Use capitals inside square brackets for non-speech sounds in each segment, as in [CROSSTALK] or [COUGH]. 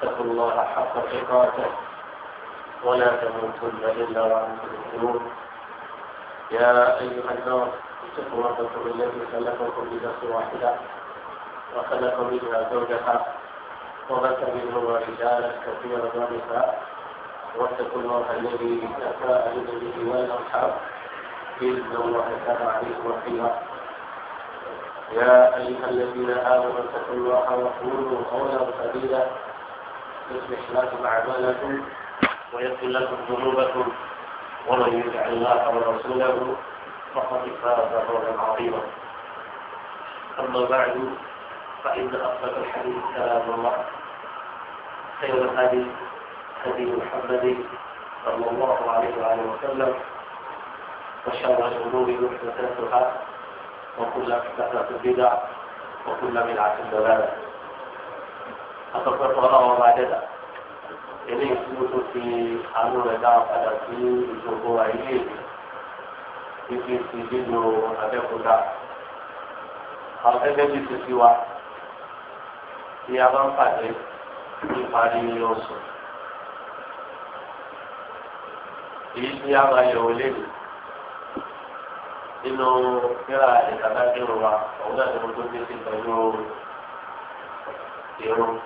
فاتقوا الله حق تقاته ولا تموتن الا وانتم مسلمون يا ايها الناس اتقوا ربكم الذي خلقكم بنفس واحده وخلق منها زوجها وبث منهما رجالا كثيرا ونساء واتقوا الله الذي تساءل به والارحام ان الله كان عليكم رحيما يا ايها الذين امنوا اتقوا الله وقولوا قولا سديدا يصلح لكم أعمالكم ويغفر لكم ذنوبكم ومن يطع الله ورسوله فقد فاز فوزا عظيما أما بعد فإن أصدق الحديث كلام الله خير الحديث حديث محمد صلى الله عليه وآله وسلم وشر الأمور محدثاتها وكل محدثات بدعة وكل بدعة ضلالة atọ́pẹ́ fún ọlọ́wọ́ bá dẹ́ta eléyìí tí ó tó fi àánú rẹ̀ dáhùn padà sí ìṣòro ayé títí ti lílo abẹ́kúta àwọn gẹ́gẹ́ bí títí wa tí a bá ń pàdé níparí oṣù èyí tí a máa yẹ̀wò lẹ́nu nínú kíra ìdàgbàsókè wa òun náà ni mo tó dé sí pẹ̀lú irun.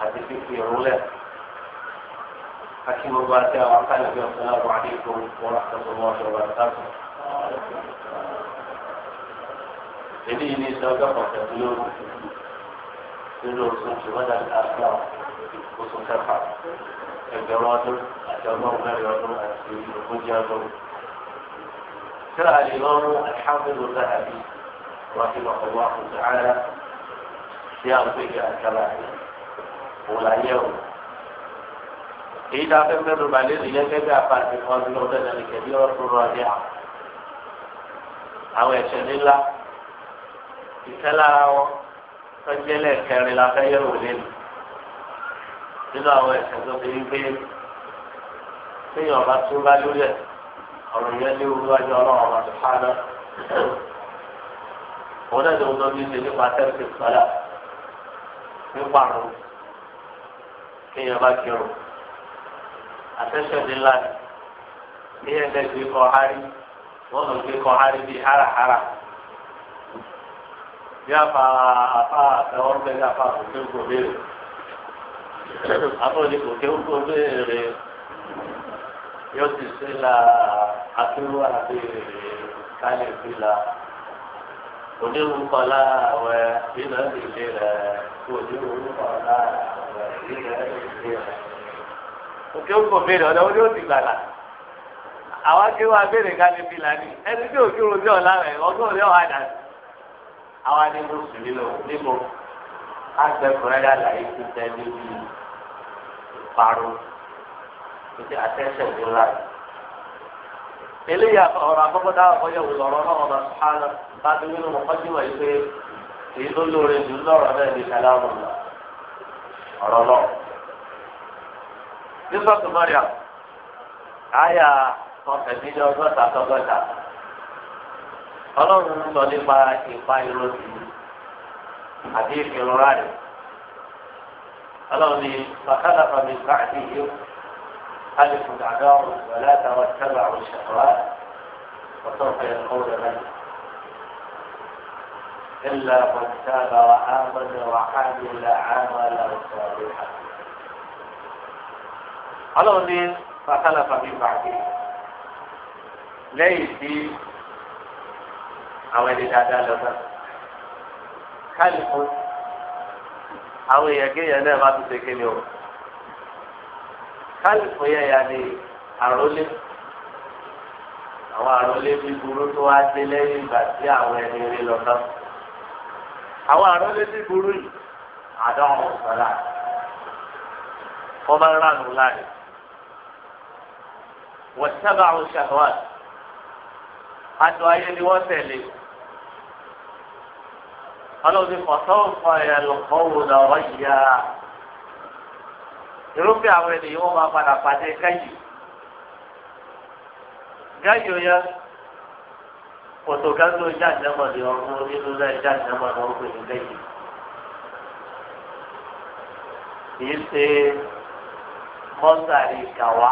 هذه في علاه حكيم الله تعالى وقال به السلام عليكم ورحمه الله وبركاته إني إني سأقفك بنور بنور سنت ودى الأسلام بصوت الحق الجواد أتمنى مريض أسلم المجاز سأل الإمام الحافظ الذهبي رحمه الله تعالى سيأتيك الكلام òun là yẹ o èyí tá a fẹ́ fẹ́ lóba lé nìyẹn gẹ́gẹ́ apáàtì kan ní ọ̀dọ̀ ìdánilẹ̀ kẹ̀lé ọ̀tún rọ̀ ní à àwọn ẹ̀ṣẹ̀ nílá ìfẹ́ lára wọn tọ́jẹ́lẹ̀ kẹrin la fẹ́ yẹ̀wò lẹ́nu nínú àwọn ẹ̀ṣẹ̀ tó ti ń gbé téèyàn bá tún bá lórí ẹ̀ ọ̀rọ̀ yẹn léwu wájú ọlọ́run ọba tó fáná òun náà ti wọ́n tó ní ṣe nípa tẹ́lifíṣọ́lá nípa àrùn. kéèyàn bá kírun àtẹ́sẹ̀dé ńlá ni kéèyàn lè gbé kọ́ hárí wọ́n gbé kọ́ bíi hárahárà bí afa afa àtẹwọ́n bẹ́ẹ̀ afa kò kéwù kò béèrè afọ ni kò kéwù kò béèrè yóò ti ṣe la akéwù àti la onírúkọ bí onírúkọ òkè ó kò béèrè ọ̀dọ̀ ó ní òsì gbàlà àwọn akéwà béèrè ká lè fi lànà ẹni tí òkè rojọ ọ̀la rẹ̀ ọdún òní ọ̀hà dà sí. àwa ni mo sùn nínú níbo agbẹ́kùnrin àlàyé ti tẹ́ níbi ìparun títí àtẹ́sẹ̀ tó láì. eléyà ọ̀rọ̀ àkọ́kọ́ dáhùn kọjá òwúlọ̀ ọ̀rọ̀ náà ọba sùhánà bá ti wí ní mọ̀kọ́jú wọ̀nyí pé èyí tó lóore jù lọ́rọ̀ náà ọ̀rọ̀ lọ. yusuf tumaria àyà ọ̀sẹ̀mílẹ̀ ọgọ́ta tọ́gọ́ta ọlọ́run sọ nípa ìpa ìrọsì àti ìfìrora rẹ̀ ọlọ́run ni bàkàlà fàmì káàdì yìí alẹ́ kùtà dáhùn wọlé àtàwọn tábà òṣèlú wa wọ́n fẹ́ ẹ̀kọ́ rẹ̀ إلا من تاب وآمن وعمل عملا صالحا ọlọ́run ní fàkàlàfà mi bàjẹ́ lẹ́yìn tí àwọn ẹni dáadáa lọ náà kálífù àwọn èèyàn kéèyàn náà má tún ṣe kéde o kálífù yẹn yà ni àrólé àwọn àrólé bíi burú tó wá dé lẹ́yìn ìgbà tí àwọn ẹni rí lọ náà àwọn àrùn lè ní burú yìí àdánwò sọlá wọn máa ń ránù láàyè wọn sábà ń ṣàwọn àtọ ayé ni wọn tẹ̀lé ọlọ́run ní fọ̀sọ́ọ̀fọ̀ ẹ̀yà lọ́kọ́wò náà wọ́n yá irúfẹ́ àwọn ènìyàn wọn máa padà pàdé gáyì gáyì yẹn kòtò kájú ìjà ìjẹ́mọ̀lẹ́ ọ̀hún nínú náà ìjà ìjẹ́mọ̀lẹ́ ọ̀hún pẹ̀lú lẹ́yìn. kìí ṣe mọ́sàrí kàwá.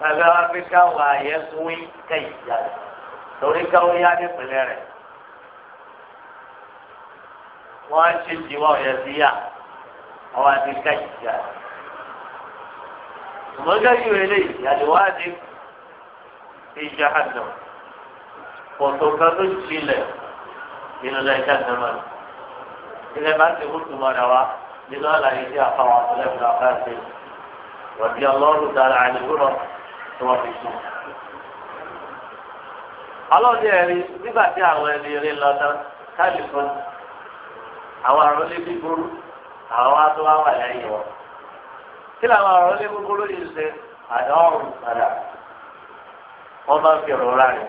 Bàbá wa fi káwá yẹn wí kẹ̀yìjà torí káwá yá ní ìpínlẹ̀ rẹ̀. Wọ́n á ṣe jìwọ́ yẹn sí yà, àwọn àti kẹ̀yìjà. Ìmọ̀gá yìí rẹ̀ lè fi jahannam kòtò kan tó jilẹ̀ nínú lẹ́jà nàmà ilẹ̀ bá ti kútu mọ́ra wa nínú àlàyé tí a fa wà sílẹ̀ fún wa káàkiri wàbí ọlọ́run dára àdìgúrọ̀ tí wọ́n fi sùn. ọlọ́run ẹ̀rí nígbà tí àwọn ẹni rí lọ tán kálífọ́nì àwọn àrùn lé bíburú àwọn wá tó wá wà lẹ́yìn wọn. kí làwọn àrùn lé búburú yìí ṣe àdáwọ̀rùn padà wọ́n máa ń fi ọ̀rọ̀ rárẹ̀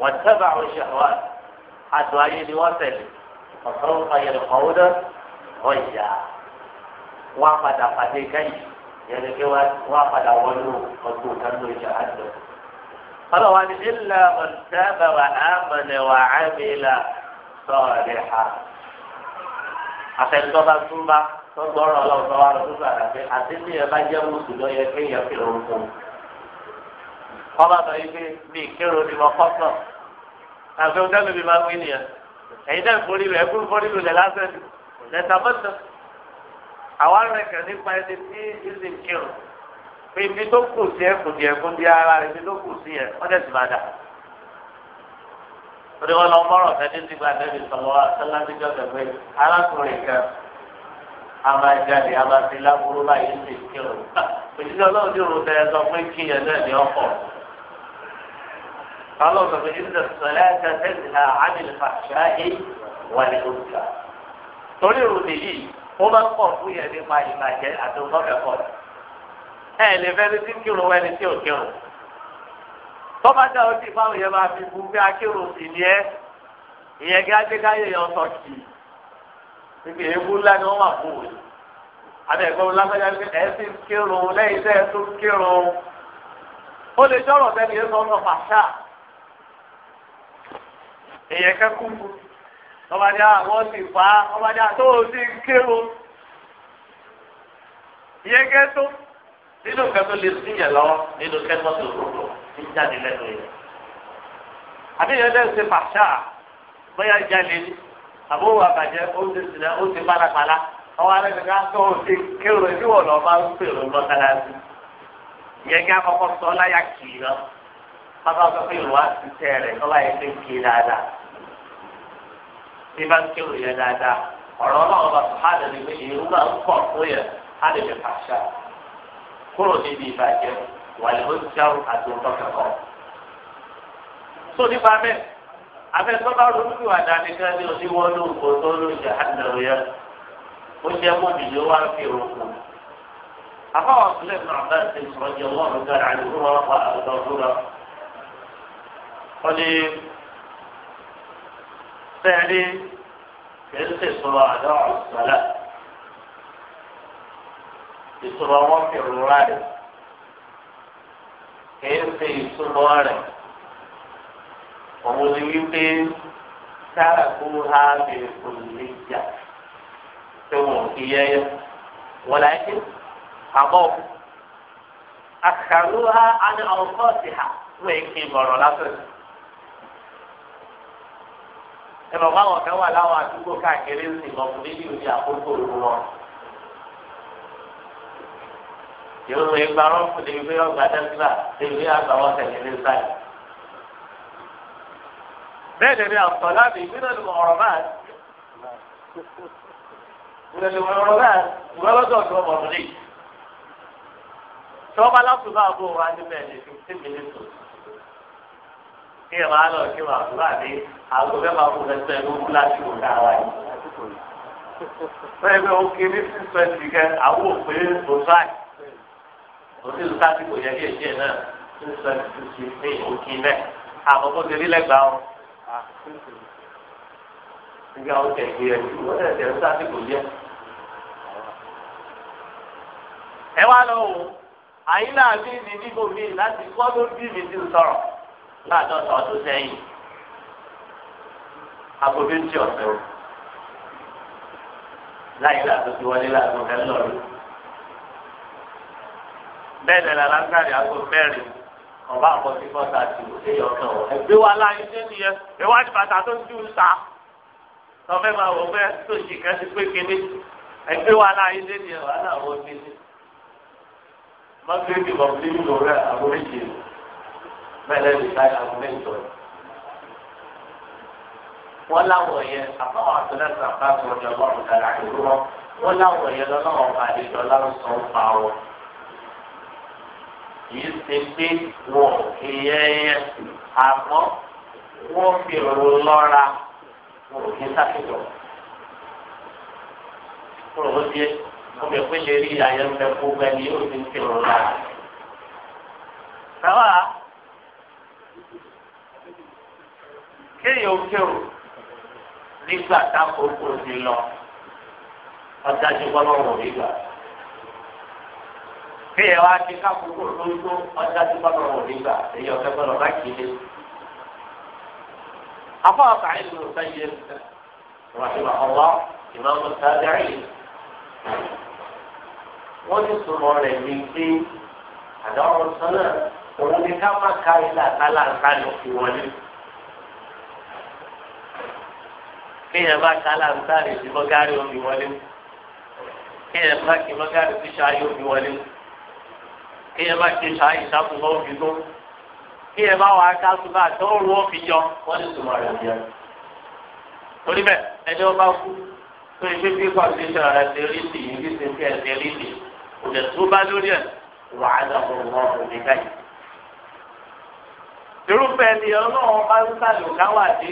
wọ́n tẹ́bà àwọn ìṣẹ̀wá àti ayé ni wọ́n tẹ̀lé ọ̀sán ayẹlẹ̀ kọ̀wé náà wọ́n yà wọ́n padà pàdé káyì yẹnni pé wọ́n padà wọnú ọdún kan ló yà á lọ. ọlọ́wà ni ilà ọ̀tẹ́bà wà á mọ̀nẹ̀ wà á mìlà sọ̀rọ̀ ha. àfẹnudọ́ bá túmbá tó gbọ́rọ̀ ọlọ́run tó wà lọ́dún àti kọ́ba sọ yìí pé mi kírun ni mo kọ́ sọ àfi ọjọ́ mi máa ń wí nìyẹn ẹ̀yin náà forí rẹ̀ ẹ̀kú forí rẹ̀ lásán lẹ́tà mọ́tò àwa rẹ̀ kàn nípa ẹni tí ìsìn kírun pé ibi tó kù sí ẹkùn di ẹkùn di ara rẹ̀ ibi tó kù sí ẹ̀ wọ́n tẹ̀sí máa dà torí wọn lọ mọ́rọ̀ fẹ́ẹ́ ti gba ẹ̀mí sọ̀rọ̀ sẹ́lámíjọ́ tẹ̀wé arákùnrin kan a máa ti lábúrú báyìí ìsìn kírun ti rò tẹ̀ ẹ sọ pé kíyẹn náà ní ọkọ̀. قالوا فإن الصلاة تنهى عن الفحشاء والمنكر تقولوا لي هما قفوا يعني ما يماجع أتوقع قفوا ẹ lè fẹ́ ní tí ń kírun wẹ́n ní tí ò kírun tọ́ba dá o ti fáwọn yẹn máa fi bu bí akírun sì ni ẹ ìyẹn kí adékáyé yẹn sọ kì í níbi èébú ńlá ni wọ́n wà fún wò abẹ́ẹ̀kọ́ lágbájá ní ẹ ti ń kírun lẹ́yìn tẹ́ ẹ tún kírun ó lè jọ́rọ̀ sẹ́ni ẹ sọ ọ́ sọ pàṣà. èyẹ kẹ́kọ̀ọ́ fún ọbàdà àwọn sì fà á ọbàdà tó o ń kéwò lọ nínú kẹ́tọ́ tó jáde lẹ́nu yẹn àbí yẹn ṣe pàṣà bóyá jáde ní àbàjẹ́ ó ti sinà ó ti o sì kéwò ìwọ̀n lọ́ọ́ máa ń pèrò lọ́kàlásì yẹn kí akọkọ sọ láyà kì í lọ bàbá sọ pé ìwà ti tẹ dáadáa bí bá ń kéwòn yẹn dáadáa ọ̀rọ̀ ọlọ́run bá sùn hàdà ní pé èrú náà ń pọ̀ fún yẹn hàdà ní pàṣà kúrò níbi ìbàjẹ́ wà ní oṣìṣẹ́ àti òótọ́ kẹ́kọ̀ọ́. tó nípa bẹ́ẹ̀ afẹ́sọ́ bá ronú bí wàdà nìkan ní oníwọ́nú nǹkan tó ló jẹ́ hàdà yẹn ó jẹ́ mọ́bì ló wá fi rògbò. àbáwọn sílẹ̀ náà bá ti sọ̀rọ̀ jẹ́ الفعل في القصرى دع الصلاة قصرى وفي الرواية كيف في الصلاة ومذيبين تركوها بالكلية ثم كيايا ولكن أضاف أخذوها عن أوقاتها ويكبر الأسر ẹnlọ báwọn kan wà láwọn àdúgbò káàkiri ń sìn lọ́kùn níbi òdi àkókò òru wọn. ìròyìn ìgbà rọ́ọ̀kù ni ìwé ọgbà dẹ́gbà ìwé àgbà wọn tẹ̀lé ní sáì. bẹ́ẹ̀ dẹ̀ ni àtọ̀ láti ìpínlẹ̀ ní ọ̀rọ̀ náà ìpínlẹ̀ ní ọ̀rọ̀ náà ìwé ọlọ́dọ̀ tó ọmọ nìyí. tí wọ́n bá àbúrò wa ní bẹ́ẹ̀ ní fifteen minutes kí ẹ máa lọ kí wàá fún àdé àgbo fẹ́ máa fún ẹsẹ̀ ló kú láti kò dá wa yìí. pẹ́ẹ́pẹ́ ó kéré sí twenty kẹ́ àwọn òpè òsáì òsì lùtàkì kò yẹ kí èsì ẹ̀ náà sí twenty sixty eight òkì náà àkókò ti rí lẹ́gbàá o nígbà ó tẹ̀ gbé ẹni wọ́n tẹ̀ tẹ̀ sáàtì kò jẹ́. ẹ wá lọ wò àyín náà bí níbo mi láti kọ́ ló bí mi ti sọ̀rọ̀ láàdọ́ta ọdún sẹ́yìn agogo ń ti ọ̀sẹ̀ o láyé làtó ti wọlé làtó ẹ lọ́rùn bẹ́ẹ̀ lẹ́la lágbàdì aago mẹ́rin ọba àkọsí kọ́ta ti wọlé ọ̀kan ọ̀ ẹgbẹ́ wa láyé ṣé nìyẹn ìwádìí bàtà tó ń dùn ta tọ́fẹ́ máa wọ fẹ́ tó sì kẹ́ sí pé kéde ẹgbẹ́ wa láyé ṣé nìyẹn wàhálà wọ́n ti mọ́tò ìdìbò ní ìlú rẹ̀ àbúrò ìjìnlẹ̀ mẹlẹ ní báyìí àwọn mẹ́jọ yìí wọn láwọn yẹn àfọwọ́ àtúnẹsẹ àbáṣọ ọjọ́ Ọlọ́run dára ìlú wọn wọn láwọn yẹn lọnà ọba àdéjọ lárúsọ ń pa wọn yìí ṣe pé wọn kì í yẹyẹ àmọ́ wọn fi òru lọ́ra wọn ò ní sákìtọ wọn ò wọn bẹ pé lè rí ayẹyẹ ń bẹ kó gbẹ ní òfin fi òru lọ́ra. kéèyàn ó kéwòn nígbà tákòókò ti lọ ọ̀dájú kọ́lọ́wọ́ nígbà kéèyàn wá ti kákòókò tó tó ọ̀dájú kọ́lọ́wọ́ nígbà èyí ọ̀kẹ́ gbọ́dọ̀ bá kí afọ ọkà ìlú sẹyẹ rọṣìlọ ọwọ ti pé òun ni ká má ka ilé àtàlà àtàlà òfin wọlé. kéèyàn bá ká láǹtàrí sí mọ́gárì omi wọlé kéèyàn bá kí mọ́gárì sí ṣááyé omi wọlé kéèyàn bá kí ṣááyé ìṣàkùnmọ́ omi tó kéèyàn bá wà á ká súnmọ́ àti òru omi jọ wọ́n ní sùnmọ́ rẹ̀ jẹ́. torí bẹ́ẹ̀ ẹni wọ́n bá kú tó iṣẹ́ bí kò àti ìṣẹ̀lẹ̀ rẹ̀ ṣe rí sí yìí bí ṣe fi ẹ̀ ṣe rí sí tó bá lórí ẹ̀ wàá dàbọ̀ wọ́n òní káyìí irúfẹ́ ni ọlọ́run bá ń sàlùkà wà dé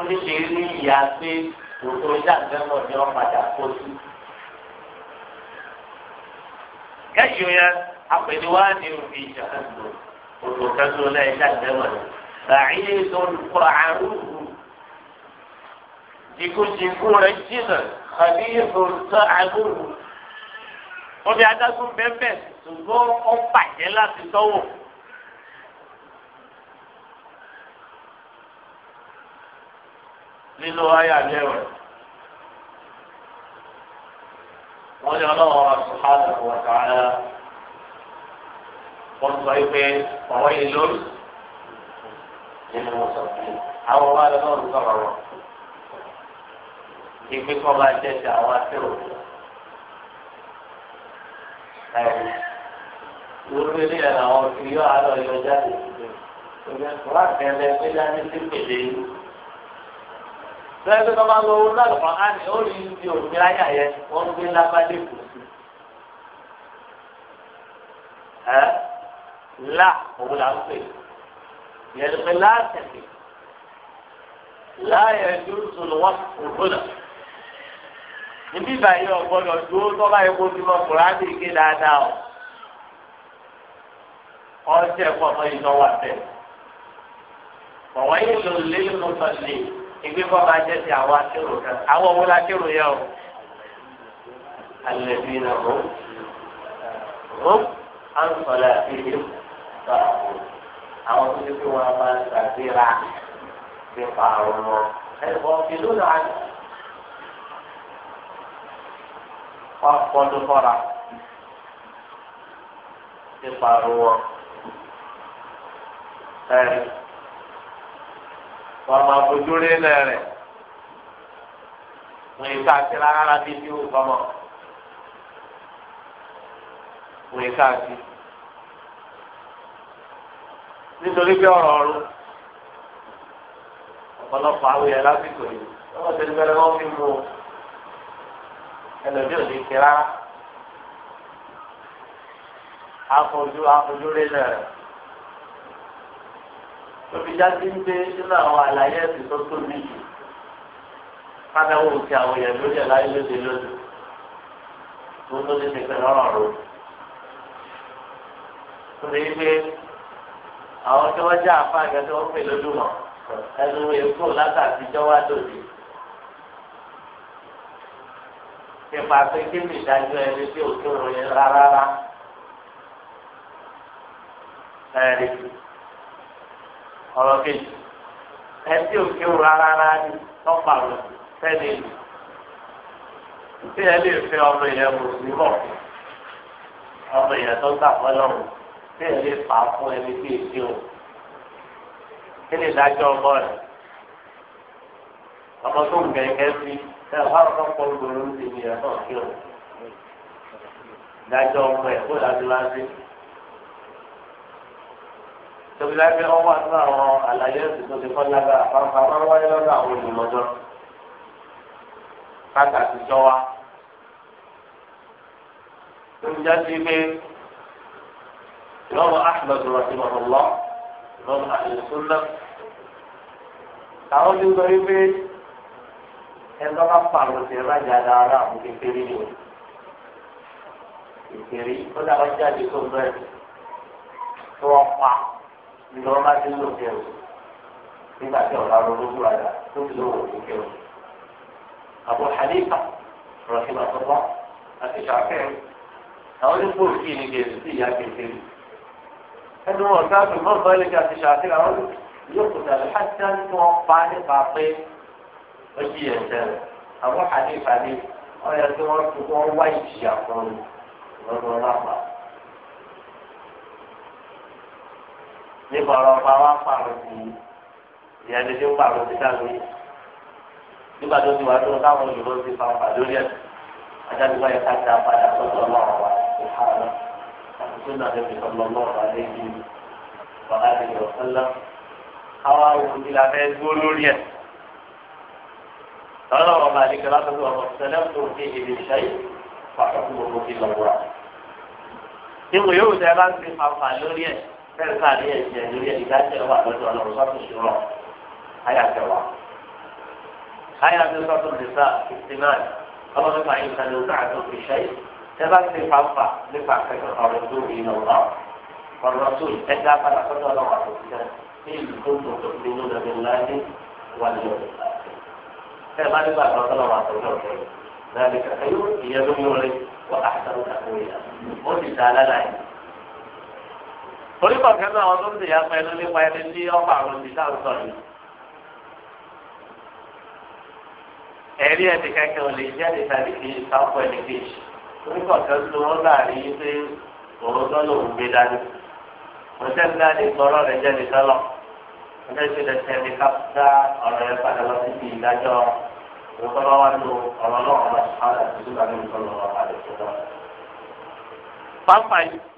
oníṣe rí ìyá pé òkú ìjàgbẹ́mọ̀ ni wọ́n padà kó sí. kẹ́yìn yẹn àpèníwá ni òbí ìjàgbẹ́mọ̀ òkú kẹ́sọ́ lẹ́yìn ìjàgbẹ́mọ̀ ni. bàyí tó ń kọ àrùn jìkújìkú rẹ̀ jìnnà àbí òǹtọ́ àgùrù. wọ́n fi adágún bẹ́ẹ̀ bẹ́ẹ̀ ṣùgbọ́n ó bàjẹ́ láti tọ́wọ̀. nínú ayé àjẹwẹ̀. wọ́n ní ọlọ́wọ́ asùnfàdà wọ̀ sàárà wọ́n sọ pé ọ̀wọ́ yìí lórí nínú mọ̀sọ̀kì àwọn ọba lọ́wọ́ ń sọ̀rọ̀ wọn. ìpín kọ́ máa jẹ́ ti àwọn akérò. Lórí ilé ẹ̀ làwọn fi yọ àlọ́ yọ jáde. Ìgbésùn láti ẹlẹ́gbẹ́ dání sí pèlè yìí. lẹ́yìn tó máa lọ owó náà ya á ní ó rí ibi òkè ayé àyẹ wọ́n gbé lábàdé kù ẹ la òun là ń pè yẹn láàtẹ̀lẹ̀ láàyè dúró sọ̀rọ̀ wọ́n kò gbọ́dọ̀. níbí ìbàyè ọ̀gbọ́dọ̀ dúró tó bá yẹ kó ti mọ kùránì ké dáadáa o. ọ̀sẹ̀ pọ̀ mọ́ iná ya ọ̀wọ́n yìí ló lé lọ́sọ̀lẹ̀. ìgbé kọ́ máa jẹ́ ti àwọn akérò kan àwọn òun lakérò yẹ o alẹ́ bíi nà ó ó à ń sọ̀rọ̀ àti ìdí tó àwọn tó ti fi wọn máa ń fi pa àrùn wọn ẹ̀fọ́ fi lónà á wọ́n kọ́dún fọ́ra fi pa àrùn wọn ẹ̀rì wọn máa lẹrẹ wọn ìka sí rárá bí tí ó kọmọ wọn ìka sí nítorí pé ọ̀rọ̀ ọ̀run ọ̀pọ̀lọpọ̀ àwọn lásìkò yìí wọn ti bẹ̀rẹ̀ wọn fi mú ẹlòmíì ò ní afojú afojú lẹrẹ tóbi jáde ń gbé nínú àwọn àlàyé ẹ̀sìn tó tóbi jù kábẹ́wò ti àwọn èèyàn lórí ẹ̀ láyé lóde lóde tó tó ti ṣe pẹ̀lú ọ̀rọ̀ rò. Tóbi gbé àwọn tí wọ́n jẹ́ àfa àgbẹ̀ tí wọ́n pè lójúmọ̀ ẹnu èkó látàtí jọ́wá dòde. Nípa pé kí mi dájọ́ ẹni tí òkè òun yẹn rárá rárá. Ẹ̀rí ọ̀rọ̀ kejì ẹtí òkè wò rárá ní tọ́pà rẹ̀ fẹ́lẹ̀ lù tí ẹ lè fẹ́ ọmọ ìyẹn kò sí bọ̀ ọmọ ìyẹn tó gbà fọlọ́run tí ẹ lè fà á fún ẹni tí èsì o kí lè dájọ́ ọmọ rẹ̀ ọmọ tó ń gẹ̀gẹ́ sí ẹ báwọn tó pọ̀ gbòòrò ń tèmi náà kí o dájọ́ ọmọ ẹ̀ kó dájú wá tóbi láti ọwọ́ àti àwọn àlàyé ẹ̀sìn tó ti kọ́ lágbára pàápàá máa ń wáyé lọ́dọ̀ àwọn olùmọ̀jọ́ pàtàkì jọ wa. Tóbi sí pé ìlọ́wọ́ Ahmed Rahimahullah ìlọ́wọ́ Àlùsúnà. Àwọn ti sọ wípé ẹgbẹ́ bá pàrọ̀ sí ìrajà dáadáa àwọn kékeré ni. Ìkéré ó dàgbà jáde tó bẹ́ẹ̀ tó wọ́n pa nígbà wọn ti lò kí ẹrù nígbà tí ọ̀la ronú kúra dà tó ti lówó òkú kí ẹrù. Abu Hanifa rọ̀ṣin àtọ́kọ́ àti ṣàkẹ́rù àwọn onígbò kí ni kèrè sí ìyá kékeré. ẹnu wọn ká fi mọ́ bọ́ọ̀lì kí àti ṣàkẹ́rù àwọn yóò kò tàbí hàtí àti wọn pa nípa pé ó jí ẹ̀ṣẹ̀ rẹ̀ Abu Hanifa ni wọ́n yẹ kí wọ́n wá ìjìyà fún un lọ́dún ọlọ́pàá. nípa ọ̀rọ̀ ọba wa pàrọ̀ sí ìyẹn ní tí ó pàrọ̀ sí dáàbò yìí nígbà tó ti wà tó káwọn olùdó ti fa ọ̀pá lórí ẹ̀ ajáde wáyé ká ti apàdà sọ́tọ̀ ọlọ́run wa ti ha lọ àti tó náà lè fi ọlọ́ ọlọ́run wa lé bí bàbá mi lọ sọ́lá káwọn awùn ti la fẹ́ dúró lórí ẹ̀ lọ́nà ọba àdìgbẹ́ látọ̀tọ̀ ọ̀rọ̀ sẹ́lẹ̀ tó ti ìdè ìṣẹ́yìn pàtàkì gbogbo ti lọ́wọ́ rà. Ìwòye òde bá ti fàfà lórí ẹ̀ fẹ́ẹ̀ ká ní ẹ̀jẹ̀ lórí ìdájẹ́ wà lọ́dọ̀ ọlọ́run sọ́tò ṣùrọ̀ ayàtẹ̀ wa. ayàtẹ̀ sọ́tò nìsa fifty nine ọlọ́run nípa ìkànnì òkú àti òkè ṣẹ́yìn tẹ́ bá ti fàǹfà nípa akẹ́kọ̀ọ́ ọ̀rọ̀ tó rí iná ọ̀la ọ̀rọ̀ tó ẹ̀dá padà sọ́dọ̀ ọlọ́run àti ní ìlú tó tó tó nínú ẹ̀mí ńlá torí kọ̀ọ̀kan náà wọn tó ń tẹ̀yà pẹ̀lú nípa ẹni tí ọ̀pá àwọn òṣìṣẹ́ àwùjọ yìí. ẹ̀rí ẹ̀dí kẹ́kẹ́ ò lè jẹ́ ẹ̀díta ní kí sáfọ́ ẹni kejì torí kọ̀ọ̀kan tó wọ́n gbà rí i pé òun tó lòun gbé dání. òṣìṣẹ́ ń dání gbọ́rọ̀ rẹ̀ jẹ́ ẹ̀díta lọ. ọjọ́ ìṣe lè ṣe ẹni káfíńtà ọ̀rọ̀ ẹ̀ padà lọ sí ìdájọ́ òun tó bá wà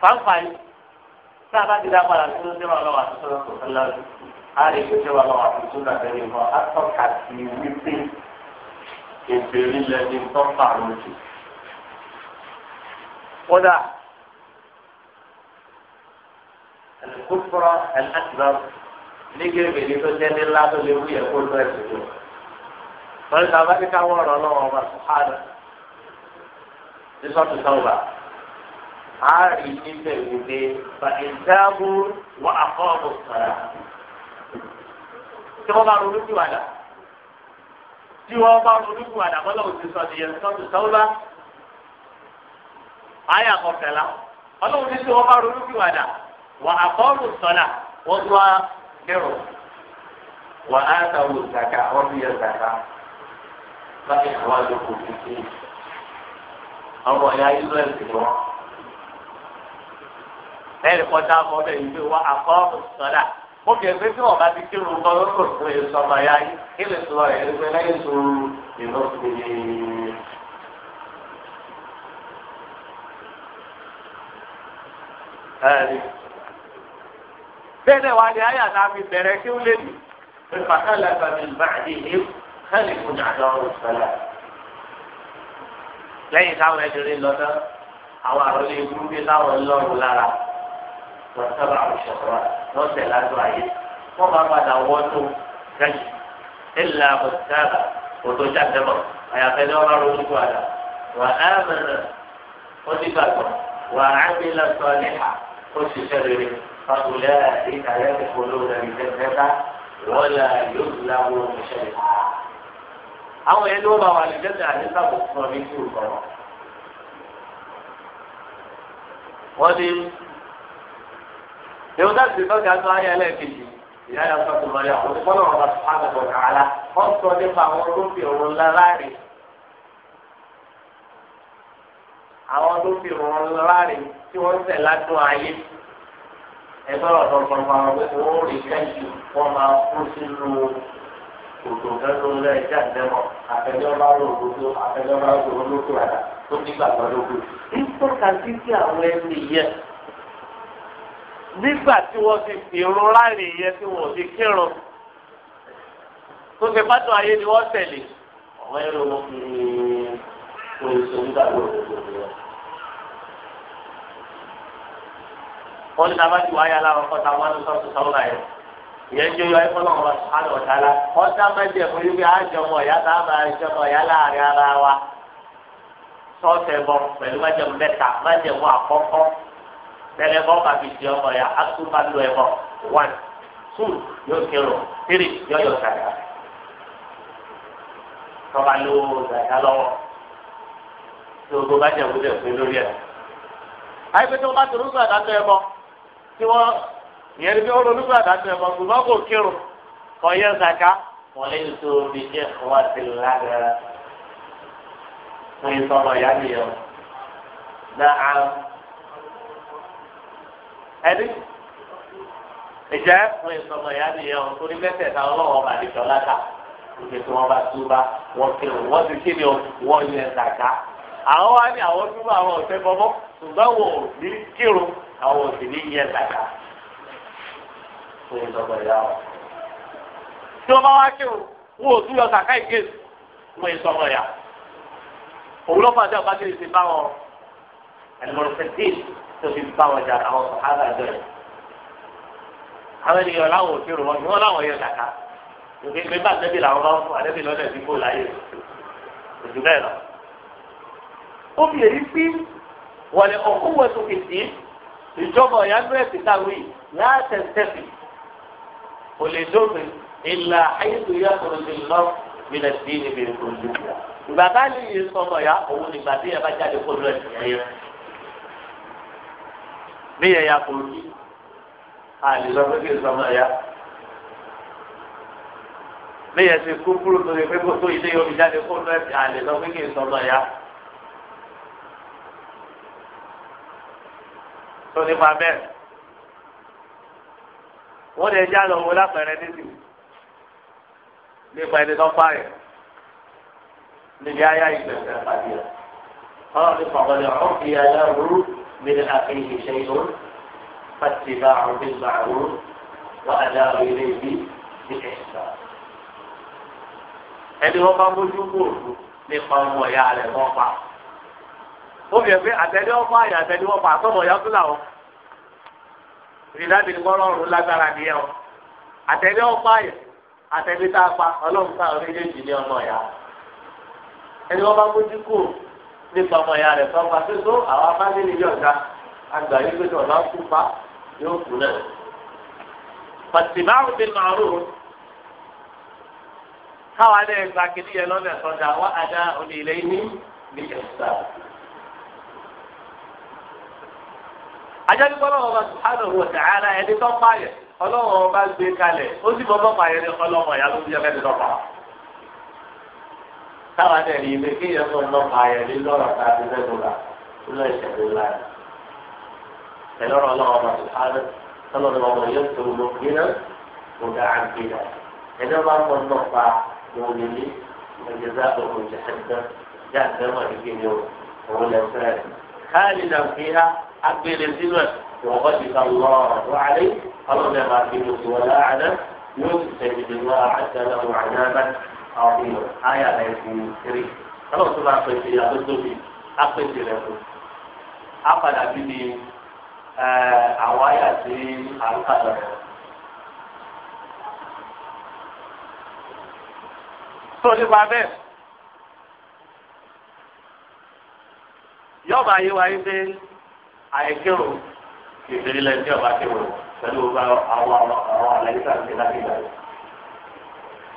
fanfani tá a bá ti dá padà tó ṣe wà lọ́wọ́ àtúntò tó fẹ́ lọ́dún a lè fi ṣe wà lọ́wọ́ àtúntò náà lẹ́yìn mọ́ a tọ́ka sí wípé ìbéèrè lẹ́ni tó fà lójú. kódà ẹ̀kú fúnra ẹ̀ láti lọ ní gẹ́gẹ́ bí tó jẹ́ ní ńlá tó lè wúyẹ̀ kó lọ ẹ̀sìn lọ. lọ́dún tá ní ká wọ́n lọ́wọ́ ọba sùhánù sísọ́tù sọ́wọ́bà á rí níbẹ̀ wípé fàìdáàbù wà àkọ́ọ̀bù sọ̀rọ̀ tí wọ́n bá ronú sí wàdà tí wọ́n bá ronú sí wàdà bọ́lá òsì sọ̀tù yẹn sọ́tù sọ́wọ́bà ayé àkọ́kẹ́lá ọlọ́run ní tí wọ́n bá ronú wà àkọ́ọ̀bù sọ̀rọ̀ wọ́n tún wá kẹrù wà á sàwọ̀ láti àwọn àjọkò títí àwọn ọ̀yà israẹl ti wọ́n. ẹnì kan dá ọmọ bẹ́ẹ̀ yìí pé wọ́n akọ́ sọ́dà ó kì í pé tí wọ́n bá ti kírun lọ lọ́sọ̀ fún èso ọmọ ẹ̀yà yìí kí lè sọ ẹ̀ ẹ̀ lẹ́yìn tó ìlú ti bẹ́ẹ̀ ni wàá di ayé àtàkùn ìbẹ̀rẹ̀ kí ó lè dùn pé pàtàkì àgbàdo ìbàdí ìlú hali kun àdánwò sọlá lẹ́yìn táwọn ẹdínrín lọdọ àwọn àròlé burúkú táwọn lọrùn lára wọn sábà àwòṣọra lọsẹ ládọ ayé wọn bá padà wọnú gẹyìn ẹlẹ àbọtára òtò jàdẹmọ àyàfẹ ní wọn bá ronú kó àdá wà á mẹrẹ ó ní gbàgbọ́ wà á mi lọ sọ níhà ó sì fẹ rere fàkùlẹ àti ìkàlẹ ìfọlọ rẹ ìdẹgbẹta wọn là yóò láwọn oníṣẹ ìfọwọ́ àwọn yẹn ló bá wà lẹ́gbẹ̀ẹ́ àdéhùn fún ọ ní kúrò kọ́. wọ́n ní ìwọ́n náà ti tọ́ka tó ayé ẹlẹ́ẹ̀kejì ìyá yà sọ fún ọyà òun fọlọ́ ọ̀rọ̀ àgbẹ̀bọ̀ kàrà wọ́n sọ nípa àwọn olóńgbè òun ńlá àwọn olóńgbè òun ńlá tí wọ́n tẹ̀ ládùn ayé ẹgbẹ́ ọ̀dọ́ gbọ̀ngbọ̀n àwọn ọ̀gbẹ́ wọn rí kẹ́ńtì wọ́n máa kú sínú òtò kẹ́tọ́ lẹ́ ẹ̀já ìdẹ́mọ̀ àfẹjọba rògbòdò àfẹjọba rògbòdò lókè àdá tó ní gbàgbọ́ lókè. nítorí títí àwọn ẹni yẹn nígbà tí wọ́n ti fi irun láàrin yẹn tí wọ́n ti kírun tó fi pátó ayé ni wọ́n tẹ̀lé àwọn ẹ̀rọ wọn fi kò èso nígbàgbọ́ rògbòdò yẹn. wọ́n ní sábà tí wọ́n á yà láwọn kọ́ta wọn ní sọ́ọ̀tù sáwọn yẹn ìyẹn jẹ́ yọ ẹ̀fọ́ lọ́wọ́ sùpánù ọ̀tàlá ọ̀tá mẹ́jẹ̀ fún yín pé àjọmọ ọ̀yá tá a máa jọmọ ọ̀yá láàrin ara wa sọ́ọ̀tẹ̀ bọ̀ pẹ̀lú mẹ́jẹ̀ mẹ́ta mẹ́jẹ̀ mú àkọ́kọ́ tẹ́lẹ̀ bọ́ bàbí di ọmọ ọ̀yá àtúbà lọ ẹ̀bọ̀ one two yóò kírun three yóò yọ sàrà tọ́ba ló sàrà lọ́wọ́ tí o gbọ́ bá jẹ̀ wúlò ẹ̀ ìyẹn ni bí wọn ronú gbàdá tó ẹ̀fọ́ gbogbo kò kírun ọ̀yẹ́ zaka wọlé ètò omi jẹ́ wá sí lágbára fún ìsọmọ ìyá nìyẹn náà ẹni ìjẹ́ fún ìsọmọ ìyá nìyẹn torí mẹ́tẹ̀ẹ̀ta ọlọ́wọ́ bàdìjọ́ láta ìgbè tí wọn bá túbà wọn kí wọn ti kí ni wọn yẹ zaka àwọn wa ni àwọn túbà àwọn ọ̀sẹ̀ bọ́bọ́ ṣùgbọ́n wọn ò ní kírun àwọn ò sì ní yẹ zaka tó tí wọ́n bá wá kí o wọ́n ò tún yọ wọ́n yẹ sọ́mọ ìyá. òun ló fàájọ bá kiri bá wọn ẹnìmọ̀rọ̀ tó fi bá wọn jà àwọn sàhárà jọ yẹn. àwọn ènìyàn láwọn ò kírun wọn ni láwọn yọ kàkà. òkè pé bá àdébì làwọn bá ń fún àdébì lọ́dẹ̀ ìdíbò láyé òjò bẹ́ẹ̀ lọ. ó fi èyí sí wọlé ọ̀kúnwẹ̀sùn ìdí ìjọba ọ̀yá kò lè dópin ìlà àyètò yà sọ̀rọ̀ lè lọ mílẹ̀ sí ní bèrè kò lù. ìgbà tá a lè yé sọmọ ya òun nígbà tí yẹ bá jáde kó lọ ẹ̀sìn ẹ̀yẹ. bí yẹ ya kò lù a kí sọmọ ya. bí yẹ ti kú kúrò tó lè pé kó tó ilé yọmi jáde kó lọ ẹ̀sìn a kí sọmọ ya. tó nípa bẹ́ẹ̀ wọ́n lè já lọ wo lápẹ̀rẹ̀ nísìnyí nípa ẹni tó ń pààyàn níbi ayá ìgbẹ̀sẹ̀ àpàdé rẹ̀ ọlọ́run ní pàgọ́lẹ̀ ọ̀hún fi ayá rú mi ní àfihàn ìṣe ìlú pàtì bá àwọn bí màrú wà á dá àwọn ilé ibi ní ẹ̀ṣọ́. ẹni wọ́n bá mójú kúrò nípa ọmọ ìyá rẹ̀ wọ́n pa. ó fi ẹ̀ pé àtẹ̀lé ọ̀pá àyà àtẹ̀lé ọ̀pá àtọ́mọ̀ ìyá tó làwọn ìdájọ́ ni bọ́lá ọ̀run lágbára nìyẹn o àtẹ̀lé ọ̀pá yẹn àtẹ̀lé tá a pa ọlọ́run tá àwọn méjèèjì ní ọmọ ìyá ẹni wọ́n bá mójú kù nípa ọmọ ìyá rẹ̀ fún ọgbà tó àwọn afáàlẹ́ ilé ọ̀gá àgbà yìí pé ọ̀gá kú pa yóò kú náà. pàtìmáwò ti máa rò káwa náà gba kìnìyẹn lọ́nà ẹ̀sọ́dà wá àdá òní ilé ní ní ẹ̀sà. ajá nípa ọlọ́run ọba subhanahu wa ta'ala ẹni tó ń pààyàn ọlọ́run ọba gbé kalẹ̀ ó sì mọ́mọ́ pààyàn ní ọlọ́run ọ̀yà ló ń yẹ mẹ́tẹ̀ẹ́dọ́ pa. táwa náà ní ilé kéèyàn tó ń lọ pààyàn ní lọ́rọ̀ tá a ti fẹ́ lọ́la lọ́ ẹ̀ṣẹ̀ tó la rẹ̀. pẹ̀lú ọ̀rọ̀ ọlọ́run ọba subhanahu ọlọ́run ọba yóò tó lọ gbéná kó dá a gbéná ẹni ọba ń mọ̀ ń lọ pa mọ̀lẹ́lẹ́ ẹ̀jẹ̀dá ọ̀rọ̀ jẹ̀ẹ́dá agbèrè sínú ẹ̀ wọ́n ti ka lọ ọ̀rọ̀ àlẹ́ ọlọ́run ẹ̀ máa fi lòsì wọn láàánú yóò sì tẹ̀lé ní wọn àtẹlẹ wọn àyànbá àwọn èèyàn ayà rẹ̀ ti kiri ọlọ́run tó bá pèsè àdótóbi apèsè rẹ̀ fún apàdà bíbi àwọn ayà tí àlùkàdà rẹ̀. tó nípa bẹ́ẹ̀ yọ̀ọ̀ bá wa yín pé àìkérò ìṣèlú lẹ́yìn tí ọba kérò pẹ̀lú àwọn àwọn àlàyé àti ìlànà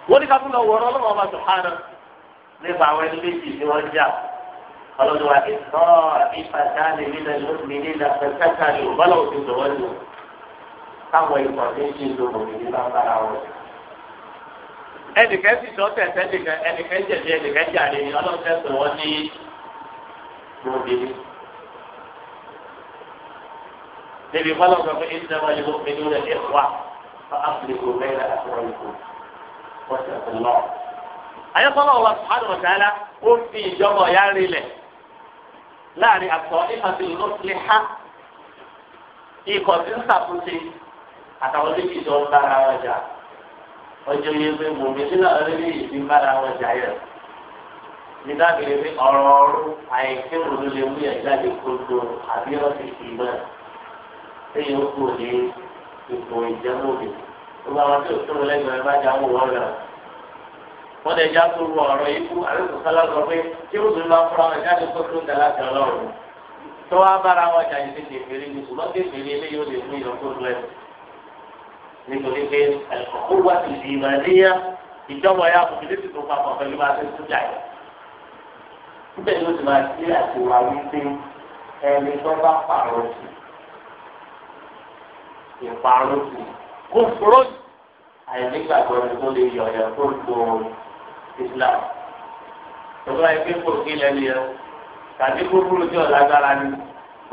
wọ́n ní káfíńlá wọ̀rọ̀ ọlọ́wọ́ ọba sùhánà nípa àwọn ẹni méjì tí wọ́n jà ọlọ́dún wa ìtọ́ ìfàtà lè nílẹ̀ lómi nílẹ̀ pẹ̀tẹ́tà lè bọ́lá òfin lọ́wọ́ lò káwọn ikọ̀ méjì lòmò nílẹ̀ bá bára wọn ẹnìkan sì sọ tẹ̀sẹ̀ ẹnìkan jẹ̀bi ẹnìkan jàre ọlọ́run tẹ̀sán wọn ní gbòmìnir níbi kọ́lá ọ̀gá pé ẹni náà yóò fi ní ilẹ̀ ẹ̀fọ́ fa áfíríkò bẹ́ẹ̀rẹ̀ àtúwáyéko wọ́sẹ̀ ọ̀lọ́. ayọ́kọ́lá ọ̀gá sùhánù ọ̀tàlá ó fi ìjọba ọ̀yá rinlẹ̀ láàrin àtọ̀ ìfàsílẹ̀ ló ti há ikọ̀ tí ń sàkóso àtàwọn méjì tó ń bára wọn jà ọjọ́ yẹn pé mòmí sínú àwọn méjì ti ń bára wọn jà yẹn nígbà kiri pé ọ̀rọ̀ ọ̀rọ̀ àìkírun ló lè mú yẹn jáde kótó àbí ọ̀sẹ̀ ìgbà lẹ́yìn ó kúrò ní ipò ìjẹ́mọ̀bì gbogbo àwọn tí ò tó wọn lẹ́gbẹ̀ẹ́ rẹ bá jà wò wọ́n lọ. wọ́n lè já tó wọ ọ̀rọ̀ ikú àlejò sálá sọ pé tí ó dùn máa fúnra wọn jáde tó tó ń dàlá jọ lọ́rùn. tó wá bára wọn jà yìí tètè fèrè ní ṣùgbọ́n tètèrè eléyìí ó lè mú ìyọkó lọ ẹ̀. nítorí pé ó wá ti di ìmọ̀ ìjọba ya kò fi tó ti tó jà yìí. níbẹ̀ ìparun kó kúrò àìnígbàgbọ́ ni tó lè yọ ọ̀yà tó tó Islam tọ́lá ẹgbẹ́ kò kí lẹ́nu yẹn tàbí kúkúrú tí ọ̀lágbára ni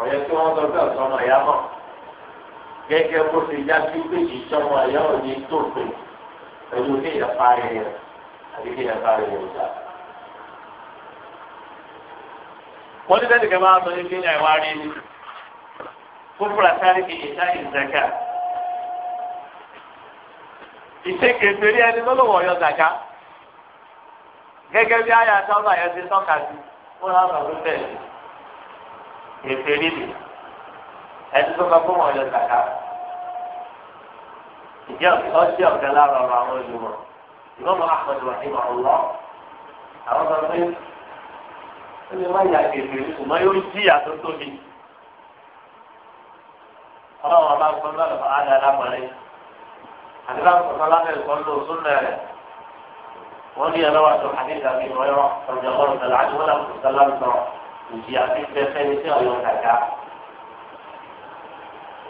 ọ̀yẹ́ kí wọ́n sọ pé ọ̀sán ọ̀yá mọ̀ gẹ́gẹ́ bó ti já sí pé ìjọba ọ̀yá ò ní tó pè pẹ̀lú kí èèyàn parí rẹ̀ àbí kí èèyàn parí rẹ̀ ọ̀dà. wọ́n ní sẹ́ni kẹ́ máa sọ ní kí ni àìwá rí ni kófúra sáré fi ìta ìzàkà ìṣe kẹfẹ́rí ẹni lọ́lọ́wọ́ ọ̀yọ́ zàkà gẹ́gẹ́ bí àyà sábà yẹn ti tọ́ka sí fún àwọn ọ̀rọ̀ bẹ́ẹ̀ kẹfẹ́rí mi ẹni tó bá fún ọ̀yọ́ zàkà ìjẹ́ ọ̀sẹ̀ ọ̀gá lára ọ̀rọ̀ àwọn olùmọ̀ ìmọ̀mọ̀ àpọ̀jù àti ìmọ̀lọ́ àwọn ọ̀rọ̀ bẹ́ẹ̀ ó lè má yà kẹfẹ́rí ṣùgbọ́n yóò jí àtúntò mi ọlọ́run ọba gbọ́n bá lọ́kọ̀ á dáadáa pẹ̀lẹ́ àti bá kọ̀ọ̀kan lábẹ́ ìkọ́ni ló sún náà rẹ̀ wọ́n ní ẹlọ́wọ́ àti àdéhùn àti ìrọ̀rọ̀ ọ̀jọ̀ ọ̀rọ̀ tẹ̀lé àti wọ́n làkùn sálá ń sọ ìjì àti fẹ́fẹ́ ní sí ọ̀yọ́ kàkà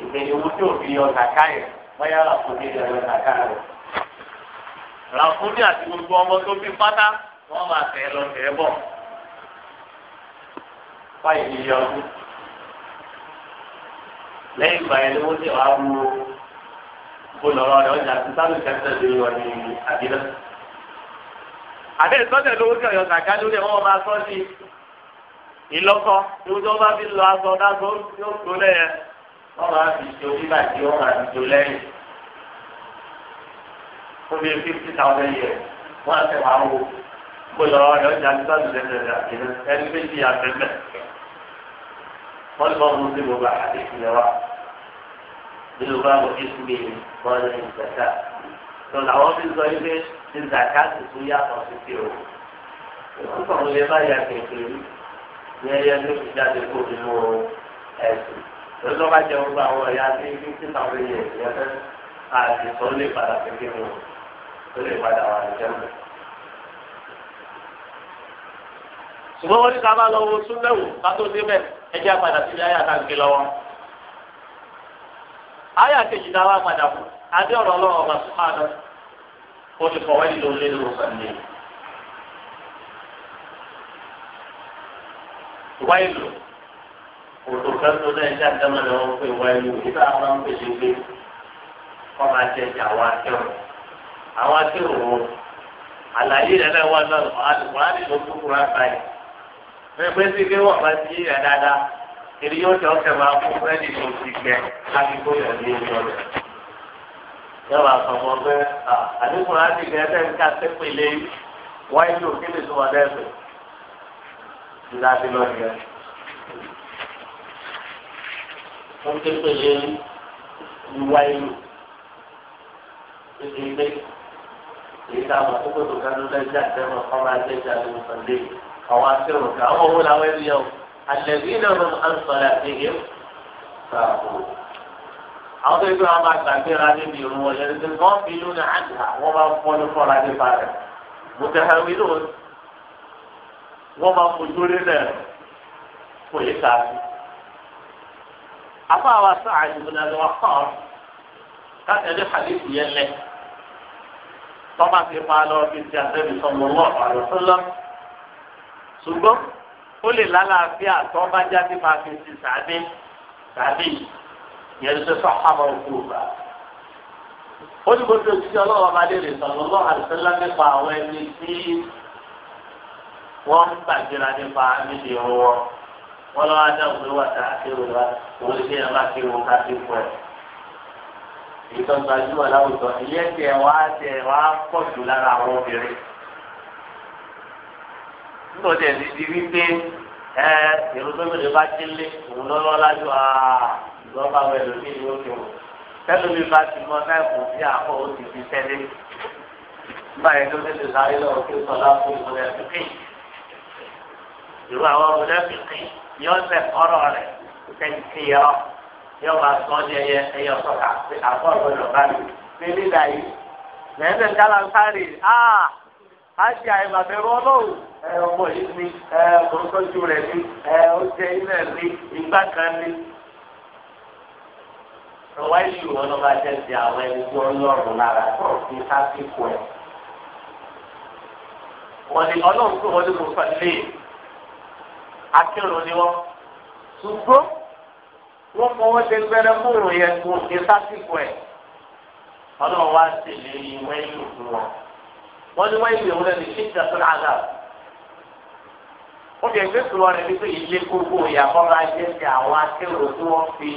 ìgbéyàwó tí òfin yọ kàkà yẹn wáyà làkúndé ọ̀yọ́ kàkà rẹ̀ làkúndé àti gbogbo ọmọ tó bí pátá wọ́n máa tẹ̀ lọ tẹ̀ bọ̀ báyìí yọ ọdún lẹ́yìn ìgbà yẹn ni wọ́n ti wá wo bó lọ́rọ́ rẹ̀ ọjà tí sábì kẹsẹ̀ lè wọ ní àdínà. àbẹ ìsọtẹ lówó tí ọyọ kàkà lórí ẹ wọn máa sọ sí ìlọkọ lórí tí wọn bá fi lọ aṣọ dáṣọ yóò tó lẹ́yẹ wọn máa fi ṣe onígbà tí wọn máa fi tó lẹ́yìn. fún bíi fifty thousand years wọn á fẹ́ wá wo bó lọ́rọ́ rẹ̀ ọjà tí sábì kẹsẹ̀ lè àdínà ẹni méjì àfẹ́fẹ́ wọ́n ti mọ̀ mú sí gbogbo àdéhùn yẹn wá nínú báwo ìsúmi wọn ní ìgbàgbà tó làwọn fi sọ ife ti zàká ti tún yàtọ̀ sí ti o ìlú kan lè má yà kékeré ní ẹyẹ ló fi jáde kó nínú ẹsùn lọ́sọ́ bá jẹun bá àwọn ẹ̀yà tí kí tí táwọn ẹ̀yẹ ẹ̀yẹ fẹ́ àti sọ lè padà kékeré o ó lè padà wà ní jẹun. ṣùgbọ́n wọ́n ní ká bá lọ wo súnmẹ́wò ká tó débẹ̀ ẹjẹ́ padà síbi ayé àtàǹkì lọ́wọ́. àyà kejì náà wá padà bọ̀ adé ọ̀rọ̀ ọlọ́run ọba tó máa lọ olùkọ́wé nílò lélo ọ̀sẹ̀ wáìlù òtò kẹ́tọ́ náà ṣe àdámọ́ náà wọ́n pè wáìlù nígbà wọn pè ṣe máa jẹ akẹ́rù àwọn akẹ́rù wọn àlàyé náà náà lọ àgbáyé sí pé bá ti èdè yóò tẹ ọsẹ máa fún fúrẹ́dì tó ti gbẹ àdìgbò yẹn ní ojú ọ̀rẹ́. yọ̀wọ̀ àtọ̀mọ́ pé àdínkù láti gbẹ ẹsẹ̀ ń ká sẹ́pẹ̀ lé wáyé ló kí lè túmọ̀ dẹ́sẹ̀. ìlà ti lọ jẹ. wọ́n ké pè lé ní wáyé ló. títí ilé èyí tá a mọ̀ tó kánú lẹ́jà tẹ́wọ̀n kọ́ máa jẹ́ ìjà lóṣù sàndé. àwọn àti òrùka àwọn òun làwọn ẹni الذين هم عن صلاتهم ساهون àwọn tó ń gbé wọn máa gbàgbéra níbi ìrún wọn yẹn ní wọn fi lónìí àjà wọn máa fọnú fọra nípa rẹ̀ mùtẹ̀hẹ̀wì lónìí wọn máa fojú rí náà kò yẹ ká sí. àbá wa sọ àjùmọ̀ náà lọ́wọ́ kàn káàkiri ní yẹn lẹ tọ́ba ti máa lọ fi ti àtẹ́bí sọ̀rọ̀ lọ́wọ́ àlùfọ́lá ṣùgbọ́n ó lè lálàáfíà tó bá jáde máa fi ti sàbí sàbí yẹn tó sọ́kàmọ́ òkú ọba. ó ní gbogbo òṣìṣẹ́ ọlọ́wọ́ máa lè sọ̀rọ̀ lọ́wọ́ àdìsẹ́lá nípa àwọn ẹni tí wọ́n ń gbàgbéra nípa níbi ìrù wọn. wọ́n lọ́wọ́ adáhùn ló wà tá a kéwò wá òun ṣe é má kéwò ká sí fún ẹ̀. ìtọ́jú àjúwà láwùjọ ilé ẹ̀kẹ́ wá tẹ̀ wá pọ̀ jù lára àwọn obìnrin tó dẹ̀ ti di wípé ẹ èrò tó mìíràn bá ti lé òun lọ́lọ́ lájú àgbọ̀nba wẹ̀ lómi ni ó ti wọ̀ tẹ́lẹ̀ mi bá ti mọ náà kò sí àpò ó ti fi tẹ́lẹ̀ báyìí tó tẹ̀lé sáré lọ́wọ́ kí sọlá fún ìmọ̀lẹ́ fìkì ìlú àwọn ọmọdé fìkì yọ ọsẹ ọ̀rọ̀ rẹ̀ tẹ̀sí yọ yọ máa sọ ọ́ ní ẹyẹ ẹyẹ ọ̀sọ́ka àpò ọ̀gbọ́dọ̀ a ṣe àìmàbẹ̀rù ọlọ́run ẹ ọmọ yìí ni ẹ ọ̀tọ́jú rẹ̀ ni ẹ oúnjẹ ilẹ̀ ni ìgbà kan ni. ọwọ́ ìlú wọn jẹ́ ti àwọn ẹni tí wọ́n lọ́rùn lára ẹ̀. wọ́n ní ọlọ́run tó akérò ni wọ́n. ṣùgbọ́n wọ́n ṣe gbẹ́rẹ́ fóònù yẹn fún ẹ̀. ọlọ́run wá wọ́n ní wáyé ìgbéwò náà ní ṣíṣà tó lága ó fi ẹgbẹ́ sùn wọn rẹ̀ nípa ilé gbogbo ìyàbọ̀ máa jẹ́ ti àwọn akérò tí wọ́n fi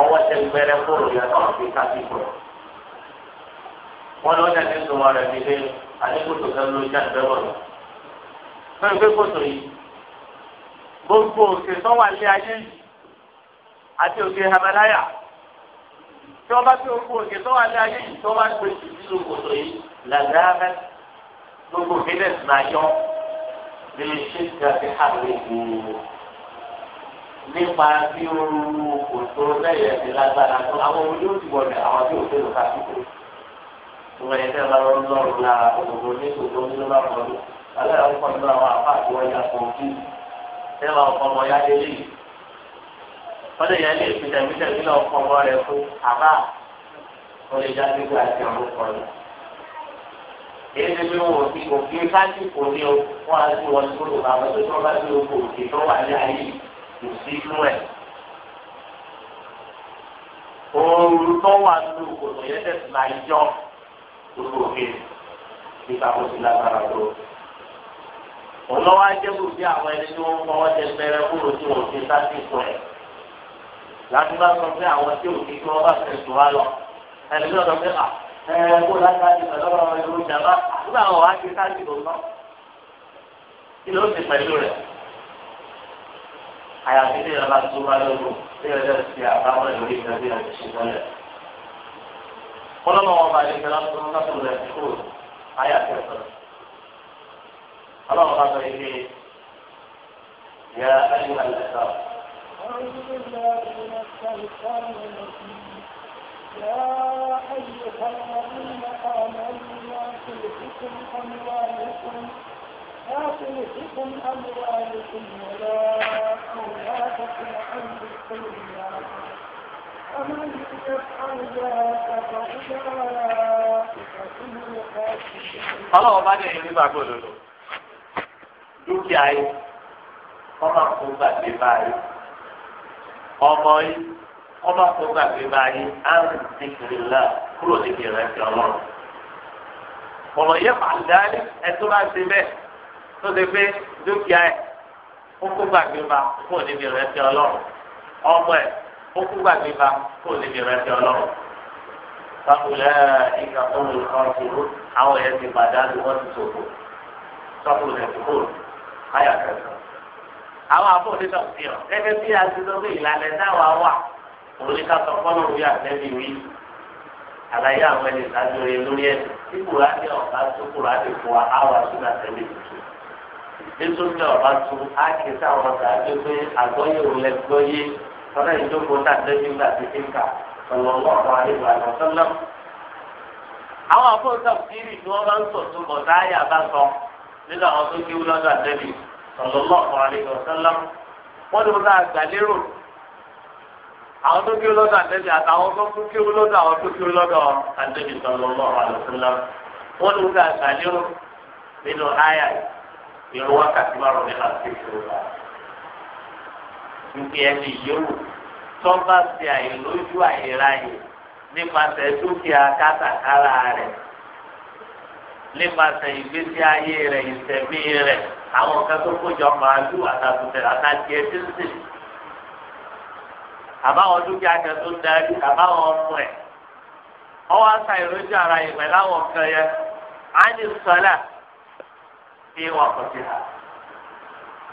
ọwọ́ tẹgbẹ́rẹ́ kúrò yàtọ̀ fi kájí kúrò wọ́n ní wọ́n tẹ̀lé sùn wọn rẹ̀ nílé àdékòtò kan ló já ìbẹ́wọ̀ lọ. fẹ́ẹ́ gbé kòtò yìí gbogbo òkè tó wà lé ayé àti òkè hamalaya tí wọ́n bá gbé gbogbo òkè tó ayé yìí tó wà gbé jù yìí làdáfẹ́ gbogbo fitness náà yọ lè ṣe ìdájọ́ àlejò nípa bí ooru òtó lẹ́yìn ẹ̀sìn lágbára tó àwọn ojú ti wọlé àwọn tí òfin lò ká kíkó ìwọ̀n yẹn tẹ́lẹ̀ lọ́rọ́ lọ́rùn lára òdòdó ní òdòdó ní ló bá pọ̀ ní alẹ́ àwọn ọkọ̀ nínú àwọn apá àti wọ́n ya kò kí tẹ́lẹ̀ ọkọ̀ ọmọ ya délé yìí wọ́n yẹn lè fi tẹ̀mítẹ̀mí lọ ọkọ̀ ọmọ rẹ̀ fún àbá wọ́n èyí ni wọn ò fi òfin fásitì ní o wọn á sí wọn tó lò àwọn tó tó bá tó lò kò òfin tó wà ní ayé kò sí inú ẹ. ooru tó wà nínú kòtò yẹn tẹ̀sí máa jọ gbogbo òfin nípa kó sí lágbára tó. ọlọ́wọ́ ajẹ́kù bí àwọn ẹni tí wọ́n fọwọ́ jẹ pẹ́rẹ́ kúrò tí wọ́n fi fásitì sọ ẹ̀. láti sọ pé àwọn tí òfin tí wọ́n bá fẹ́ sùn wá lọ ẹni tí wọ́n sọ pé à. Ah, ẹ kó látàdì pẹ̀lú ọ̀rọ̀ ìlú ìjàmbá nígbà wọn wá sí sáàtì tó ná kí ló ti pẹ̀lú rẹ̀ àyàfi ní ìjọba tó wá lóru ní ọjọ́ ti àbámọ̀ lórí ìjọba ìjọba ti wọlé kọlọ́mọ wọn bá lè fẹ́ràn tó ń sọ́kùn rẹ̀ kó àyàfi ọ̀sán ọlọ́run bá sọ ilé yẹ يا أيها الذين آمنوا لا تلهكم أموالكم لا تلهكم أموالكم ولا أولادكم عن ذكر الله ومن يفعل ذلك فأولئك هم الخاسرون. الله ما دعي لي ما أقول له. dúkìá yìí ọmọ àkóńgbà dé báyìí ọmọ yìí ọba kó gbàgbé báyìí àrùn ìkìlá kúrò níbi ìrántí ọlọ́run. ọ̀rọ̀ yẹ pàdánù ẹ̀tọ́ bá ti bẹ́ẹ̀ tó ti pé dúkìá ẹ̀ ó kó gbàgbé bá kúrò níbi ìrántí ọlọ́run ọmọ ẹ̀ ó kó gbàgbé kúrò níbi ìrántí ọlọ́run. sọ́kùlẹ̀ ìgbà tó ń lọ ọ̀dùnú àwọn yẹn ti pàdánù wọ́n ti sòkò sọ́kùlẹ̀ ìkóòrò káyà kẹsàn-án. àwọn àbọ̀ òun ní ká sọ fọ́nà wí àtẹ́bí wí àlàyé àwọn ẹni ìdájọ́ rẹ lórí ẹ̀ tí kùrá ní ọ̀gá tó kùrá ní fún wa áwà sínú àtẹ́bí tuntun nítorí ọ̀gá tó á kì í sáwọn ọ̀gá tó pé àgbọ́yé òun lẹ gbọ́yé tọ́lá ìjókòó náà lẹ́yìn ìgbà tí kí n kà ọ̀rọ̀ ọ̀gá àlejò àlọ́sọ́lá. àwọn afọ́nsá òkìrì ni wọ́n bá ń sọ tó bọ̀ àwọn tó kí lọ́dọ̀ àtẹ́bí àtàwọn tó kí lọ́dọ̀ àwọn tó kí lọ́dọ̀ àtẹ́bí sọlọ́lọ́ àlùfẹ́lá wọn ló ga àgbàlérò nínú àyà ìrún wákàtí márùn ní àtẹ́bí nǹkan ẹni yòówù tó bá ṣe àìlójú àìráyè nípasẹ̀ dúkìá kátàkárà rẹ̀ nípasẹ̀ ìgbésí ayé rẹ̀ ìṣẹ̀mí rẹ̀ àwọn kan tó kó jọ màálù àtàtúntẹ̀ àtàtì ẹ̀ àbáwọn dúkìá kan tó ń darí àbáwọn ọmọ ẹ̀ ọwọ́ àṣà ìrójú ara ìpẹ́ láwọn kan yẹn á ní sọ́lá tí wọ́n kọ́ sí ta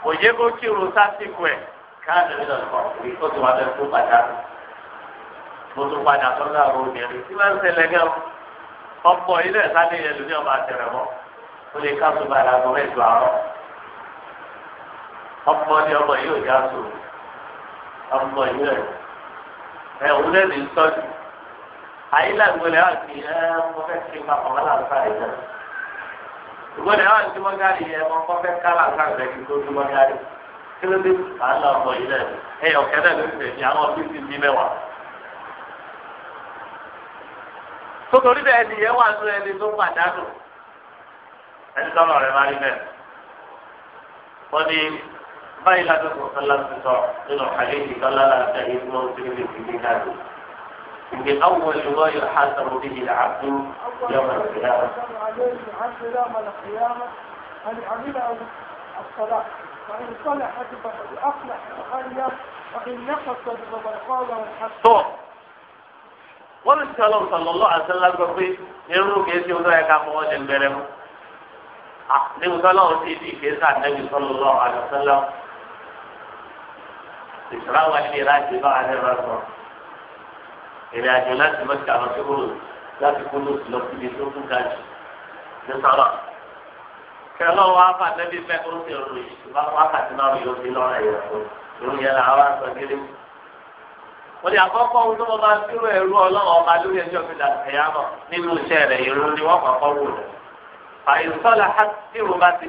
òye kó kírun sásìkò ẹ̀ káàdì mi lọ́sọ̀ èyí tó ti wá bẹ́ẹ̀ fún padà mo tún padà tó ń dàrú obìnrin tí wọ́n ń ṣẹlẹ̀ gẹ́ ọ̀pọ̀ ilé ìsáré yẹn lóní ọba àtẹrẹ mọ́ ó lè ká tó bàrà lọ mẹ́jọ àárọ̀ ọ̀pọ̀ ni ọmọ yìí ò já sùn ọmọ yìí ò ẹ òun lè ní sọ́jú àyílẹ̀ ìgbọ̀lẹ̀ ẹ mo fẹ́ kí n papọ̀ wọ́n làǹfà rẹ̀ jẹ́ ìgbọ̀lẹ̀ wà sí wọ́n gáàrí ẹ mo kọ́ fẹ́ ká làǹfà rẹ̀ kí n tó dúró gáàrí kí ló dé à ń lọ ọmọ yìí lẹ̀ ẹ ọ̀kẹ́ ló àwọn mẹ́wàá. sotori bẹ́ẹ̀ ni yẹn wà ẹni tó pàdánù ẹni rẹ̀ máa rí فإلا تتسلم في صعب إلى الحديث لا تهيد موسيقى في الكتاب من أول ما يحاسب به العبد يوم القيامة أول ما أن يعمل الصلاة فإن صلى حجبا وأفلح وخليا فإن نقص بالرقابة والحسن wọ́n sọ̀rọ̀ sọ̀lọ́lọ́ àtàlágbà pé irú kèésì ọdún ẹ̀ka fún ọdún ẹ̀mẹrẹ mu. àti nígbà tí wọ́n sì di ìṣúra wà nílé láti bá sọ. ìrìn àjò láti tó kúrò láti tó kún ní wa fà nẹ́bí fẹ́ kó ti rò yìí ṣùgbọ́n wa fà ti náà yóò fi lọ́rọ̀ yẹn fún un yẹn là wá sọ mo ní àkọ́kọ́ ohun tó mo máa ń dúró ẹ̀rú ọba lórí ẹjọ́ mi là ẹ̀yà mọ̀ nínú iṣẹ́ rẹ̀ ni wọ́n kọ́kọ́ àìsọ́lá bá ti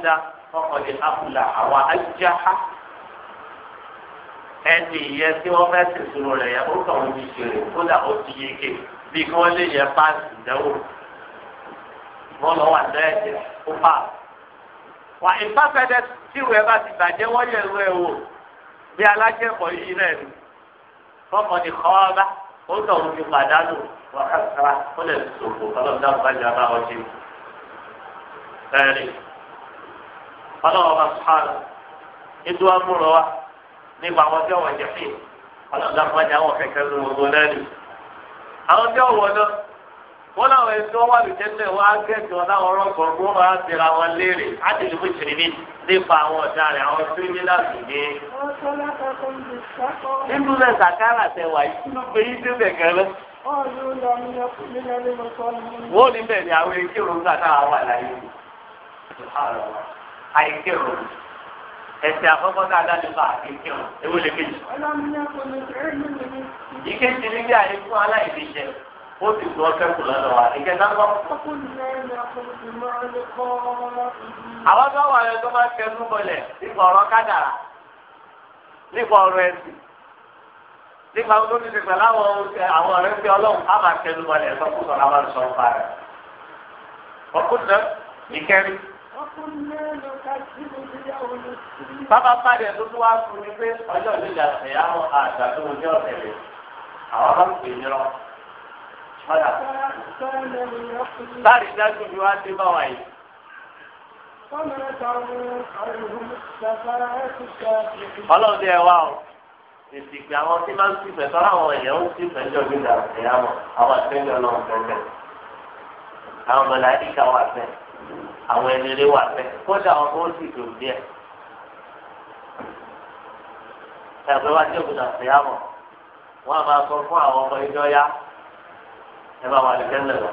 ẹni ìyẹn tí wọ́n fẹ́ sèṣirò rẹ̀ yẹn ó kàn wọ́n ti ṣeré kódà ó ti yege bí kí wọ́n lè yẹ páàsì ìdánwò wọ́n lọ wà lẹ́ẹ̀dì ó pa. wà ìfáfẹ́dẹ́ tí ìwé bá ti bàjẹ́ wọ́n yẹ ìwé wò bí alájẹ́kọ̀ọ́ yìí náà ni tọkọ ni kọ́ ọba ó tọ̀ wọ́n ti pàdánù wákàtàrà ó lè sòfò ọlọ́dà bàjẹ́ bá wọn ṣe. ẹ̀rí ọlọ́wọ́ bá sọ̀rọ̀ ètò amúrò nípa àwọn tí ọwọ́ jẹ fún ọlọ́dà pàdé àwọn kẹ̀kẹ́ ló gbogbo náà ni. àwọn tí ọwọ́ náà wọn làwọn ẹni tí wọn wà lùjẹ tẹ wọn á kẹjọ láwọn ọlọ́pàá wọn máa tẹra wọn léèrè láti lè fún ìṣèlérí nípa àwọn ọ̀daràn àwọn kírímínàlì ní. nínú rẹ sàkárà tẹ wà yìí ló gbé yín débẹ̀ gẹ́rẹ́. wọ́n ní bẹ́ẹ̀ ni àwọn ekéròǹgbà náà wà láyé àìkéròǹgbà. ẹsẹ̀ àkọ́kọ́ tá a dá nípa àkèké o ewu lè kejì. ìkejì ní bí àyè fún aláìní jẹ ó ti gbọ́ kẹ́kọ̀ọ́ lọ́dọ̀ wa ìkẹta ń bọ̀. àwọn tó wà lẹ́nu tó máa ń kẹnu bọlẹ̀ nípa ọ̀rọ̀ kádàrà nípa ọ̀rọ̀ ẹ̀sìn nípa tó ti pẹ̀lú àwọn àwọn ọ̀rẹ́ fi ọlọ́run á máa kẹnu bọlẹ̀ sọ́kùsọ̀ náà máa ń sọ nípa rẹ̀. ọkùnrin ìkẹrin. ọkùnrin náà ló ká bàbá pàdé tó tún fún mi pé ọjọ́ ìlújà ṣẹ̀yà wọn àgbà tó ní ọ̀sẹ̀ àwọn bá ń pè mí lọ. Padà sáré dájú ni wàá dé bá wa yìí. Ọlọ́run ní ẹ wá o. Èsì pé àwọn tí máa ń sífẹ̀ sọ́ra àwọn èèyàn ń sífẹ̀ jọ ìlújà ṣẹ̀yà wọn àwọn àtẹ́jọ́ náà fẹ́fẹ́. Àwọn mọ̀lá ìkà wà fẹ́. Àwọn ẹni rẹ̀ wà fẹ́. Kódà àwọn kan sì dùn díẹ̀. ẹgbẹ́ wa tí òkúta sí àmọ́ wọ́n á máa sọ fún àwọn ọmọ ẹjọ́ yá ẹ bá wà lẹ́kẹ́lẹ́ lọ.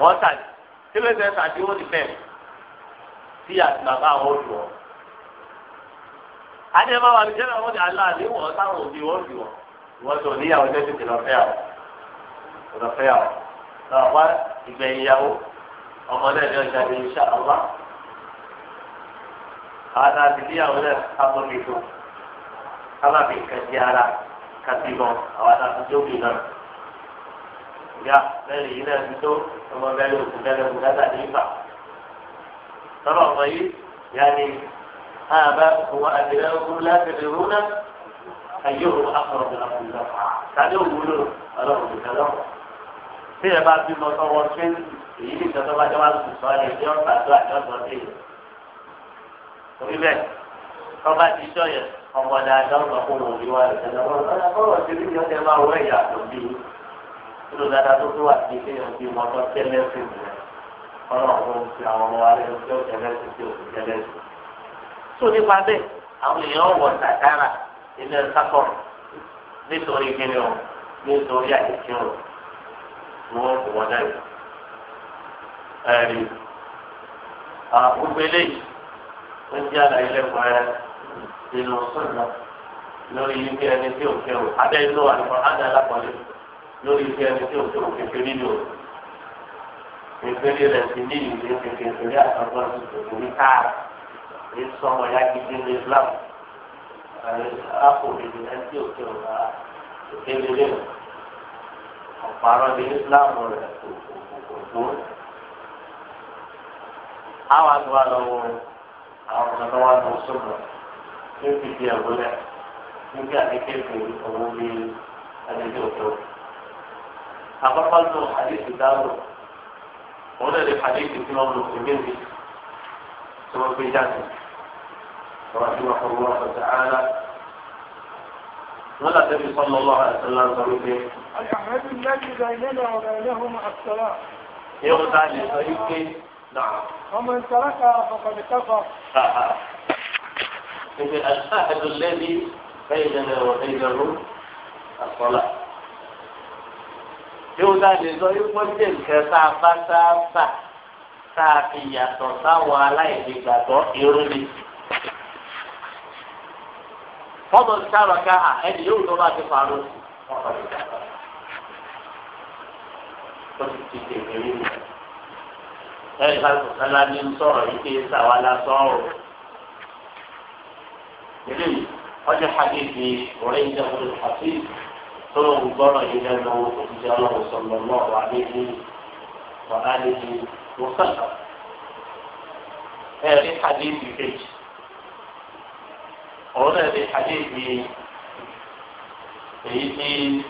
wọ́n tà kí ló ṣe tàbí ó ti bẹ̀rẹ̀ tí àti bàbá àwọn ò lù ọ́. adé bá wà lẹ́kẹ́lẹ́ wọ́n ti aláàlẹ́ wọ̀ táwọn òbí wọ́n lù ọ́. ìwọ́n tó níyàwó jẹ́ tètè lọ fẹ́ àwọn lọ fẹ́ àwọn lọ ìgbẹ̀yìn ìyàwó ọmọ náà ní ọjà ní iṣẹ́ àwọn bá. àwọn àti kábà fi nǹkan jẹ ara kàbí mọ àwọn àtàkùnjọ bì náà ìyá bẹ́ẹ̀ yìí náà ti tó ọmọ bẹ́ẹ̀ ló kù bẹ́ẹ̀ ló kù dáadáa ní ìfà tọ́lọ̀ ọmọ yìí yá ni àbá òun àtìlẹ́ ogun láti lè rún náà ayé òun akọ̀rọ̀ bẹ̀rẹ̀ kù lọ́fà tàbí òun lò ọlọ́run ìgbà lọ́wọ́ tí ẹ bá bímọ sọ́wọ́ tí èyí ní ìjọba bá jẹ́ wá lùsùn sọ́ọ́ ni ẹjọ́ ń gbàdúrà ẹjọ́ sọ́ọ́ ọmọ dáadáa ọgbà kó wò ní wàá ìṣẹ̀lẹ̀ ọ̀rọ̀ ti rí ọ̀tẹ̀ máa wọ ẹ̀yà tó bí i nínú dáadáa tó tó wà sí ilé ọ̀bí wọn tó tẹ́lẹ̀ sí i ọ̀rọ̀ ọ̀hún ti àwọn ọmọ alẹ́ ọ̀tí ọ̀tẹ̀lẹ̀ sí i òkú tẹ́lẹ̀ sí i. tó nípa bẹ́ẹ̀ àwọn èèyàn wọ sàkárà ilé sákọ̀ nítorí kíni o nítorí àyíkí o wọn kò wọ́n náà ẹ̀rí gbogbo eléyìí ń jẹ́ àlàyé lẹ́kọ̀ọ́ nínú sọ̀nà lórí ibi ẹni tí ò kéwò abẹ́ inú àlùkò ádá lápọ̀lẹ́ lórí ibi ẹni tí ò kéwò kékeré ní o kékeré rẹ̀ sí ní ìlú kékeré àtọ́gbọ́ kékeré káà ní sọmọ ya gidi ní Islam àpò ìlú ẹni tí ò kéwò rà kékeré rẹ̀ ọ̀pọ̀ ní Islam tó. àwọn àti wà lọ́wọ́ àwọn ọ̀dọ́ wa lọ sọ̀rọ̀. tí ó fi di àbúlẹ̀ nígbà kékeré òun ní ẹnìdí òtó. àkọ́kọ́ tó àdéhùn dáhùn òun náà lè àdéhùn tí wọ́n رحمه الله تعالى ولا النبي صلى الله عليه وسلم قالوا به الأحد الذي بيننا وبينهم السلام يغتال يغتال نعم ومن تركها فقد كفر níbi àtàkùn lẹ́bi bẹ́ẹ̀ ní ẹ̀rọ ìdẹ̀rù àkọlà. yóò dáadé sọ ipò jẹ́ nǹkan tá a bá sáábà tá a fi yàtọ̀ sáwọn aláìní gbàgbọ́ irú ni. fọ́tò sára ká ẹni yóò tó bá ti parọ́ ọkọ̀ ìgbàgbọ́. ó ti ti tèmi rí mi. ẹ̀ka sọ̀tàn la ní sọ̀rọ̀ yìí kí n sàwọn la إذن قد حديث وعند أبو الحفيظ صلى الله عليه إلى أنه أخبره صلى الله عليه وآله وسلم هذا حديث بحج هذا حديث بحج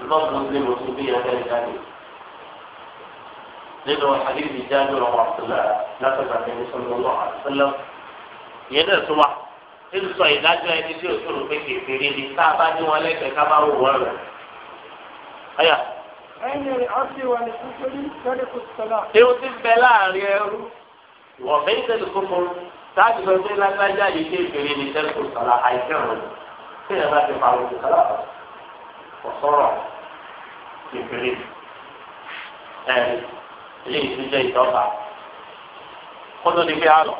المظلم للمسلمية ذلك الحديث لأنه حديث جابر وعبد الله نفذ النبي صلى الله عليه وسلم ينأت ń sọ ìdájọ́ ẹni tí òṣèlú pé kékeré ni tá a bá ní wọn lẹ́gbẹ̀ẹ́ ká bá wò wọ́n rẹ̀. ayà. ẹ̀yin rẹ̀ ọtí wà ní kúkúrú lórí kùsùlá. ewu ti bẹ láàrin ẹrú wọ̀ bẹ́ẹ̀ tẹ̀lé kúkúrú táàbì lọ sí lágbájá yìí kékeré ni tẹ̀lé kùsùlá àìsàn rẹ̀ kí ẹ̀ bá ti pa àwọn kùsùlá ọ̀sọ́rọ̀ kékeré ẹ̀ ilé ìtújẹ́ ìtọ́ka kó tó di pé a lọ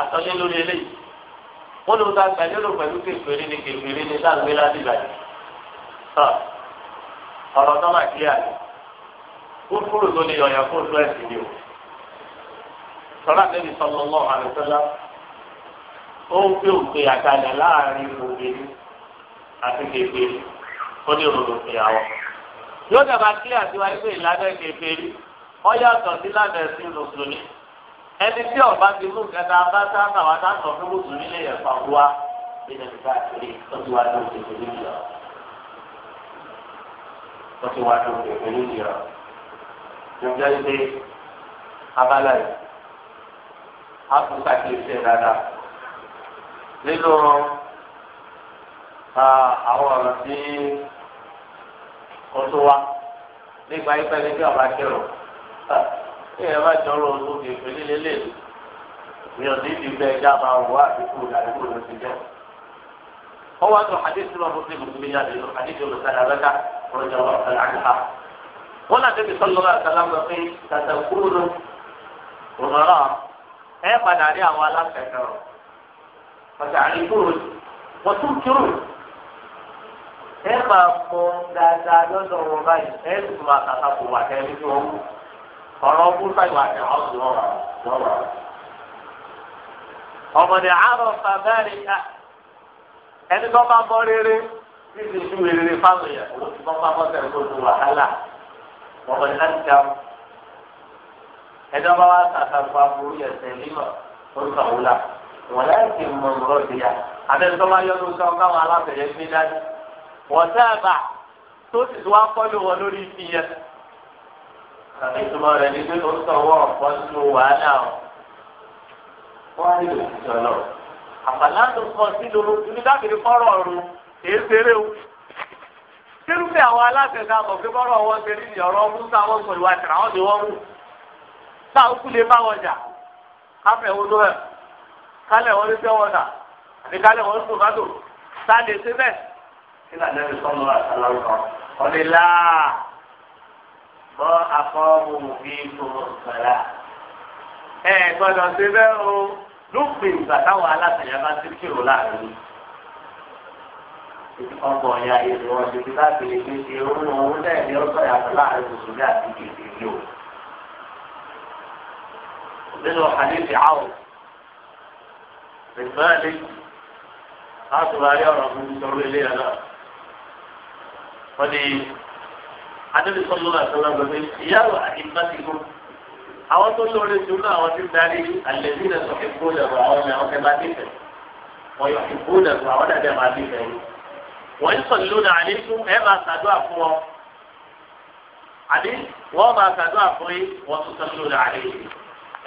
àtọ́lé lórí eléyìí wọn ló ta gbàdúrà pẹ̀lú kékeré ni kékeré ni láàgbé láti gbàdúrà ọ̀rọ̀ náà máa kílíà ni kúrúkúrú tó ní ọ̀yà kó tó ẹ̀sìn ni o sọlá níbi sọlọ lọ àlùfẹ́lá ó ń gbé òkè àkàlẹ̀ láàrin òbèrè àti kékeré ó ní òròdò ìyàwó yóò dàbà kílíà tiwa ẹgbẹ́ ìlànà kékeré ọ yàtọ̀ sí lánàá sí mùsùlùmí ẹni tí ọba ti mú kẹta bá sábà wá sábà fún mùsùlùmí lè yẹ fà wá nínú ìgbà kiri ó ti wá tó tètè lórí rẹ ó ti wá tó tètè lórí rẹ ìjọba ilé abala yìí áfíríkà kì í ṣe dáadáa nínú àwọn ọ̀rọ̀ tí ó tó wá nípa ìpẹ́lẹ́ tí ọba kẹrò èèyàn bá jọ ọ̀rọ̀ ọdún bíi èpè líle lè mi ò ní ibi bẹ́ẹ̀ já máa wọ àdínkù àdínkù ló ti jẹ. wọn wá tó hadith náà mo ti mùsùlùmí jáde lọ hadith ló sáré abẹ́ká wọn jọ wọn sáré àdìhà. wọn náà débi sọlọ náà sálá ń lọ pé tàtà kúrú ló rọrọ ẹ padà rí àwọn aláṣẹ kan pàṣẹ àdínkù wọn tún kúrú ẹ máa mọ dáadáa lọ́dọ̀ wọn báyìí ẹ sì máa kàkà kó wà kẹ́rin tí wọ́n wù ọ̀rọ̀ musa ìwà àti ọ̀sùn wọn wà. ọmọdé àárọ̀ sàbẹ́rì ẹni tó bá bọ́ rere tí ti ju rere fáwọn yẹn ó ti bọ́ pápọ́ sẹ́yìn tó ju wàhálà ọmọdé láti dá ẹjọ́ bá wà sàkàgbà burú yẹn sẹ́yìn mọ̀ orúkọ wúlà wọn láì fi mọ̀ ọ̀rọ̀ ti yá àtẹnudọ́ bá yọ lóṣọ káwọn aláfẹ̀yẹ gbé dání wọ́n sábà tàbí ìtumọ̀ rẹ̀ ní pé ó sọ̀wọ́ ọ̀pọ̀ nínú wàhálà ọ̀ wọ́n á rí òṣìṣẹ́ lọ. àpàlà tó sọ sílò ibi dábìrì fọ́rọ̀ ọ̀run èé ṣeré o. kírúfẹ́ àwọn aláṣẹ ká mọ̀ pé bọ́rọ̀ wọn ṣe rí ní ọ̀rọ̀ ọdún táwọn sọ ìwà ìtàn àwọn ni wọ́n mú. táwọn kú lè bá wọn jà káfẹ́ wọn lóhẹ̀ kálẹ̀ wọn lóṣẹ́ wọn dà àbí kálẹ̀ wọn sùn bá tò sáà lè ṣe bẹ́ẹ̀. kí mọ́ akọ́mù bí kòmò sọ̀rọ̀ ẹ gbọ́dọ̀ ṣe bẹ́ẹ̀ o lópin ìgbà táwọn alátẹ̀yà bá ti kírò láàrin ọgbọ̀n ya èrò ọ̀dẹ̀ bí láti lè gbé ṣe òun òun náà ní ọgbọ̀n yàtọ̀ láàrin mùsùlùmí àti kìkìkì o. nínú àdéhùn àwọn ìgbà lè látùbárí ọ̀rọ̀ fún sọ̀rọ̀ ilé ẹ̀ náà wọ́n ní adébí sọlọ́lá sọlá gbẹ̀mí ìyáwó àdìmásíkú àwọn tó lóore jùlọ àwọn tí ń darí àlẹ́bí náà sọ fún ìbúlẹ̀ rọ àwọn ọmọ ọkẹ bá dìfẹ̀ wọ́n yọ ìbúlẹ̀ rọ àwọn dàdé máa dìfẹ̀ yìí wọ́n ń sọ̀lú náà àlékún ẹ máa ṣàdúrà fún ọ àbí wọ́n máa ṣàdúrà fún yín wọ́n tún sọ̀lú náà àlékún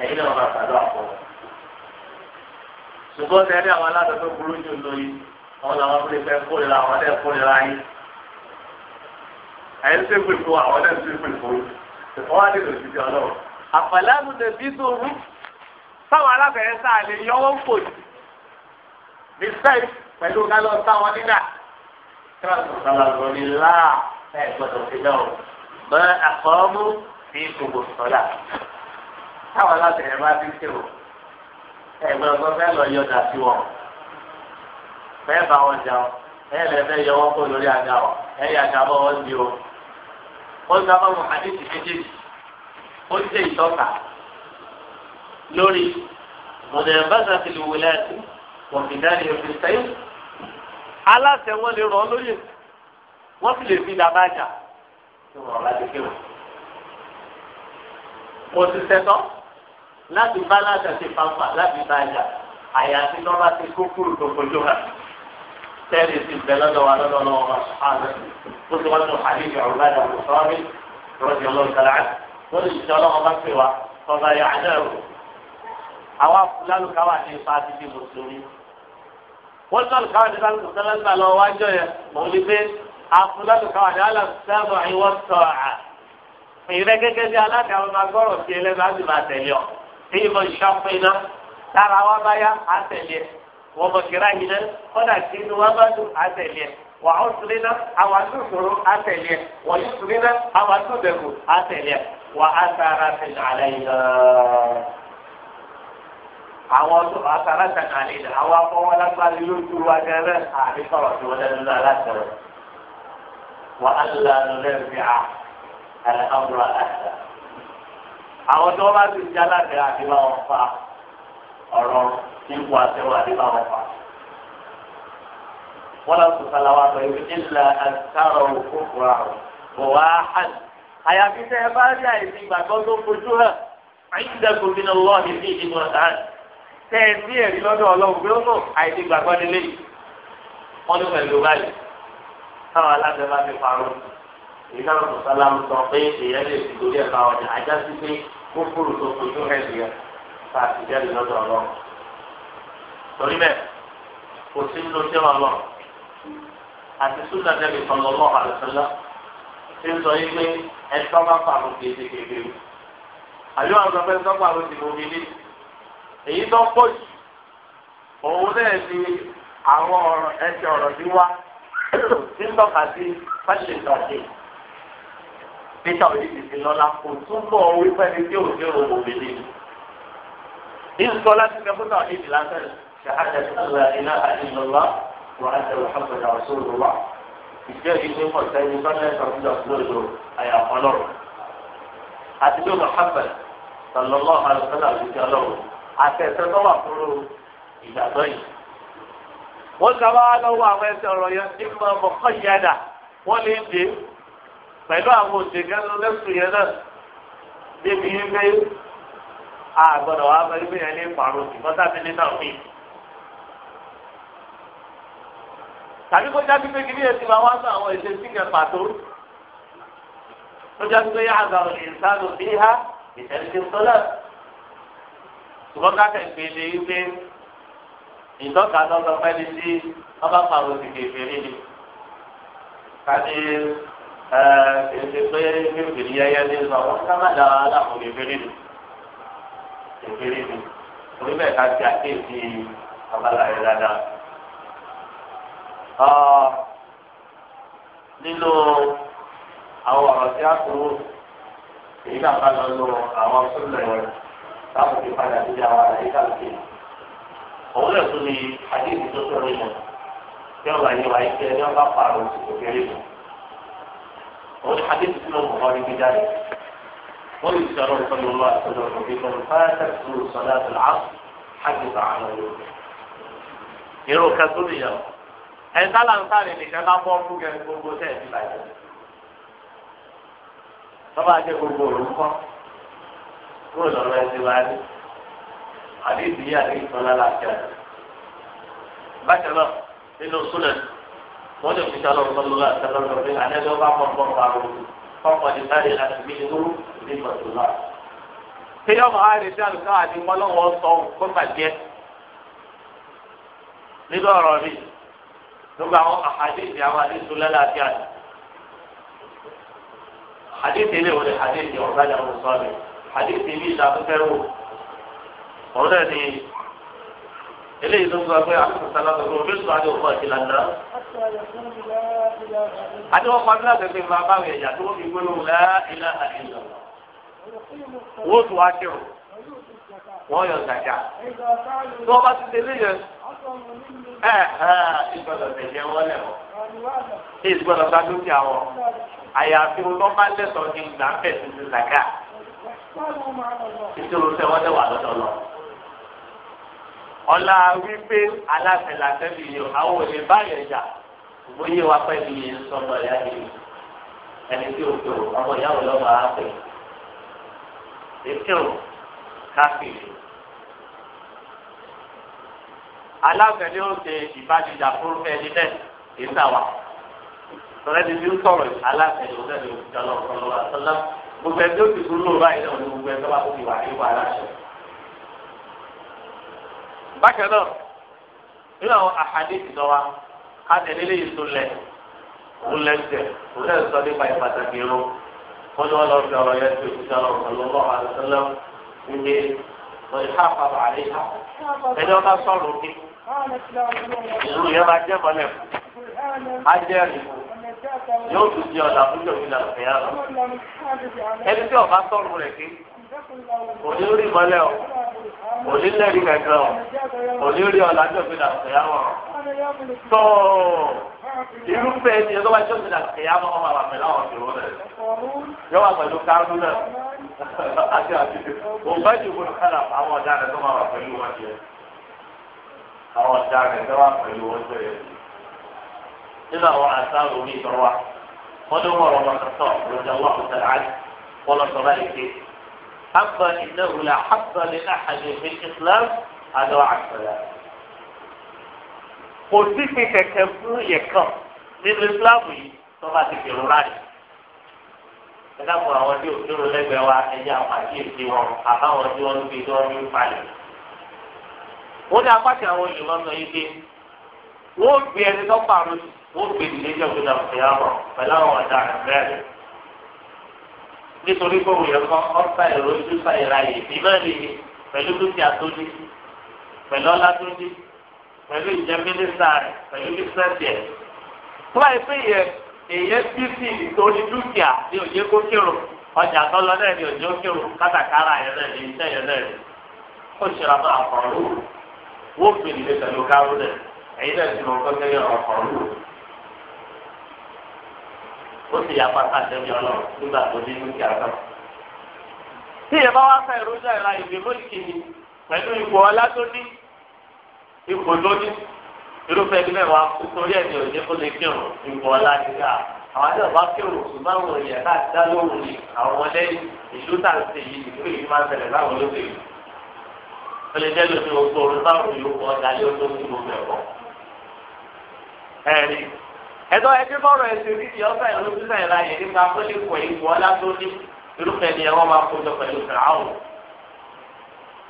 ẹ̀yin náà máa ṣàdúrà fún ọ. ṣùgbọ́n tẹ́lẹ̀ àwọn aládùúgbò burú jù lóyún àwọn àyẹ̀lú tó gbé fún àwọn náà tó gbé fún wọn wá nílò ìdíje ọlọ́run. àfàlánù lè sáà lè yọ wọ́n pò jù ní sẹ́yìn pẹ̀lú kálọ̀ táwọn nígbà. kíláàsì sàlàgọ́ ni láà ẹ̀ gbọ́dọ̀ fi náà mọ́ àkọ́mú ní gbogbo sọ́là. táwọn alábẹ̀rẹ̀ bá ti ṣe o ẹ̀ gbọ́dọ̀ fẹ́ lọ yọjà sí wọn fẹ́ bá wọn jà ọ ẹ̀ lẹ́fẹ́ yọ wọ́n kó lórí àga ọ ẹ̀ yàgà bọ́ wọn wọ́n gba báwọn àdéhùn méjèèjì ó ń jẹ́ ìtọ́ka lórí mọ̀nàbáṣà ti lè wọlé àti wọ̀fìdárì òfin sẹ́yìn. aláṣẹ wọn lè rán lóyè wọ́n sì lè fi dàbá jà tó rọ̀ láti kéwòn. kò sì sẹ́tọ́ láti bá aláṣẹ ti fanfà láti bá jà àyàfi lọ́ba ti kúkúrú tó fojú hàn sẹ́ẹ̀lì ti bẹ̀ lọ́dọ̀ wa lọ́dọ̀ lọ́wọ́ wa sùhánù ó ti wọ́n tún hàlíjì ọ̀rùbáyà ọ̀sọ́rọ́bì rọ́jì ọlọ́run tẹ̀lé àti wọ́n ti sọ ọlọ́run bá pè wá ọba yà á dẹ̀rù. àwa lálùkà wà ní ipa ti di mùsùlùmí. wọ́n tún lálùkà wà ní sálùkù sẹ́lẹ̀ ńlá lọ wájọ yẹn mọ̀ ní pé àfún lálùkà wà ní alàmùsẹ́mù àìwọ́n sọ̀rọ̀ ìrẹ́ gẹ́gẹ́ bí alága ọmọ agbọ́rọ̀ sí ẹlẹ́nu á sì máa tẹ̀lé ọ. èyí mo ṣàpinnu tára wa bá yá á tẹ̀lé ẹ wọ́n mọ̀ kíra yìí náà kọ́dà tí inú wa bá dùn àtẹ̀lẹ́ wà á sùn nínú àwọn àtúntòrò àtẹ̀lẹ́ wà á sùn nínú àwọn àtúntòdẹ̀kù náà. àwọn ọdún àwọn afọwọ́ lágbára lójú wa gẹ́rẹ́ àbí sọ̀rọ̀ tí wọ́n lẹ́nu náà látẹ̀rẹ̀. wà á lọ lẹ́rìí à àlẹ́ àwọn tó bá ti jẹ́ alábẹ́ àti ọ̀rọ̀ tí ń kó àtẹwà nípa wọn fà. wọ́n lọ sọ sàlàwà pé ìlà àtàrọ̀ òkúra bò wá hàn. àyàfi tẹ́ ẹ bá rí àìsí ìgbàgbọ́ tó fojú hàn àyíǹdàkùn mi náà lọ́ọ̀ ní bí ìdìbò àtàn. tẹ́ ẹ ní ẹ̀rí lọ́dọ̀ ọlọ́run pé ó nù àìsí ìgbàgbọ́ nílé yìí. wọ́n ní pẹ̀lú báyìí táwọn aláṣẹ bá sọ pé èèyàn lè fi torí ẹ̀ bá ọjà ajá sí pé kókòrò tó fojú hàn nìyẹn tá a ti jẹ́rìí lọ́dọ̀ ọlọ́run torí bẹ́ẹ̀ kò sí nínú iṣẹ́ wa lọ àti súnà nẹ́bí sọlọ́lọ́ àlùsọ́lá ti ń sọ yín pé ẹ̀tọ́ bá fà mú kéde kéde o àyọ̀ àwọn ọ̀gbẹ́ tó fà mú tìmọ̀ mi ní èyí tó pọ̀ jù òun náà ni àwọn ẹsẹ̀ ọ̀rọ̀ tí wá tí ń tọ́ka sí fẹ́ṣẹ̀ ìtọ́jú peter oyè ti fi kò túbọ̀ wípé ní tí òun ní òun òbí nínú. إن صلاتك متوحيد لا تنسى شهادة أن لا إله إلا الله وأن محمد رسول الله ìjẹ́rìí ní mọ̀tẹ́ni sọ́lẹ̀ sọ̀rọ̀ lódò àyàfọ́ lọ́rùn. àti bí Muhammad sọlọ́lọ́ àlùfẹ́lá àlùfẹ́ ọlọ́run àtẹ̀sẹ̀ tó wà fúru ìgbàgbọ́ yìí. wọ́n sábà lọ́wọ́ àwọn ẹsẹ̀ ọ̀rọ̀ yẹn ní mọ̀ mọ̀kọ́ yẹ̀dà wọ́n lè dé pẹ̀lú àwọn òṣèlú ẹlẹ́sùn yẹn náà débi yín àgbọ̀dọ̀ wa bẹ́ẹ̀ gbé yẹn lé pàrọ̀ ṣùgbọ́n sábì ní náà mí. tàbí kó jáde pé kí ní ẹsìn máa wá sọ àwọn èdè sí ìgbà pàtó tó jáde pé yàrá àwọn ìsánù bí ha ìtẹ̀lẹ́sì sọ́lá. ṣùgbọ́n ká tẹ̀sí ilé wípé ìtọ́ka lọ́dọ̀ pẹ́ni tí wọ́n bá pàrọ̀ sí kékeré ni. káni ẹ̀ẹ́dẹ̀gbẹ́ kékeré yẹyẹ ní sọ wọ́n ká má dára láwọn kékeré ni kékeré ni oníbẹ̀ ká ti àkéèsí abala yẹn dáadáa. nínú àwọn ọ̀rọ̀ tí a kú èyí náà bá lọ lọ àwọn sílẹ̀ táwọn ti padà sí àwọn àlàyé káàkiri. òun lè tún ní àkéèsí tó tó nínú tí ọba yẹn wáyé kí ẹni ọba pààrọ̀ òsì kékeré ni. òun ní àkéèsí tí mo mọ̀ ọ́ ní gbígbá yẹn. ويذكر صلى الله عليه وسلم بمن فاتته صلاة العصر حفظ عمله irú kan tó lè yàwó ẹ sálà ń sáré nìkan bá bọ́ fún kẹrin gbogbo tẹ̀ ẹ́ ti bàjẹ́ tọ́ba jẹ́ gbogbo òru kọ́ kúrò lọ́rọ́ ẹ ti wá rí àdéhùn yìí àdéhùn tó lálẹ́ àti àdé bákan náà nínú súnà wọ́n lè fi sálọ̀ ń bọ́ lọ́wọ́ àti sálọ̀ ń bọ́ bí àdéhùn bá pọ̀ pọ̀ pàrọ̀ pọ̀ pọ̀ ní sáré àti bí irú ní pàtùlá. Ṣéyọ́ mọ̀ á retí àlùkò àti mọ́lọ́wọ́ sọ kó bàjẹ́. Nígbà ọ̀rọ̀ mi, gbogbo àwọn àhàdìsì àwọn àdìsù lálàáfíà ni. Àdìsì ilé wo ni àdìsì ọ̀gájà ń sọ mi? Àdìsì ilé ìdàkúfẹ́ wò. Òun náà ni eléyìí tó ń sọ pé àtúntàlá tó kúrò bísí àti òkú àti lànà. àti wọn kọ́ abúlé àtẹ̀sẹ̀ máa bá àwọn èèyàn tó ń fi gbólóhùn lá ilá àìlọ́ wọ́n wá ṣe o wọ́n yọ ṣàṣà tí wọ́n bá ti délé yẹn ẹ ẹ ìgbọ́dọ̀ tẹ̀lé wọn lẹ̀ wọ́n ìgbọ́dọ̀ bá dúkìá wọn àyàfi wọn bá lẹ́sọ̀ọ́ ní ìgbà bẹ́ẹ̀ tuntun ìṣòro tẹ wọ́n tẹ lọ́dọ̀ lọ. ọ̀la wípé aláfẹ́ làfẹ́ mi àwọn òní báyọ̀ ìjà òbóyè wa pẹ́ mi sọ̀rọ̀ ìyá mi ẹni tí o tó ọmọ ìyá òun lọ́mọ àáfẹ́ yìí ìkírun káfíìrì. alágbẹ̀ni ó ṣe ìbájújà fún ẹni bẹ́ẹ̀ kì í sàwà. sọ̀rọ̀ ẹni tí ó sọ̀rọ̀ alágbẹ̀ni ó sẹ́ni òkúta lọ sọ̀rọ̀ wà sọ́lá. gbogbo ẹni tó ti kú lóòrọ̀ àyè náà ni gbogbo ẹni tó bá kó ti wà nípa aláṣẹ. bákan náà nínú àwọn àhàdé ìdánwà ká tẹ̀lé lè tó lẹ̀ òun lẹ́sẹ̀ òun lẹ́sẹ̀ sọ nípa ìpàtàkì irun wọ́n ní wọ́n lọ fi ọ̀rọ̀ yẹn tó ìṣẹ́ ọ̀rọ̀ ọ̀lọ́wọ́ àdìsẹ́lẹ̀ ń gbé wọ́n ìṣá àpapọ̀ àdìsá ẹni wọ́n bá sọ̀rọ̀ òkè ìlú yẹn máa jẹ́ mọ́lẹ̀ á jẹ́ ẹ̀rìnkù yóò tún di ọ̀là fún ìjọba ìlànà ẹ̀yà rẹ̀ ẹni tí ọba sọ̀rọ̀ rẹ̀ kéé òní orí mọ́lẹ̀ o òní lẹ́rìí kankan o òní orí ọ̀làjọ́ fi dàgbẹ́ yà wọ̀ tó irúfẹ́ ẹni ẹ̀dọ́ wájú fi dàgbẹ́ yà wọ̀ wà pẹ̀lú àwọn ìró rẹ̀ yọ wà pẹ̀lú kárú náà àti àti òǹbájú ìwòrán kálá àwọn ọ̀daràn tó máa wà pẹ̀lú wọn jẹ àwọn ọ̀daràn tó wà pẹ̀lú wọn jẹ nínú àwọn àtàwọn omi ìtọ́wà wọn ló mọ̀ ọ̀rọ̀ ọmọ kàtọ́ wà حقا إنه لا حق لأحد في الإسلام هذا وعد سلام kò sí fi kẹ̀kẹ́ fún yẹ̀kan nínú islamu yìí tó bá ti fèrò láàyè. ẹ dákun àwọn tí òjòrò lẹ́gbẹ̀ẹ́ wa ẹ̀yà àpàkíyèsí wọn àbáwọn tí wọ́n ń gbé tí wọ́n ń falẹ̀. wọ́n ní apáṣẹ àwọn olùmọ̀ sọ yìí pé wọ́n gbé ẹni tó pààrọ̀ wọ́n gbé ìdílé jẹ́ òkúta òkúta pẹ̀lú àwọn ọ̀daràn bẹ́ẹ̀ nítorí bóun yẹn kọ́ ọ́fà ìròjú fa ìráyè ìmọ̀lì pẹ̀lú dúkìá tó ní pẹ̀lú ọlá tó ní pẹ̀lú ìjẹ́ mínísítà rẹ̀ pẹ̀lú bísíǹsì ẹ̀. tó báyìí pé yẹ èyẹ títì nítorí dúkìá ní òye kó kírun ọjà tó lọ náà ní òye ó kírun kátàkárà yẹn náà ní iṣẹ́ yẹn náà ní. ó ṣèrà máa kọ̀ ọ́ lóru wọ́n fi ìdílé pẹ̀lú káró náà èyí náà ti mọ̀ kọ́kẹ́rẹ́ ọ̀kọ̀ lóru ó sì yà pátá àtẹ̀mí ọlọ́run nígbà tó ní dúkìá tán. tí ìyẹn bá wá fẹ́ ìrójà ìra ìwé mọ́lìkì ni pẹ̀lú ipò ọlá tó ní ipò tó ní irúfẹ́ ẹni mẹ́wàá kú torí ẹni òde kó lè kírun ipò ọlá nígbà àwọn àti ọba kírun ṣùgbọ́n àwọn èèyàn náà dá lóru ni àwọn ọmọdé ìlú tà ń ṣe yìí ìlú yìí máa ń ṣẹlẹ̀ láwọn olóṣèlú ó lè jẹ́ lóṣù oṣù orí báwọn yòókù ọ̀dà lé tó ń gbogbo ẹ̀kọ́ ẹ̀tọ́ ẹbí bọrọ ẹsẹ orí ti ọfẹ ìlú sísẹ ìlà yẹn nípa tó lè pọ ìwọ ọlá tó ní irúfẹ́ ni ẹwọn máa kó jọ pẹ̀lú fìràwọ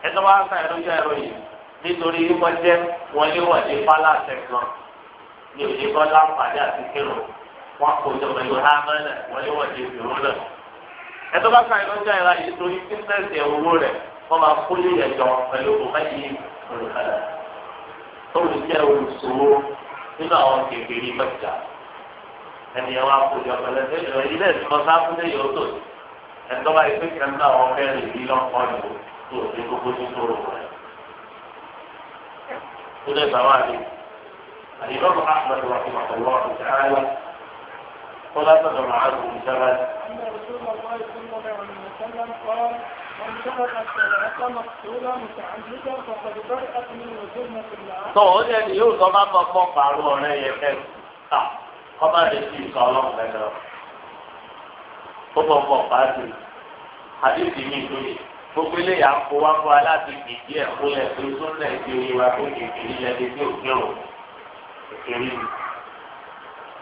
ẹ̀tọ́ wa fẹ ìlú jẹ ẹ̀rọ yìí nítorí wíwọ jẹ wọléwọlé fálásẹ kan ní òye kọ láǹfààní àti kírun wọn kó jọ pẹ̀lú hámẹlẹ wọléwọlé fìràwọ náà ẹ̀tọ́ bá fẹ ìlú jẹ ìlà yìí torí bísíǹsì ẹwúwo rẹ wọn máa kó lè yẹjọ pẹ̀lú nínú àwọn kékeré mẹ́ta ẹni ẹwà àkójọ pẹ̀lẹ́ ẹjọ́ ilé ìsúná sáfúnlé yóò tó ẹ̀tọ́ bá ìpín kan náà wọn fẹ́ẹ́ rí lọkọọdù tó o ti gbogbo tó tó rò rẹ. ó lè bàbá mi àyìnbọn bá àpàtàkì wà fún àpàlọ ọ̀sẹ̀ ààyè kó lásán lọ́mọ àgùn ìjọba tó o ní ẹni yóò sọ bá bọ pọ ọ̀rẹ́ yẹn fẹ ta ọba lè fi ìsọ Ọlọ́run lẹ́nu ó bọ pọ pàṣẹ àdéhùn mi lóye gbogbo eléyà kó wá fún aláàbí kìkì ẹ kó lẹ pé tó lẹ di oyin wa tó kìkì lílẹ di tí òkè o kìkì rí mi.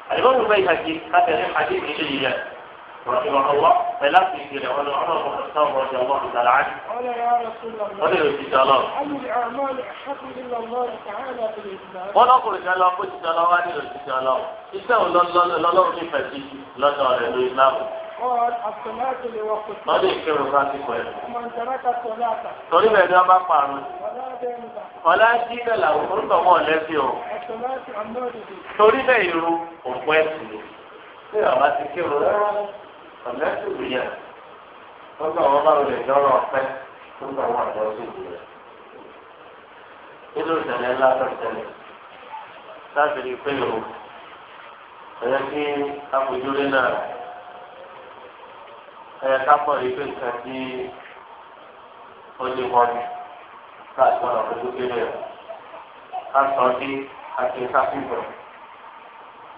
àdìbò mi bẹ́ẹ̀ yàgé káfíńsì àdéhùn mi yẹ rọ̀ṣọ̀rọ̀ wọ́. خلاف في عمر بن الخطاب رضي الله تعالى عنه قال يا رسول الله قال يا رسول الله أم الأعمال أحب إلا الله تعالى بالإسلام ولا قل إن الله قلت الله وأنا قلت الله إسلام لا لا لا لا في فتي لا تعالى الإسلام قال الصلاة لوقتها قال يكفر فاتك وين من ترك الصلاة قال يا جماعة قارون ولا دين له قلت ما لفيه الصلاة عمودي قال يا يرو وقوي ṣé àwọn ti kírun rárá ọ̀nà ìṣòro yẹn wọ́n gbà wọ́n bá lọ lè dọ́rọ̀ ọ̀pẹ́ tó gbà wọ́n àjọ síbi rẹ̀. nínú ìṣẹ̀lẹ̀ ńlá tó ṣẹlẹ̀ láti rí i pé o ẹ̀yẹ kí àpòjúlé náà ẹ̀yẹ kápọ̀ rí i pé nǹkan tí ó lé wọn ni káàkiri ọ̀nà tó tó kéré rẹ̀ ká sọ sí àti ká fífọ̀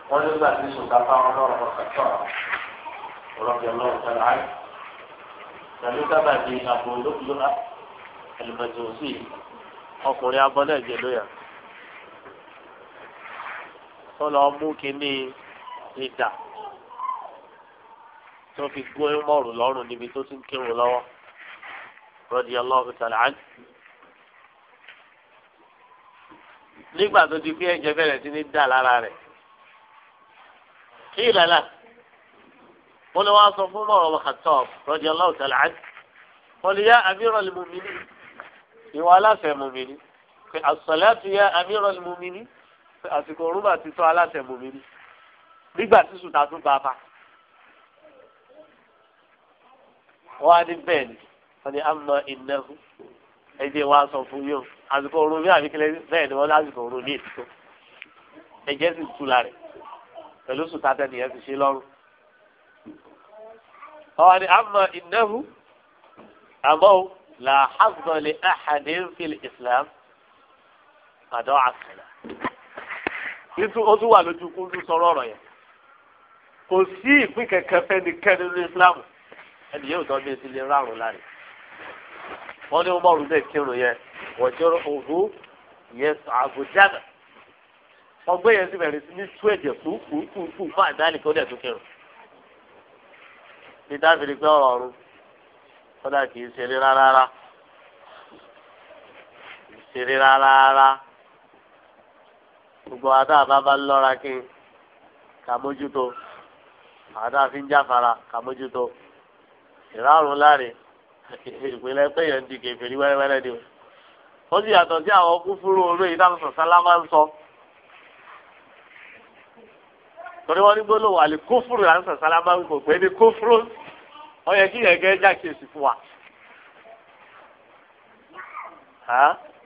wọ́n ló gbà tí sùn ká fáwọn náà wọ́n kà sọ̀rọ̀. رضي الله تعالى عنه pẹ̀lú sábàbí àbò lókùlókà ẹlòmẹ̀tòsí ọkùnrin abọ́lẹ̀jẹ̀ lóyà tó lọ mú kínní ìdà tó fi gún ẹmọ́rù lọ́rùn níbi tó ti ń kírun lọ́wọ́ rọ́dí ọlọ́run tàlẹ́ àjù. nígbà tó di pé ẹ̀jẹ̀ bẹ̀rẹ̀ sí ní dà lára rẹ̀ kí ìlànà wọn lọ wá sọ fún mọ̀rọ̀ wàhátọ́ rọ́jì aláwùtálá àti wọn lè yá amíràn mùmíní ìwọ aláṣẹ mùmíní pé àṣọlẹ́ ti yá amíràn mùmíní pé àsìkò rúbà ti tọ́ aláṣẹ mùmíní nígbà tí sùtà tún bá bá. wọn á ní bẹ́ẹ̀ ni wọn ni àmọ́ ìnáwó ẹ̀jẹ̀ wa sọ fún yóò àsìkò òru mi àbí kílẹ̀ bẹ́ẹ̀ ni wọ́n lásìkò òru mi ètò ẹ̀jẹ̀ sì tú la rẹ̀ pẹ̀lú sùtà tẹ̀ nìyẹn ti ṣe lọ́rùn ọwọ́ ni àmọ́ ìnáwó àmọ́ là hàzọ́lẹ̀ àhàdé fìlì islam àdó àkàlà. ó tún wà lójú kúndú sọ̀rọ̀ ọ̀rọ̀ yẹn kò sí ìpín kẹ̀kẹ́ fẹ́ni kẹ́ni ní islam ẹni yóò tọ́ bí ìsìlẹ̀ rárùn láre wọ́n ní umaru bẹ́ẹ̀ kírun yẹn wọ́jọ́rọ́ òhun yẹn àbújá ọgbẹ́ yẹn sì bẹ̀rẹ̀ sí ní tú ẹ̀jẹ̀ kúkúkú fún àdáni kó dẹ̀ tó kírun fi dábìrì pé ọ̀rọ̀ ọ̀run kódà kì í ṣeré rárá kì í ṣeré rárá gbogbo àdá àbábá lọ́ra kí n kà mójútó àdá fi ń jáfara kà mójútó ìrárùn láre ìpínlẹ̀ pé yẹn di kèfèrí wẹ́rẹ́wẹ́rẹ́ ni o ó sì yàtọ̀ sí àwọn kúfúrú oró yìí táwọn sọ̀sálá máa ń sọ torí wọ́n ní gbólóhùn àlè kúfúrú làwọn sọ̀sálá máa ń kò pé ní kúfúrú ó yẹ kí yẹn gẹ́ jákèsí fún wa.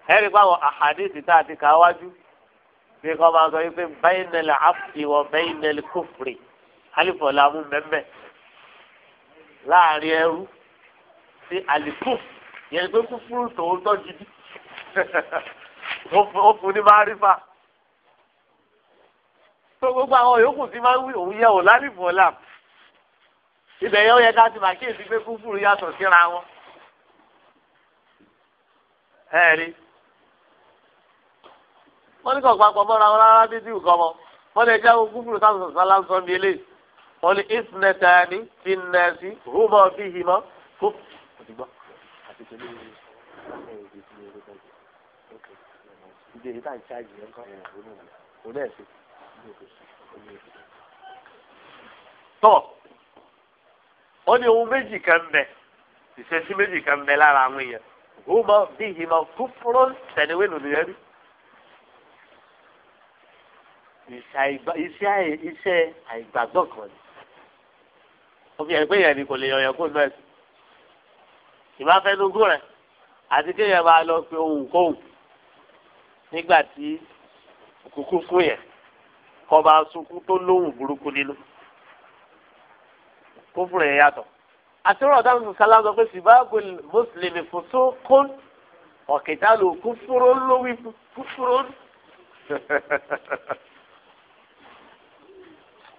ẹ̀rí pàwọ̀ àhàdìsí tá a ti kà bí kò máa sọ wípé bainal afdi wa bainal kufri alifọ̀ la mẹ́mẹ́ láàrin ẹrú sí alikuf yẹn pé kúfúrú tòótọ́ gidi ó fún ní máa rí fa tó gbogbo àwọn yòókù tí máa ń wí òun yẹ ò lálìfọ̀ làmù ibẹ̀ yẹn ó yẹ ká ti máa kí èsì pé kúfúrú yàtọ̀ síra wọn. ẹ rí wọ́n ní kàn papọ̀ mọ́ra wọn rárá títí nǹkan mọ́ wọ́n lè jẹ́ kúfúrú sáà sọ̀tàn lásán ní eléyìí wọ́n ní ìsìnẹ̀tà ni fìnnẹ̀sì rúmọ̀ mọ́ kó. tọ́ ó ní ohun méjì kan bẹ ìṣesí méjì kan bẹ lára àwọn èèyàn ó mọ bí ìhìmọ kúfúrú tẹniwé lòdì rẹ rí iṣẹ́ àìgbàgbọ́ kan ni ó fi hàn pé yẹn ni kò lè yọyàn kó nọ ẹsẹ ìbáfẹnugún rẹ àti kéèyàn máa lọ pe ohun kóhùn nígbà tí kúkú fún yẹn kọba sunkún tó lóhùn burúkú nínú kófù rẹ̀ yàtọ̀ àtúrò ọ̀dà mùsùlùmí sálá sọ pé sìbáàbò mùsùlùmí fòtó kún ọ̀kẹ́tà ló kúfúró lówí kúfúró.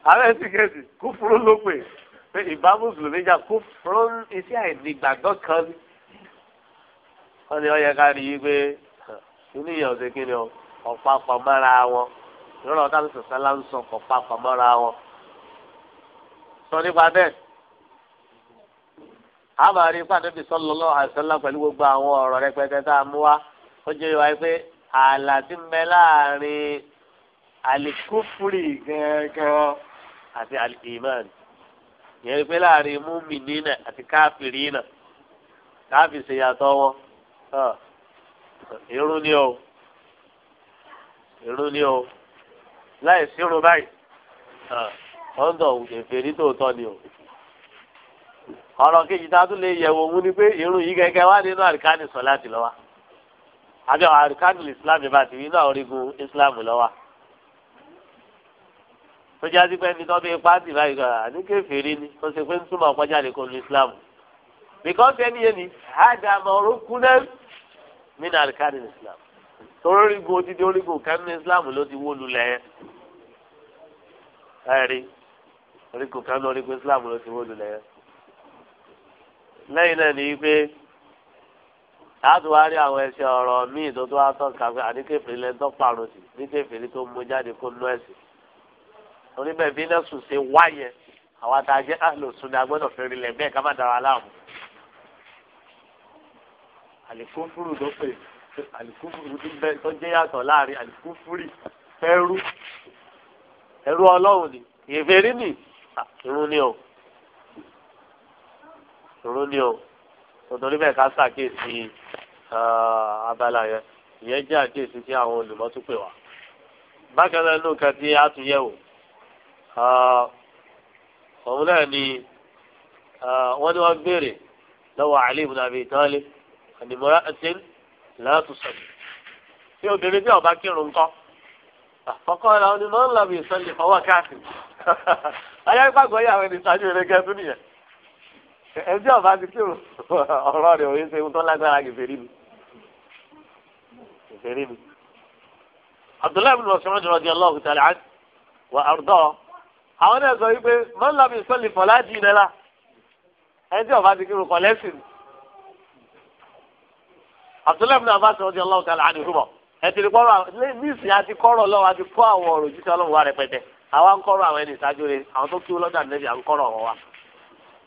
ààrẹ sì kẹ́sì kúfúró ló pè pé ìbá mùsùlùmí jà kúfúró iṣẹ́ àìdìgbàgbọ́ kan ni. wọ́n ní ọ̀yẹ́ ká rí i pé inú ìyàn ọ̀sẹ̀ kí ni ọ̀pá pọ̀ mọ́ra wọn ìrọ̀lọ́ ọ̀dà mùsùlùmí sálá ń sọ ọ̀pá pọ̀ mọ́ra wọn. sọ nípa bẹ́ẹ̀ àbárí fàdébí sallallahu alaihi wasallam pẹ̀lú gbogbo àwọn ọ̀rọ̀ rẹpẹtẹ tá a mú wá ó jẹ́ ìwà pé ààlà ti ń bẹ láàrin alikufuri gangan àti alimani ìyẹn pé láàrin múmìnì náà àti káfìrí náà káfì ṣe yàtọ̀ wọn irun ni o irun ni o láì sírun báyìí ọ̀ndọ̀ òkè fèrè tòótọ́ ni o ọ̀rọ̀ kejì tá a tún lè yẹ̀wò òun ni pé irun yìí gẹ́gẹ́ wá nínú àríkánì sọ láti lọ́wọ́ àbí àwọn àríkánì islam yìí bá ti nínú àwọn orígun islam lọ́wọ́ tó jáde pé ẹni tó bí pàtì báyìí kan àní kéferì ni tó ṣe pé ń túmọ̀ ọ̀pọ̀já lè kó lu islam because ẹni yẹn ni àdàmọ̀ orókún náà nínú àríkánì islam torí orígun odidi orígun kẹ́mi islam ló ti wó lulẹ̀ yẹn ẹ̀rí orígun kẹ́mi orígun islam ló ti wó lulẹ̀ yẹn lẹ́yìn náà ni pé láti wá rí àwọn ẹsẹ̀ ọ̀rọ̀ míì tó tó wá tọ́ka pé àníkèfèrè lẹ́ńtọ́ parun sí níkèfèrè tó mú jáde kó nú ẹ̀sìn oníbẹ̀ bí nẹ́sùn ṣe wáyẹ àwọn àtàjẹ́ àlòsùn ni a gbọ́dọ̀ fi rinlẹ̀ bẹ́ẹ̀ ká má dára láàmú. àlìkúfúrú ló pè àlìkúfúrú tó jẹ́ yàtọ̀ láàrin àlìkúfúrì fẹ́rú ẹrú ọlọ́run ni ìfèrí ni ìrún ni o ìṣòro ni o nítorí bẹ́ẹ̀ ká ṣàkíyèsí abala yẹn ìyẹn jẹ́ àkíyèsí tí àwọn olùmọ̀ tún pè wá. bákan náà inú kan tí a tún yẹ̀ wò òun náà ni wọ́n ní wọ́n béèrè lọ́wọ́ Ali ibn Abi Talib ànìmọ́ra ẹ̀sẹ̀ látùsọ̀rọ̀ tí obìnrin bí ọba kírun ńkọ́ àkọ́kọ́ ẹ̀rọ ni mọ́ ń lọ bí ìsọ̀lẹ̀ ọwọ́ káàkiri ayé pàgọ́ yà wẹ́n ní sáájú ẹ̀rẹ́gẹ́ tó nìyẹn ẹjọ́ ọba ti kírun ọ̀rọ̀ rẹ̀ òye ṣe ohun tó lágbára gèfèrí mi gèfèrí mi. abdullahi bin mas'ud radiyallahu ta'ala anhu wa arda àwọn náà sọ wípé mọ́lámi sọ́lì fọlá dì iná la ẹjọ́ ọba ti kírun kọ́ lẹ́sìn. abdullahi bin abbas radiyallahu ta'ala anhu ẹtì ní kọ́rọ̀ níìsín àti kọ́rọ̀ lọ́wọ́ àti kọ́ àwọn ọ̀rọ̀ jíjẹ́ ọlọ́run wa rẹpẹtẹ àwa ń kọ́rọ̀ àwọn ẹni ìṣáájú rẹ àwọn tó kí wọn lọ́dà nẹ́bí à ń kọ́rọ̀ ọ̀rọ̀ wa.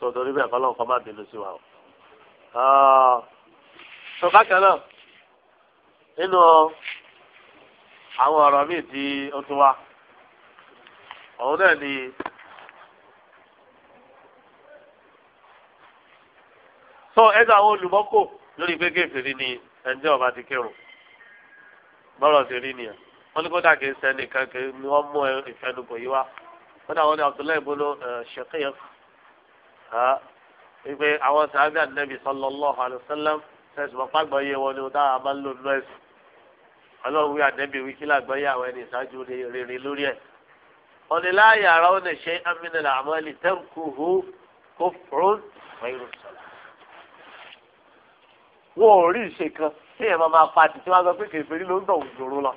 sọ̀tọ̀ níbẹ̀ kọ́lọ́n kọ́ má bínú sí wa o. Ah, sọ̀ká kẹlẹ̀ nínú àwọn ọ̀rọ̀ míì tí ó tún wá òun náà ni sọ ẹ̀dá àwọn olùmọ́kò lórí pé kéfìrí ni ẹ̀ǹjẹ́ ọba ti kírun bọ́rọ̀ ti rí nìyẹn wọ́n ní kódà kìí sẹ́ni kan kìí ni wọ́n mú ìfẹ́nukò yìí wá kódà wọ́n ní Abdullahi ibn eh, Shaqiq wípé àwọn sàábì ànábì sallallahu alaihi wasallam sẹsùn ọpá gbọyé wọn ni táwọn a máa ń lò nínú ẹsùn Ọlọ́run wí ànábì wí kílà gbọyé àwọn ẹni ìṣáájú rere lórí ẹ ọdẹ láàyè ara ọdẹ ṣe amínàlà àmọlì tẹkùhù kófòrón pẹ̀lú sọlá wọn ò rí ìṣe kan tí ẹ máa máa pa títí wọn sọ pé kèfèrí ló ń dọ̀ òjòrò lọ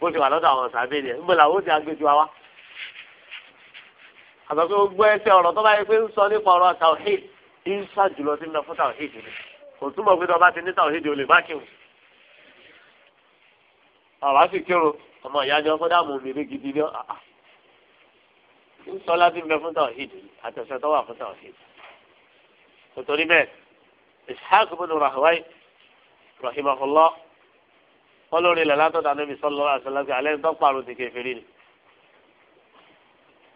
bó ti wà lọ́dọ̀ àwọn sàábì àtọ́ pé gbogbo ẹsẹ̀ ọ̀rọ̀ tó bá yẹ pé ń sọ nípa ọ̀rọ̀ tàwíìd ń sá jùlọ sí lọ fún tàwíìd ni kò túmọ̀ pé tó bá ti ní tàwíìd o lè má kírun. ọ̀rọ̀ á sì kírun ọmọ ìyájọ́ kó dáàmú mi ní gidi ní ọ̀hà ah, ah. ń sọ láti bẹ fún tàwíìd àtẹ̀sẹ̀ tó wà fún tàwíìd. nítorí bẹ́ẹ̀ ishaq bin rahway rahimahullah wọ́n lórí ilẹ̀ látọ̀dá níbi sọ́lọ́ àṣẹ lọ́sẹ̀ alẹ́ ń tọ́ pààrọ̀ ti kẹfìrí ni.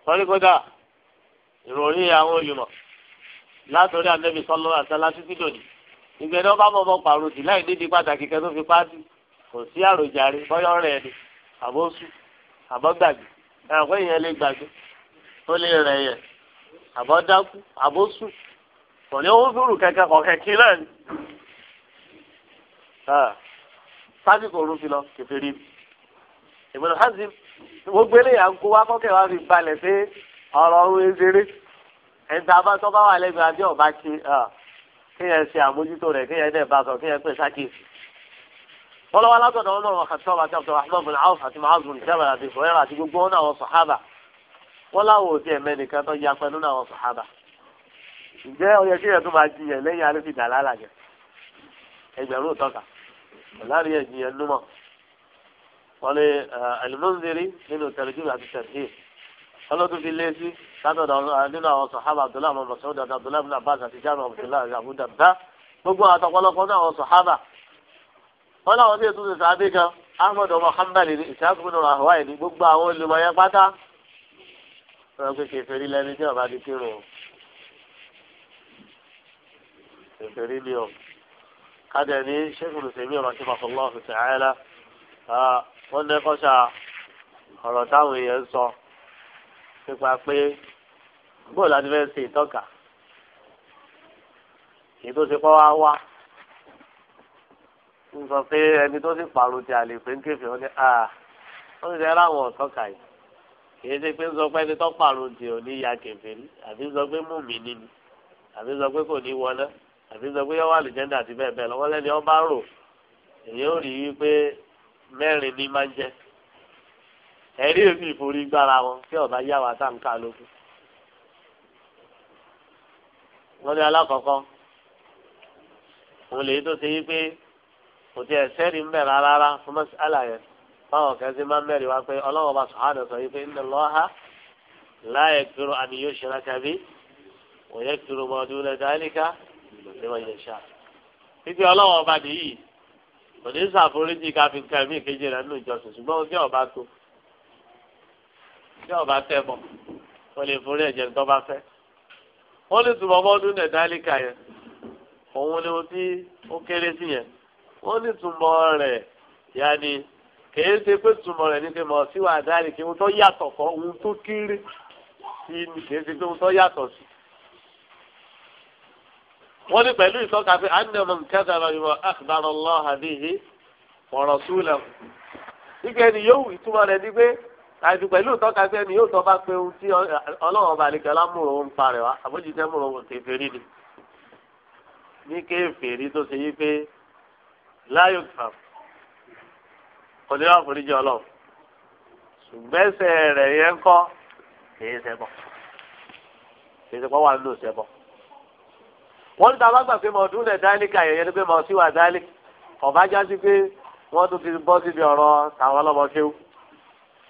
wọ́n ìròyìn àwọn olùmọ̀ látọ̀rí ànábì sọlọ àtàlà títí dòní ìgbẹ́ náà bá mọ̀ mọ́ pàrọ̀tì láì nídìí pàtàkì kẹ́ tó fi pàdé kò sí àròjàre bọ́yọ̀ rẹ̀ ni àbóṣù àbọ̀gbàgbé ẹ̀kọ́ ìyẹn lè gbàgbé ó lè rẹ̀ yẹn àbọ̀dákú àbóṣù kò ní owó fúrù kẹ̀kẹ́ kọ̀kẹ́kí náà ni sásìkò ah, rúfi lọ kẹfẹ́ rí mi ìmọ̀lẹ́ sásìkò gbogbo eléyà ń kó wá kọ́kẹ́ wá fi balẹ̀ ọ̀rọ̀ ọ̀hún ezere ẹ̀ta bá tọ́ bá wà lẹ́gbẹ̀ẹ́ àbí ọ̀bá ṣe kéèyàn ṣe àmójútó rẹ̀ kéèyàn dẹ̀ bá sọ kéèyàn pè sákèsì. wọ́n lọ́wọ́ látọ̀dọ̀ ọmọ ọmọ kàtọ́ọ̀bù àti abdulrahman bin awf àti mahadum jabal àti fúrẹ́rà àti gbogbo ọ̀nà àwọn sàhábà wọ́n láwọn òsì ẹ̀mẹ́ nìkan tó ya pẹ̀lú àwọn sàhábà. ǹjẹ́ ó yẹ kí ẹ̀ tó máa jiyàn lẹ́yìn alẹ́ fi dàlá làjẹ́ ẹgbẹ̀rún tọ́ka ọ̀làrí ẹ̀jìyàn númọ̀ wọ́n lé alimunziri nínú tẹ̀lifíwì àti tẹ̀lifíwì ọlọ́dún fi lé sí látọ̀dọ̀ eh, nínú àwọn sọ̀hábà abdullahi àwọn mọ̀sọ́dọ̀ àti abdullahi ibn abbas àti jamiu abdullahi àti abu darda gbogbo àtọ̀pọ̀lọpọ̀ náà àwọn sọ̀hábà wọn làwọn sì tún ti sàábì kan ahmed muhammed ní ìṣàkùn nínú àhùwá ìní gbogbo àwọn olùmọ̀yẹ pátá wọn pe kèfèrí lẹni tí ọba di kírun kèfèrí ni ọ kájà ní sẹ́kùn lùsẹ̀mí ah, ọ̀rọ̀ tí nípa pé bóòlù àti fẹ́ ṣe ìtọ́ka èyí tó ṣe pọ́ wá wá ń sọ pé ẹni tó sì pààrọ̀ ti àlè pé ń kéfì ah, wọn ni wọ́n ti rẹ́ àwọn ọ̀tọ́ka yìí kì í ṣe pé ń sọ pé ẹni tó pààrọ̀ ti ò ní ya kẹfẹ́ ni àbí ń sọ pé mú mi nínú àbí ń sọ pé kò ní wọlé àbí ń sọ pé yọ wà lùjẹ́ndà àti bẹ́ẹ̀ bẹ́ẹ̀ lọ́wọ́ lẹ́ni ọba rò èyí ó rí i wípé mẹ́rin ní máa ń jẹ́ ẹ̀rí èsì ìforí gbára wọn tí ọba yá wa sáà ń ká lókun. wọ́n ní alákọ̀ọ́kọ́ òun lèyí tó ṣe yí pé kò tiẹ̀ sẹ́ẹ̀rì ń bẹ̀rẹ̀ rárá fún mọ́sí àlàyé báwọn kẹ́sì máa ń mẹ́rin wá pé ọlọ́wọ́ bá sọ̀hánà sọ yí pé ń lọ́ ha láyé kúrò àmì yóò ṣe ra kẹ́bí òye kúrò mọ́ ọdún lẹ́ dáríkà ní wọ́n yẹ ṣá. títí ọlọ́wọ́ bá nìyí kò ní sàforíjì káfíńkà mí kéjì rẹ̀ nù ìjọsìn ṣùgbọ́n ó ọba tó tí ọba fẹ́ bọ̀ ó lè forí ẹ̀jẹ̀ tó bá fẹ́ wọ́n lè túbọ̀ bọ́ ọdún nẹ̀dálíkà yẹn òun ni mo ti ó kéré sí yẹn wọ́n ní túmọ̀ rẹ̀ yanni kèé ṣe pé túmọ̀ rẹ̀ ní pé mọ̀ síwá dárí kí n tó yàtọ̀ kọ́ ohun tó kéré sí ni kèé ṣe pé ohun tó yàtọ̀ sí. wọ́n ní pẹ̀lú ìtọ́ka pé anamọ nkẹ́ta lọ́yọ̀ akbarallah àdéhìí ọ̀rọ̀ súlẹ̀. ìgbẹ́ni yóò ìtumọ̀ rẹ̀ ni pé àti pẹ̀lú ìtọ́ka sí ẹni yóò tọ́ bá pé ohun tí ọlọ́run ọba àlekẹ́ lámúrò ń pa rẹ̀ wá àbójútẹ́ múrò kèfèrí ni ní kèfèrí tó ṣe yí pé láyò kàn kò ní wàá foríjì ọlọ́run ṣùgbẹ́sẹ̀ rẹ̀ yẹn kọ́ kìí ṣẹbọ kìí ṣẹbọ wà nínú ṣẹbọ. wọ́n ní tàbá gbà pé mo dúró lẹ̀ dáálí kà yẹn ni pé mo ṣíwà dáálí ọ̀bájá sí pé wọ́n tún ti bọ́ síbi ọ̀rọ̀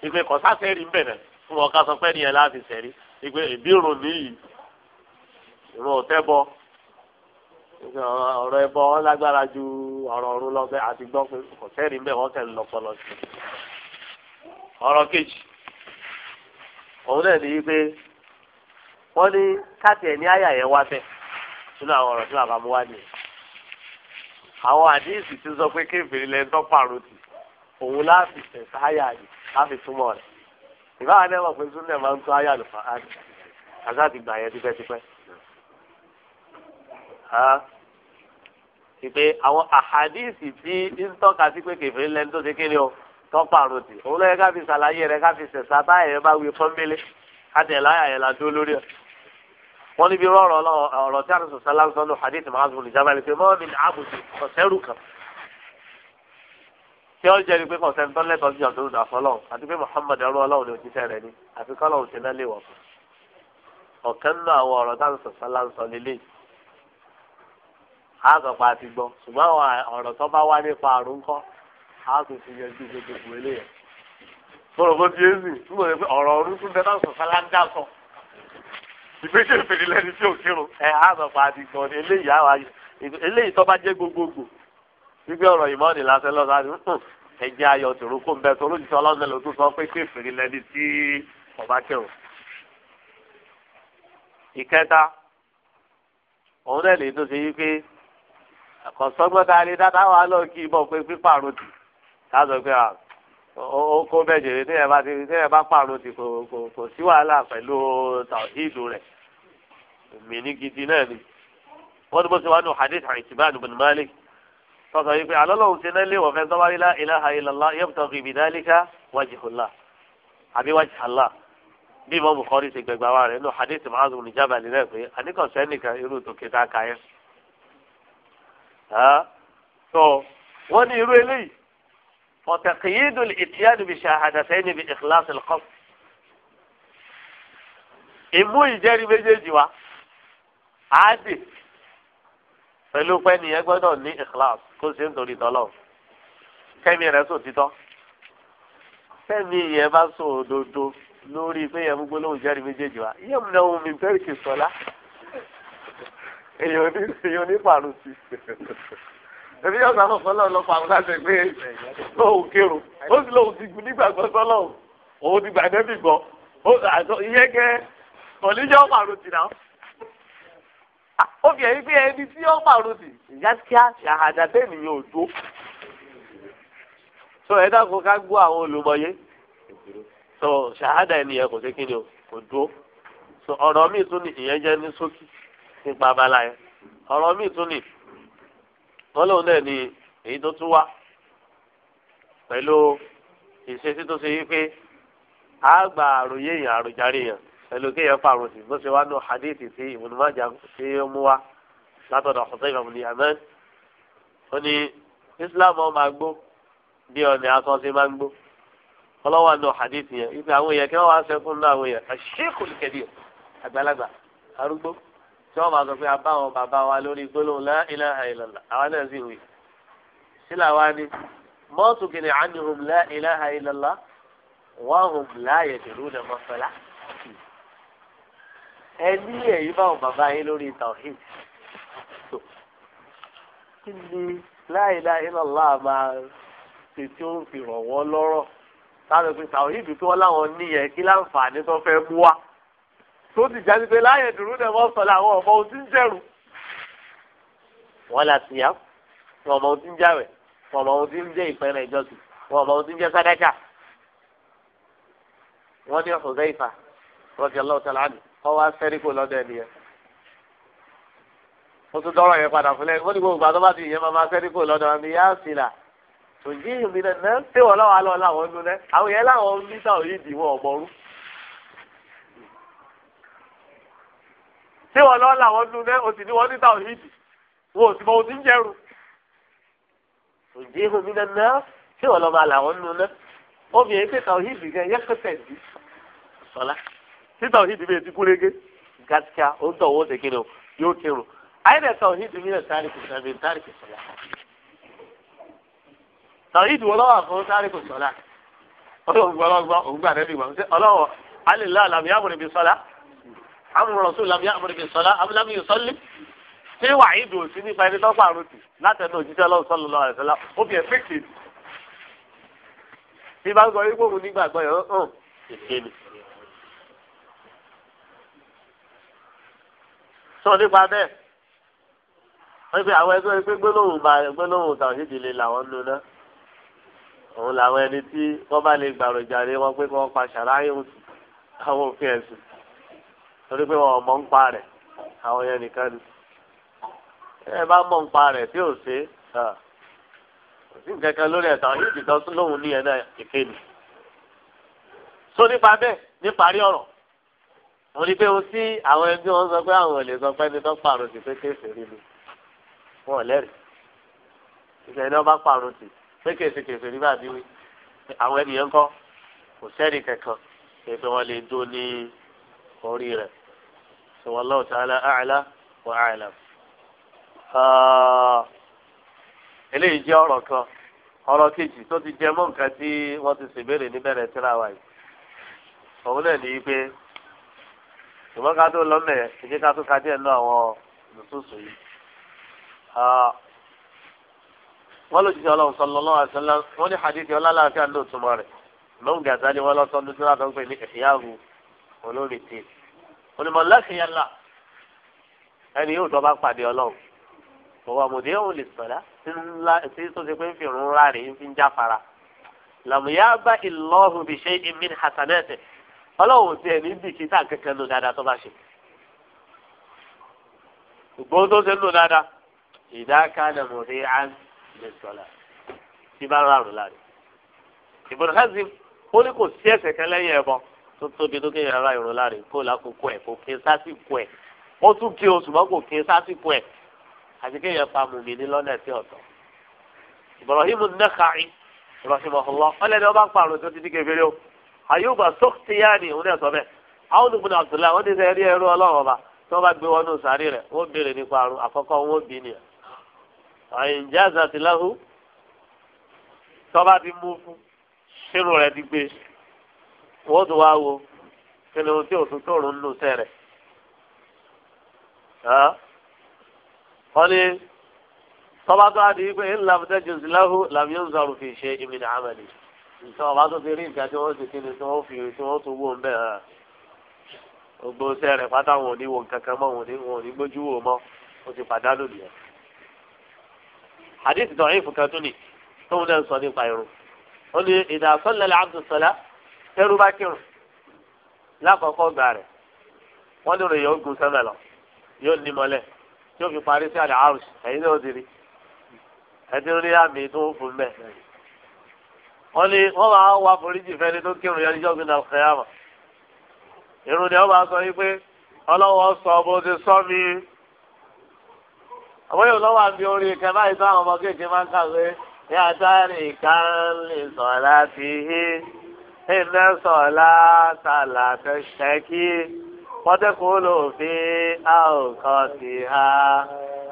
ìpè kọ sásẹrí ń bẹ̀rẹ̀ fún wọn ká sọ pé nìyẹn láti sẹrí ìpè ìbírun nìyí ìrún ọtẹ bọ ọ̀rọ̀ ẹbọ wọn lágbára ju ọ̀rọ̀ ọrùn lọ bẹ́ẹ̀ àti gbọ́ pé kọ sẹrí ń bẹ wọn kẹ ń lọpọlọ sí ọ̀rọ̀ kejì òun náà ní pé wọn ní káàtì ẹ ní àyà yẹn wá bẹ sínú àwọn ọ̀rọ̀ tí bàbá mu wá nìyẹn àwọn àdéhìsì ti sọ pé kéfèrè lẹ́ńtọ́ pàrọ̀ òun láàfin tẹ̀sáyà yìí á fi túmọ̀ rẹ̀ ìbára náà mọ̀ pé súnlẹ̀ máa ń tó ayé àlùfáà á kàtà ti gbà yẹn tipẹ́tipẹ́. ìpè àwọn àhàdíìsì tí ń tọ́ka sí pé kèfé lẹ́nu tó ṣe kéde o tọ́pàrọ̀ tì òun lọ́yẹ ká fi rẹ ká fi báyẹ̀ yẹn bá wí fọ́nbélé ká tẹ̀ láyà yẹn la dúró lórí ẹ̀. wọ́n níbi rọ̀rọ̀ ọ̀rọ̀ tí àrùn sọ̀sálà ń sọ́nù hadith mahazun ìjábá ni pé mọ́ọ̀mí àbùsì ọ̀sẹ́rù kan tí ó jẹ́ ni pé kò sẹ́ni tó lẹ́tọ̀ọ́ sí ọ̀dọ́ ìdá fọlọ́ àti pé Muhammad ẹrú ọlọ́run ni òjíṣẹ́ rẹ̀ ni àfi kọ́ lọ́run ṣe náà lè wọ̀ fún ọ̀kan náà àwọn ọ̀rọ̀ tá à ń sọ sálá ń sọ lélẹ̀ á kàn pa àti gbọ́ ṣùgbọ́n àwọn ọ̀rọ̀ tó bá wá nípa àrùn ńkọ́ á kò fi yanjú gbogbo eléyà sọ̀rọ̀ bó ti yéésì túbọ̀ ní ọ̀rọ̀ ọdún fífi ọ̀rọ̀ ìmọ̀ọ́nì lásán lọ́sàn án ẹ̀jẹ̀ ayọ̀ tòró kó ń bẹ tó lójijì ọlọ́run ló tún sọ pé kéfìrí lẹni tí ọba kẹrùn. ìkẹta òun náà lè tó ṣe yí pé àkọsọ́gbọ́n tá a lè dáadáa wà lọ kí ibọ̀ pé pípààrọ̀ tì ká pé ó kó bẹ́jẹ̀ tí ẹ bá ti bá pààrọ̀ tì kò sí wàhálà pẹ̀lú tàwíìdù rẹ̀ mí gidi náà ni wọ́n ní bó ṣe wá nù hadith àìsíbánu bin tọ́sọ̀ yìí pé alọ́lọ́hùn ṣe náà léwọ̀ fẹ́ sọ́wárí lá ilaha illallah yabtaghi bidhalika wajhullah àbí wajhallah bí ìmọ̀ Bukhari ṣe gbẹgbà wa rẹ̀ nù hadith Mu'adh bin Jabal rẹ̀ pé àníkànṣẹ́ nìkan irú tòkè tá a kà yẹn. tó ah, wọ́n ní irú eléyìí ọ̀tẹ̀kìyídù ìtìyàdù bí ṣàhàdàtẹ́ níbi ìkìláṣì lọ́kọ́f. ìmú ìjẹ́rìí méjèèjì wa àádì pẹ̀lú pẹ́ nìyẹn gbọ́dọ̀ ní ìkìláṣì kó ṣe ń torí tọ́lọ̀ kẹ́mi rẹ̀ sọ títọ́ kẹ́mi yẹn bá sọ òdodo lórí pé yẹn gbogbo lóhùn jẹ́rìí méjèèjì wa yẹ́n mi náà mi bẹ́ẹ̀ kì sọ́lá èèyàn ní pàrọ̀ sí èmi yóò sábà fọlọ́ ọlọ́pàá àwọn láti pé lóhùn kérò ó sì lóhùn ti gbù nígbàgbọ́ sọ́lọ́ òun ti gbàdẹ́bì gbọ́ ìyẹn kẹ́ kò ní jẹ́ pàrọ̀ sí náà obì [LAUGHS] ẹ̀yìn pé ẹni tí ó pàrọ̀ sí ìyáṣíá ṣàhàdà bẹ́ẹ̀ nìyẹn ò tó. sọ ẹ dákun ká gbọ́ àwọn olùmọ̀yé sọ ṣàhàdà ènìyàn kò sí kíni o kò tó. sọ ọ̀rọ̀ míì tún ní ìyẹn jẹ́ ní sókí nípa abala yẹn ọ̀rọ̀ míì tún ní wọ́n lóun náà ní èyí tó tún wá pẹ̀lú ìṣesí tó ṣe yí pé àgbà àròyé yẹn àròjáre yẹn pẹ̀lú kéèyàn fàrùn sí bó ṣe wá nù hadith sí ìmùnúmájà tí ó mú wa látọ̀dọ̀ ọ̀sẹ̀ ìfàmù ní amẹ́n. ó ní islam ọ máa gbó bí ọ̀nà aṣọ ṣe máa ń gbó ọlọ́wọ́ nù hadith yẹn ibi àwọn èèyàn kí wọ́n wá ṣe fún náà àwọn èèyàn àṣekù kẹ̀dí àgbàlagbà arúgbó tí wọ́n máa sọ pé a bá wọn bàbá wa lórí gbólóhùn la ilaha illallah àwa náà sì wí. sílà wa ni mọ́tò kìnìún ànihùn la ilaha wọ́n hùn láàyè tèlú nà mọ́fẹ́lá ẹ ní ẹ̀yìn báwọn bàbá yín lórí tàwíì kí ni láìláì lọ́la máa ṣe tí ó ń fi ràn wọ́n lọ́rọ̀ láti fi tàwíì bí wọ́n láwọn níyẹn kí láǹfààní tó fẹ́ mú wa tó ti jáde pé láyé dùrú náà wọ́n sọ làwọn ọmọ ohun tí ń jẹ̀rù wọ́n là sí yàwó wọn ọmọ ohun tí ń jáwẹ̀ wọn ọmọ ohun tí ń jẹ́ ìpẹ́rẹ́ ìjọsìn wọn ọmọ ohun tí ń jẹ́ sádájà wọ́n ní ọ̀sán zẹ́yìfà rọ́bì aláwọ̀ sálá àdùn kọ́ wá fẹ́rí kò lọ́dọ̀ ẹni yẹn ó tún dọ́rọ̀ yẹn padà fúnlẹ̀ ó ní gbogbo àtọ́ bá ti yẹn máa fẹ́rí kò lọ́dọ̀ ẹni yá sí là tòjí mi náà náà ṣé wọ́n lọ́wọ́ alọ́ làwọn ń lulẹ̀ àwọn yẹn láwọn ń níta òyì ìdìwọ̀n ọ̀mọ́rú ṣé wọ́n lọ́wọ́ làwọn ń lulẹ̀ o sì ní wọ́n níta òyì ìdì wọn ò sì mọ ohun tí ń jẹrù mi náà náà ṣé wọ́n lọ́wọ́ làwọn ń lulẹ̀ obìnrin pé tàwọn ìdì títọ̀ hídì bíi ti kúrégé gàtíkà ó ń tọ̀wọ́ ṣe kíni o yóò kírun àyẹ̀dẹ̀ tọ̀ hídì mílẹ̀ tárìkù sọ̀lá tárìkù sọ̀lá tọ̀ hídì wọn lọ́wọ́ fún tárìkù sọ̀lá ọlọ́run gbọ́ ọlọ́run gbọ́ òun gbà nẹ́bí gbà ọlọ́wọ́ alìlá làmì àmúrè bí sọlá àmúrè rọ̀sùn làmì àmúrè bí sọlá àmúlámì sọlí ṣé wàá ìdò sí nípa ẹni tó pààrọ̀ tì látẹnu òjíṣẹ́ ọlọ́run sọlọ lọ àrẹ sọlá ó fi ẹ̀fẹ́ kéde bí bá ń sọ wípé òun nígbàgbọ́ yẹn hàn kéde sọ nípa bẹ́ẹ̀ wọ́n pe àwọn ẹgbẹ́ pé gbólóhùn bá gbólóhùn tàwọn ìdílé làwọn nù náà òun làwọn ẹni tí wọ́n bá lè gbàròjà lé wọn pé wọ́n pa ṣàlàyé àwọn òfin ẹ̀sìn torí pé wọn ò mọ̀ ń pa rẹ̀ àwọn yẹn nìkan ni ẹ bá mọ̀ ń pa rẹ̀ tí ò ṣe kò sí nǹkan kan lórí ẹ̀sán yìí ti tọ́ sí lóhùn ní ẹ̀ náà ìkéde. sọ nípa bẹ́ẹ̀ níparí ọ̀rọ̀ wọ́n ní pé o sí àwọn ẹbí wọn sọ pé àwọn ò lè sọ pé ẹni tó pààrọ̀ sí pé kéèsì rí mi wọn ò lẹ́rìí ìgbà ẹni wọn bá pààrọ̀ sí pé kéèsì kéèsì rí bá díwí àwọn ènìyàn ńkọ́ kò sẹ́ni kankan pé pé wọ́n lè dó ní orí rẹ̀ sọ wallahu ta'ala a'la wa a'lam. Ah, eléyìí jẹ́ ọ̀rọ̀ kan ọ̀rọ̀ kejì tó ti jẹ mọ́ nǹkan tí wọ́n ti ṣèbéèrè níbẹ̀rẹ̀ tíra wa yìí òun náà ní pé ṣùgbọ́n ká tó lọ́mẹ̀ ẹ̀jẹ̀ ká tó ka díẹ̀ lọ àwọn lùtùsù yìí. wọ́n lò jíjẹ́ ọlọ́run sọlọ lọ́wọ́ àṣẹlá wọ́n ní hadithi ọlọ́láàfíà ń lò túmọ̀ rẹ̀ lóhùn gàdá ni wọ́n lọ sọ́dún tí wọ́n ní ẹ̀fíyàwó olórí tè. onímọ̀ lẹ́sìnyẹ́lá ẹni yóò tọ́ bá pàdé ọlọ́run bọ̀wọ̀ ọlọ́wọ́ tiẹ̀ ní bìkítà kẹ̀kẹ́ lò dáadáa tó bá ṣe ṣùgbọ́n tó ṣe lò dáadáa ìdákanà mọ̀tí á lè sọ̀lá tí bá rà rò láre. ìbùdó hẹ́sì ó ní kò sí ẹ̀ṣẹ̀ kan lẹ́yìn ẹ̀bọ tó tóbi tó kéèyàn rà ìrò láre kó lákòókò ẹ̀ kò kí n sásìkò ẹ̀ ó tún kí oṣù mọ́ kò kí n sásìkò ẹ̀ àti kéèyàn pa mùmí ní lọ́nà ẹ̀sìn Ibrahim an rahimahullah ọlẹ́ni ọba pààrọ̀ tó ti di kẹfẹ́rẹ́ o àyùbá sọ́kìtìyàní òun náà sọ bẹ́ẹ̀ àwọn olùkùnrin abdullahi wọ́n ti sẹ́ rí ẹrú ọlọ́run ọba tí wọ́n bá gbé wọnú sàárì rẹ̀ wọ́n béèrè nípa àrùn àkọ́kọ́ wọn bí nìyẹn. àyìnjá zàtìláhù tọ́ba ti mú fún ṣírù rẹ̀ ti gbé wọ́n tún wá wo kí ni ohun tí òtún tóorùn ń lò sẹ́rẹ̀ wọ́n ní tọ́ba tó a di pé ńlá fúnjẹ́ jùlọ làmúyẹ́ ń sọ̀rọ̀ fi ṣe ìmìnira àmàlẹ́ nǹkan ọba tó ti rí nǹkan tí wọ́n ti kíni tí wọ́n fi tí wọ́n tún wò ń bẹ̀ hàn gbogbo sẹ́rẹ̀ pátá wọn ò ní wo nǹkan kan mọ́ wọn ò ní gbójú wò mọ́ ó ti pàdánù nìyẹn. hadith dọ̀yìn fún kan tún ni tóun náà sọ nípa irun ó ní ìdásọ́lẹ̀lẹ̀ abdulsala tẹ́rù bá kírun lákọ̀ọ́kọ́ gbà rẹ̀ wọ́n ní ròyìn ogun sẹ́mẹ̀ lọ yóò ní mọ́lẹ̀ tí ó fi parí sí àlẹ́ àrùs ẹ̀yin náà ti rí ẹ̀ wọ́n ní wọ́n máa wá foríjì fẹ́ni tó kírun yẹn níjọ́ gbìnà kẹ́yàmà irun ni wọ́n máa sọ yí pé ọlọ́wọ́ sọ bó ti sọ mi àwọn yóò lọ́wọ́ àbí orin ìkẹ́ báyìí tó àwọn ọmọ kéèké máa ń kàwé ní àtàrí kánlì sọ̀lá ti hí iná sọ̀lá tààlà tẹ ṣẹ́kí pọ́tẹ́kùn lòfin àwòkọ́ ti ha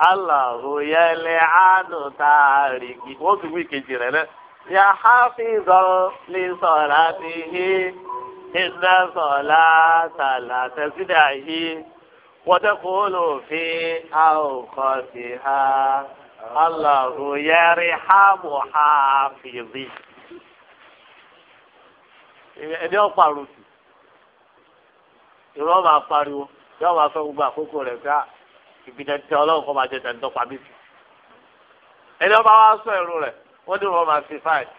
aláwo yẹlẹ́ àánú tààrí kí wọ́n ti wí kejì rẹ̀ náà. يا حافظا لصلاته إن صلاة لا تزدعه وتقول في أوقاتها الله يرحم حافظي ẹni ọ̀pọ̀ àròsì ìrọ̀ máa pariwo yóò máa fẹ́ gbogbo àkókò rẹ̀ pé ìbí tẹ̀tẹ̀ ọlọ́run kọ́ máa jẹ tẹ̀tẹ̀ ọ̀pá mi sí ẹni ọba wa sọ ẹ̀rù rẹ̀ wọ́n ní wọ́n máa fi fáìlì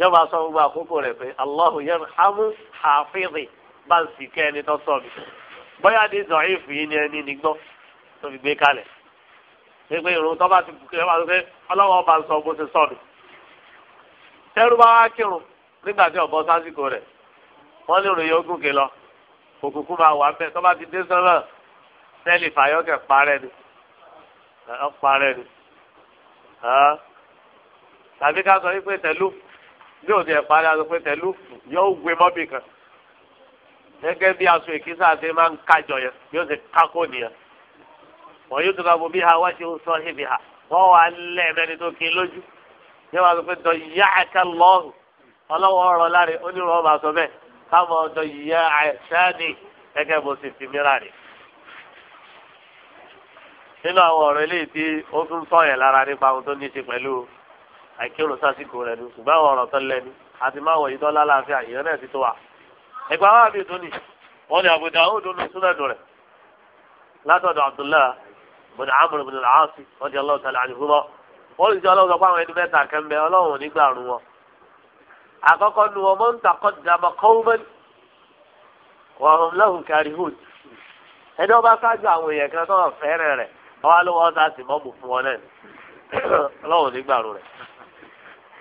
yóò máa sọ gbogbo àkókò rẹ̀ pé Allahu yarhamu hafidhi bá ń sì kẹ́ ẹni tó sọ mi bóyá ní zọ̀ọ́ìfù yìí ni ẹni nígbọ́ tó fi gbé kalẹ̀ gbégbé irun tó bá ti bùkún ẹ máa sọ pé ọlọ́wọ́ bá ń sọ bó ti sọ mi tẹ́rù bá wá kírun nígbà tí ọ̀bọ sásìkò rẹ̀ wọ́n ní ìròyìn ogún kìí lọ òkùnkùn máa wà bẹ́ẹ̀ tó bá ti dé sọ́nà tẹ́lifà yọ̀kẹ̀ parẹ́ ni. tàbí ká sọ wípé tẹ̀lú bí òde ẹ̀parí aṣọ pé tẹ̀lú yóò gbé mọ́bì kan gẹ́gẹ́ bí aṣọ ìkísà ṣe máa ń kájọ yẹn bí ó ṣe kákó nìyẹn wọ́n yóò tún ká bo bí ha wá ṣe sọ ibi ha wọ́n wà lẹ́ẹ̀mẹ́ni tó kí lójú yóò wá sọ pé tọ́ yá ẹ̀ka lọ́rùn ọlọ́wọ́ ọ̀rọ̀ láre onírọ̀ sọ bẹ́ẹ̀ káwọn yá gẹ́gẹ́ bó ṣe fi mìíràn nínú àwọn ọ̀rọ̀ eléyìí tí ó àìkírun sásìkò rẹ̀ ni ṣùgbọ́n àwọn ọ̀rọ̀ tó lẹ́ni àti má wọ̀ yìí tó lálàáfíà ìyẹn náà ti tó wà. ẹgbẹ́ wa bí tó nì wọ́n ní Abu Dawud ní rẹ̀ látọ̀dọ̀ Abdullah bin Amr bin al-Aas radiyallahu ta'ala anhuma wọ́n lè jẹ́ ọlọ́run sọ pé àwọn ẹni mẹ́ta kẹ́mbẹ́ ọlọ́run nígbà rún wọn. àkọ́kọ́ nu wọn mọ́ntà kọ́ dàmọ́ kọ́wọ́mẹ́n wọ́n hùm lẹ́hùn karihun ẹni wọ́n bá ṣáájú àwọn èèyàn kan tó wà fẹ́rẹ̀ rẹ̀ wọ́n á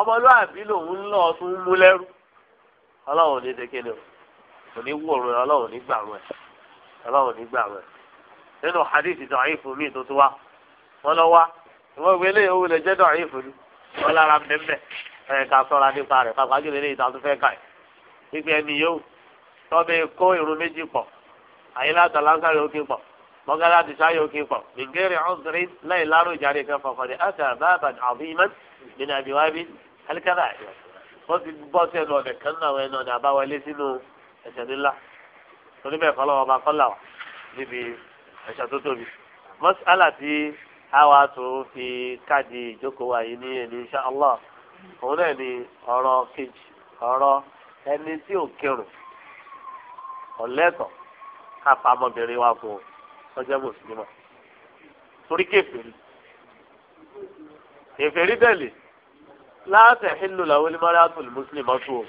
ọmọlúwàbí lòun ń lọ tún mú lẹ́rú ọlọ́run ní sekele o kò ní wòrò ọlọ́run ní gbàrú ẹ̀ ọlọ́run ní gbàrú ẹ̀ nínú hadith dọ̀ọ́yìnfù mi tó tún wá wọn lọ wá ìwọ ìwé lè owó lè jẹ́ dọ̀ọ́yìnfù ni wọn lára mẹ́mẹ́ ẹ̀ ká sọ́ra nípa rẹ̀ pàpà jùlọ ilé ìtàn tó fẹ́ ká ẹ̀ pípẹ́ ẹni yóò tọ́bẹ̀ kó irun méjì pọ̀ àyílá tàlákà yóò kí pọ̀ mọ́gàlá ti sáyé òkè pọ̀ gbẹ̀ngẹ́rẹ́ ọ̀sẹ̀rẹ́ láì lárò ìjà alikada wọ́n ti bọ́ sí ẹnu ọ̀dẹ̀ kan náà ẹnu ọ̀dẹ̀ àbáwọlé sínú ẹ̀ṣẹ̀ nílá torí bẹ́ẹ̀ fọlọ́wọ́ ọba kọ́là wà níbi ẹ̀ṣẹ̀ tó tóbi mọ́sálà tí a wà tó fi káàdì ìjókòó wa yìí ní ẹni insha Allah òun náà ni ọ̀rọ̀ kejì ọ̀rọ̀ ẹni tí ò kírun ọ̀lẹ́tọ̀ ká fa wa fún ọjọ́ mùsùlùmọ́ torí kèfèrí kèfèrí bẹ́ẹ̀ láàfẹ̀ hílù làwọn onímọ̀rẹ́ àtúlù mùsùlùmí ọ̀tún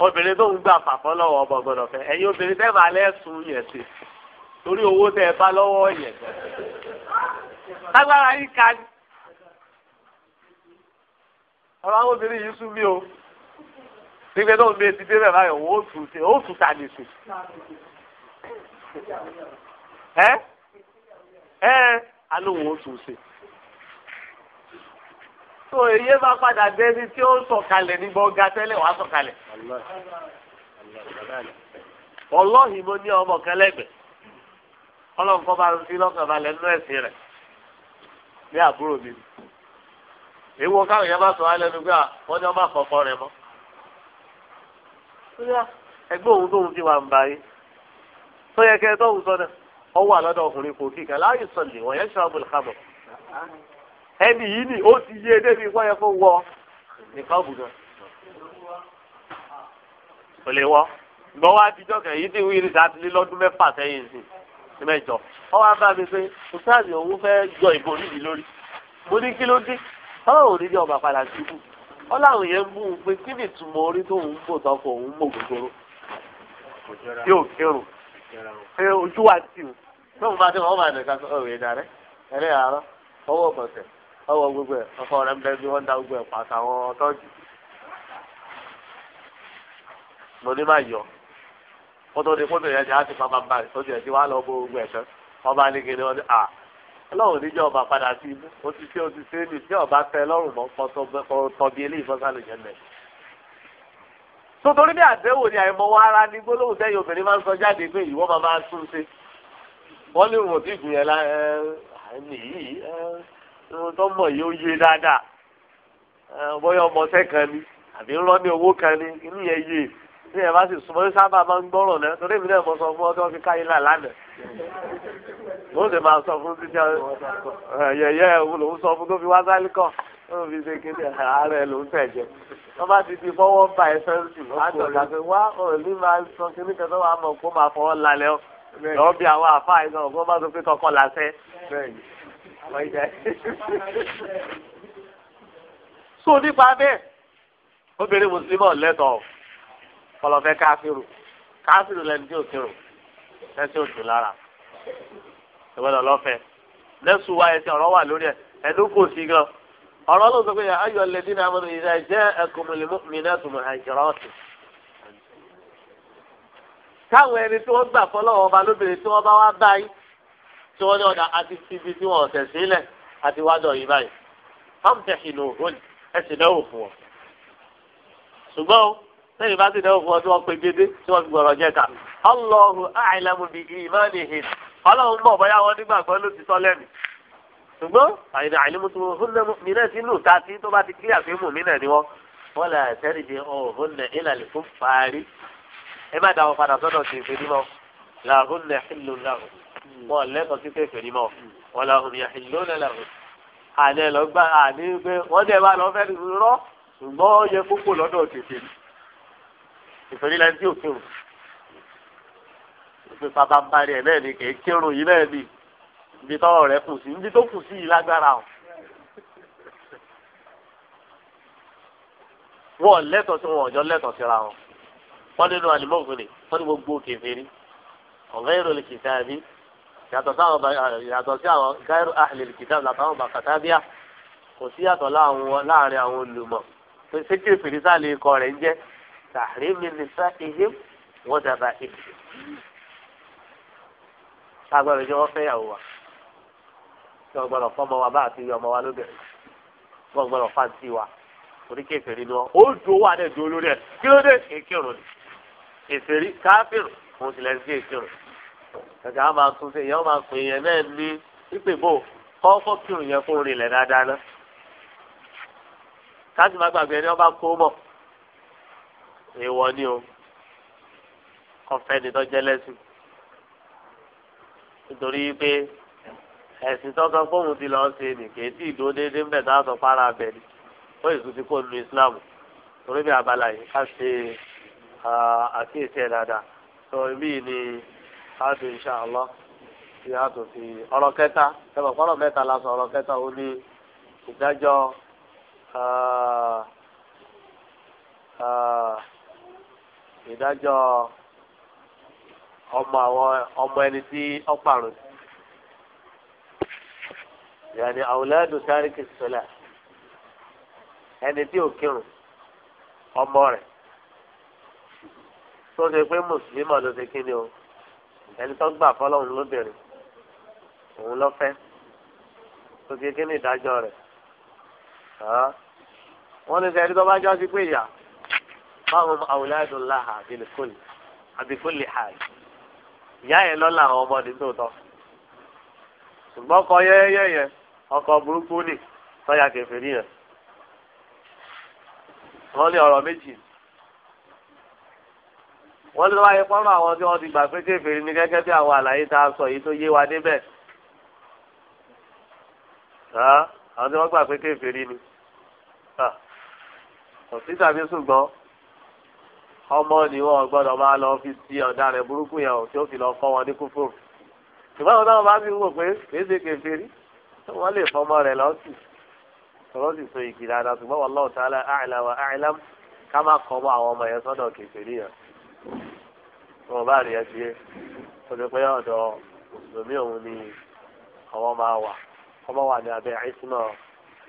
o obìnrin tó ń gbà fàfọ́ lọ́wọ́ ọmọ gbọ́dọ̀ fẹ́ ẹ̀yin obìnrin tẹ́ máa lẹ́sùn yẹn sí torí owó tẹ́ ẹ bá lọ́wọ́ yẹn lágbára yìí ka ni ọ̀rọ̀ àwọn obìnrin yìí sún mí o nígbà tó ń bẹ ti débẹ̀ báyọ̀ wọ́n ó tù sí ó tù tà ní sí ẹ ẹ alóhùn ó tù sí tó èyí bá padà dẹni tí ó sọ̀kalẹ̀ ní gbọ̀ngà tẹ́lẹ̀ wàá sọ̀kalẹ̀. ọlọ́hìn mo ní ọmọ kan lẹ́gbẹ̀ẹ́ ọlọ́run kọ́ bá ń fi lọ́kàn balẹ̀ nínú ẹ̀sìn rẹ̀ ní àbúrò mi. èèwọ̀ káwọn yẹn bá sọ alẹ́ nu pé wọ́n ní ọmọ àkọ́kọ́ rẹ̀ mọ́. ẹgbẹ́ òun tóun ti wà ń báyé tó yẹ kẹ́ ẹ tóun sọ náà ọwọ́ àlọ́dọ̀ ọkùnrin kò kíkà láàyè sọ̀lẹ̀ wọ̀nyẹn ṣọ́ọ̀bù ẹni yìí ni ó ti yé débi wọ́n fún wọ nìkan bùdó kò lè wọ́ gbọ́ wá àtijọ́ kan èyí tí wíìrì sátìlí lọ́dún mẹ́fà sẹ́yìn sí ní mẹ́jọ wọ́n wá bá mi pé ustazi òun fẹ́ jọ ìbò nídìí lórí mo ní kí ló dé táwọn ò ní jẹ́ ọba padà sí kù wọ́n láwọn yẹn ń un pé kí ni ìtumọ̀ orí tó ń bò tọkọ òun mò gbogbo tí ò kírun pé ojú wa tì ú pé mo máa dé wọn máa dẹ̀ ká sọ ọ̀rẹ́ dàrẹ́ ẹ̀rẹ́ àárọ̀ ọwọ́ ọ̀pọ̀sẹ̀ ọwọ́ gbogbo ẹ̀ ọkọ rẹ̀ ń bẹ bí wọ́n da gbogbo ẹ̀ pàtó àwọn tọ́jú. mo ní máa yọ kó tó di fótó yẹn ti á ti pa bàbá rẹ̀ tó tiẹ̀ ti wá lọ bó gbogbo ẹ̀ tán ọba ní wọn ni à ọlọ́run níjọ́ ọba padà sí ibú ó ti ṣe ó ti ṣe é tí ọba tẹ lọ́rùn mọ́ tọ́bi eléyìí fọ́sálù yẹn lẹ̀. sotori bí àdéhùn ni àìmọ̀ wa ara ní gbólóhùn sẹ́yìn obìnrin máa ń sọ jáde pé ìwọ máa máa tún ṣe wọ́n ní òun ò tí ì gbìyànjú ẹ nìyí ẹ ohun tó mọ̀ yóò yé dáadáa bóyá ọmọọṣẹ́ kan ni àbí ńlọ ní owó kan ni inú yẹn yé ní ẹ̀ bá sì súnmọ́ ní sábà máa ń gbọ́rọ̀ náà torí èmi náà mọ̀ sọ fún ọ tí wọ́n fi káyé náà lánàá mo sì máa sọ fún títí yẹyẹ lòún sọ fún tó fi wá sálí kọ́ lóun fi ṣe kí ààrẹ lòún tẹ̀ jẹ́ bá ti di fọwọ́ ba ẹsẹ̀ ń sìn pé wá òní máa sọ kíní kan wàá mọ̀ kó máa fọwọ́ lálẹ́ ọ́ lọ́ọ́ bí àwọn àfáà yìí sọ̀rọ̀ kó má sọ pé làṣẹ. [LAUGHS] so nípa bẹ́ẹ̀ obìnrin mùsùlùmí ọ̀lẹ́tọ̀ kọlọ̀fẹ́ káfíìrù káfíìrù lẹni tí ò kírun lẹ́sìn òjò lára ìwọ́n lọ́fẹ́ lẹ́sùn wa ẹ̀sìn ọ̀rọ̀ wà lórí ẹ̀ ẹ̀dùn kò sí gan ọ̀rọ̀ ló sọ pé ayọ̀ lẹ́dí náà mọ̀ ìdá jẹ́ ẹkùnrin mìíràn tó mọ̀ àìjọra ọ̀sìn. táwọn ẹni tí wọ́n gbà fọlọ́wọ́ ọba lóbìnrin tí wọ́n bá wá báyìí tí wọ́n ní ọ̀dà àti síbi tí wọ́n ọ̀sẹ̀ sílẹ̀ àti wádọ̀ yìí báyìí fáńtẹ̀sì ló hó ni ẹ sì dẹ́wò fún ọ. ṣùgbọ́n o lẹ́yìn bá ti dẹ́wò fún ọ tí wọ́n pe gédé tí wọ́n fi gbọ̀rọ̀ jẹ́ ká Allahu a'lamu bi imanihim ọlọ́run bọ̀ bọ́yá wọn nígbàgbọ́ ló ti sọ lẹ́nu. ṣùgbọ́n àyìnbó àìlèmọ́tò tó bá ti kílíà náà ni wọ́n wọ́n wọn lẹ́tọ̀ọ́ sí kẹfẹ́ ni mọ́ wọn là ń yàtí lónìí lẹ́wọ̀n. àní ẹ̀ lọ́gbà àní pé wọ́n dẹ̀ bá lọ́ọ́ fẹ́ẹ́ rọ́ ṣùgbọ́n ó yẹ kókó lọ́dọ̀ tètè ìfẹ́rí la ti òkèrò ìpè pàpàpàrẹ̀ ẹ̀ náà ni kẹ̀ kírun yìí náà ni ibi tọ́rọ̀ rẹ̀ kù sí ibi tó kù sí yìí lágbára o. wọ́n lẹ́tọ̀ọ́ sí wọn ọ̀jọ́ lẹ́tọ̀ọ́ síra wọn wọ́n nínú àlùmọ́ọ̀gùn ni wọ́n ní gbogbo kẹfẹ́ ọ̀gá ìrọ̀lẹ́ kìtà bíi yàtọ̀ sáwọn eh, yàtọ̀ sí àwọn gáírù ahlil kitab làtàwọn bàkàtàbíà kò sí yàtọ̀ láàrin àwọn olùmọ̀ pé sékìrì fèrèsà lè kọ rẹ̀ ń jẹ́ tàhírímì nìsa ihe wọ́n dàbà ìdí. sáàgbọ́dọ̀ jẹ́ wọ́n fẹ́yàwó wa tí wọ́n gbọ́dọ̀ fọ́mọ wa bá àti ọmọ wa lóbìnrin wọ́n gbọ́dọ̀ fáǹtì wa oríkèé fèrè ni wọ́n ó dùn owó àdẹ́dùn olórí ẹ̀ kí ló dé èké ni èfèrí káfíìrù kàkà á máa tún sí èèyàn máa pè yẹn náà ní pípé bò kọ́kọ́ kírun yẹn fún orin ilẹ̀ dáadáa náà káàsì má gbàgbé ẹni ọba kó mọ̀ èèwọ̀ ni o kọfẹ́ ni tó jẹ́ lẹ́sìn nítorí pé ẹ̀sìn tọ́kàn fóun ti lọ ṣe nìkéé tí ìdó déédéé ń bẹ̀ tó àtọ̀ para abẹ ni ó èso ti kó nu Islam torí bí abala yìí ká ṣe àkíyèsí ẹ̀ dáadáa sọ ibi ni. ha insha Allah tí a tó fi ọ̀rọ̀ kẹta mẹ́ta la sọ ọ̀rọ̀ kẹta ó ní ìdájọ́ ìdájọ́ ọmọ àwọn ọmọ ẹni tí yàní sáríkì ẹni tí ò tó ṣe pé mùsùlùmí ló ṣe kí ni o. ẹni tó gbà fọlọ́run lóbìnrin òun lọ́fẹ́ tó ti kí ni ìdájọ́ rẹ̀ wọ́n ní sẹ́ni tó bá jọ́ sí pé ìyá báwọn àwòlẹ́dùn láhà àbílẹ̀kọ́lì àbíkọ́lì hàì ìyá yẹn lọ́la àwọn ọmọ ní tòótọ́ ṣùgbọ́n ya yẹ́yẹ́ yẹn ọkọ burúkú nì tọ́ya kẹfẹ́ nìyẹn wọ́n ní ọ̀rọ̀ méjì wọ́n lọ wáyé pọ́nrọ́ àwọn tí wọ́n ti gbà pé kéfèrè ní gẹ́gẹ́ bí àwọn àlàyé tá a sọ yìí tó yé wa débẹ̀ àwọn tí wọ́n gbà pé kéfèrè ni òsì tàbí ṣùgbọ́n ọmọ ni wọn gbọ́dọ̀ máa lọ fi sí ọ̀daràn burúkú yẹn o tí ó fi lọ fọ́ wọn ní kúfòrò ṣùgbọ́n àwọn táwọn bá fi wò pé kìí ṣe kéfèrè wọ́n lè fọmọ rẹ̀ lọ́sì tọ́lọ́ sì so ìkìlá dà ṣùgbọ́n wallahu ta'ala a'la wa a'lam ká má kọ́ mọ́ àwọn ọmọ yẹn sọ́dọ̀ kéfèrè yẹn wọn bá rí ẹtì yẹ tó ti pé ọ̀dọ̀ mùsùlùmí òun ni àwọn máa wà ọmọ wà ní abẹ́ àìsímọ̀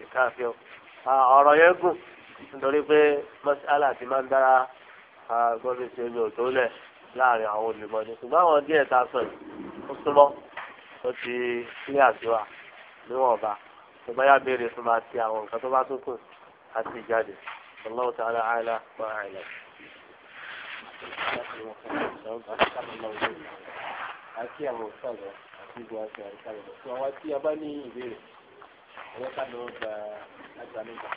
ìkáfíọ́ ọ̀rọ̀ yẹn gùn nítorí pé mọ́sálà ti máa ń dára gbọ́dọ̀ ṣe mi ò tó lẹ̀ láàrin àwọn olùmọ̀ni ṣùgbọ́n àwọn díẹ̀ ta sọ ó súnmọ́ ó ti sílé àtiwà níwọ̀nba ṣùgbọ́n yá béèrè fún ma ti àwọn nǹkan tó bá tó kù àti ìjáde ọlọ́run tí a wà àìlá. Thank you àdáwọ̀dá sábàlá òṣèlú àti àwọn òṣàlọ àti ìbò àti àìsàlọ fún àwa tí a bá ní ìbéèrè ẹ̀rọ ká lọ gba àgbà mẹ́ta.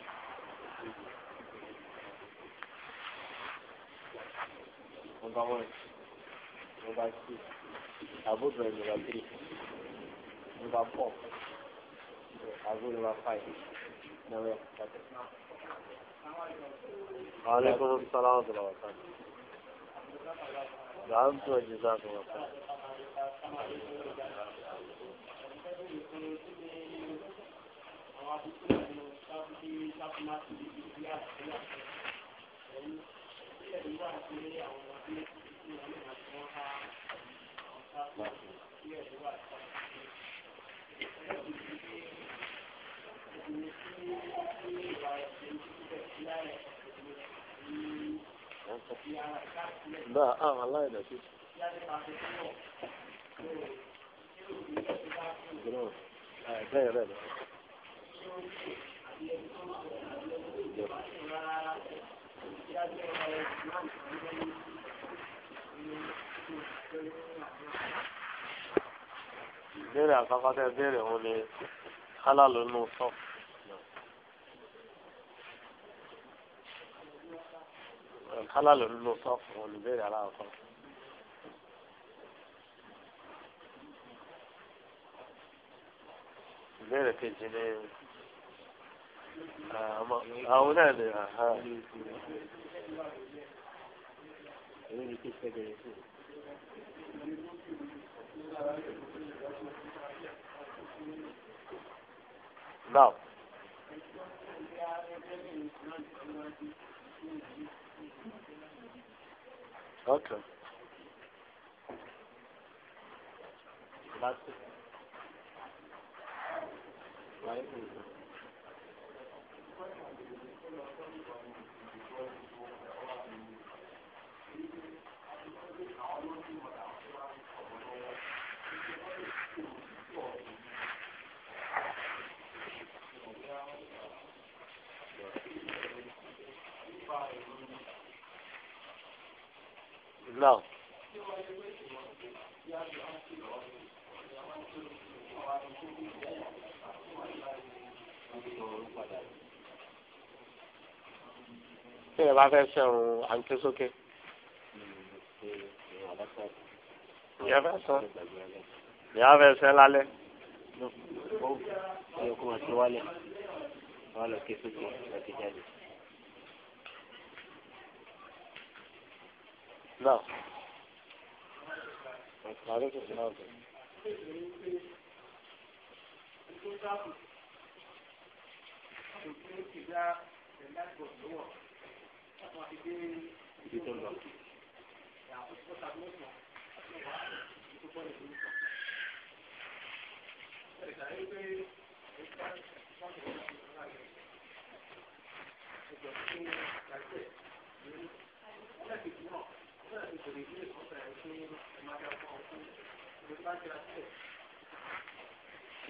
Number one, number two, àbúrò number three, number four, àbúrò number five, number thirty. Aleykum salaam wa rahmatulah. فعلت وجزاكم الله خير Thank you. bá a aláì dà sí. ìbéèrè àkọ́kọ́ tẹ́ béèrè òun ni hálà ló nù sọ́ọ̀. kálá ló ń lò sọ fún olùbéèrè aláwọ̀ ìbéèrè kejì ni àwọn náà lè hàn. Now. Okay. That's it. Right. náà. tí ẹ bá fẹ́ sẹ́run à ń ké sókè. ìyá fẹ́ sọ ìyá fẹ́ sẹ́ lálẹ́. ó yẹ kó máa ṣe wálẹ̀ wálẹ̀ ké sókè láti jáde. náà. Thank you kí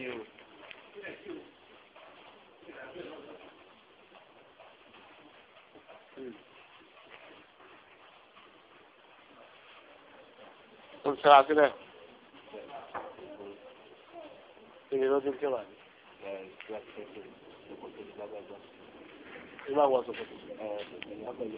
o. tó ń ṣẹlẹ̀ sílẹ̀ ìrìn ló ti ń ṣẹlẹ̀ ní wọ ṣòkòtò ọkọ nígbà tó fẹ́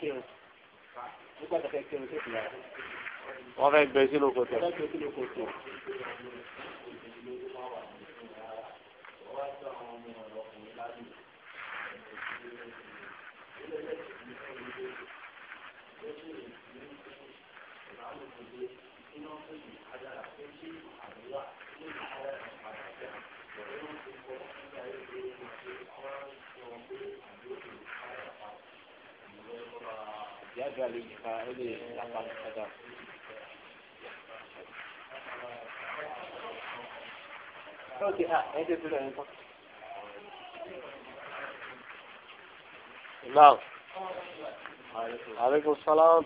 kírun nígbà tó fẹ́ kírun tó fi yára wọ́n fẹ́ gbé sínú kòtò. Jaga lihat ini apa kata. lókè à ẹ̀ tètè rẹ̀ nǹkan. Naam. Aleykum salaam.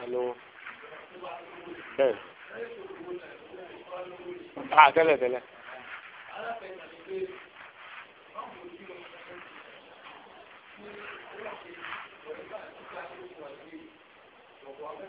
Hello. Bẹ́ẹ̀. Ah, tẹ́lẹ̀ tẹ́lẹ̀.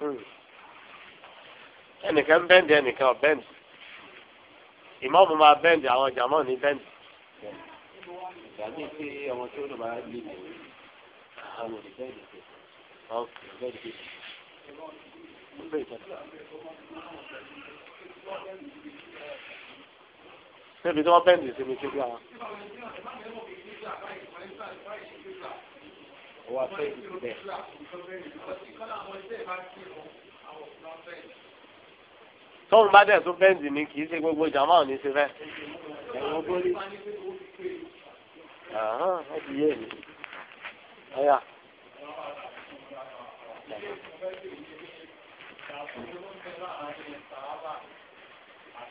Hmm. ẹnìkan bẹ́ǹdì ẹnìkan ọ̀bẹ́ǹdì ìmọ̀ọ́mù máa bẹ́ǹdì àwọn ọjà mọ́ ní bẹ́ǹdì. Okay. níbi tí wọ́n bẹ́ǹdì sí mi kí àwọn. wà bá dẹ̀ tún bẹ́ǹdì ni kì í ṣe gbogbo jàmá ò ní ṣe fẹ́.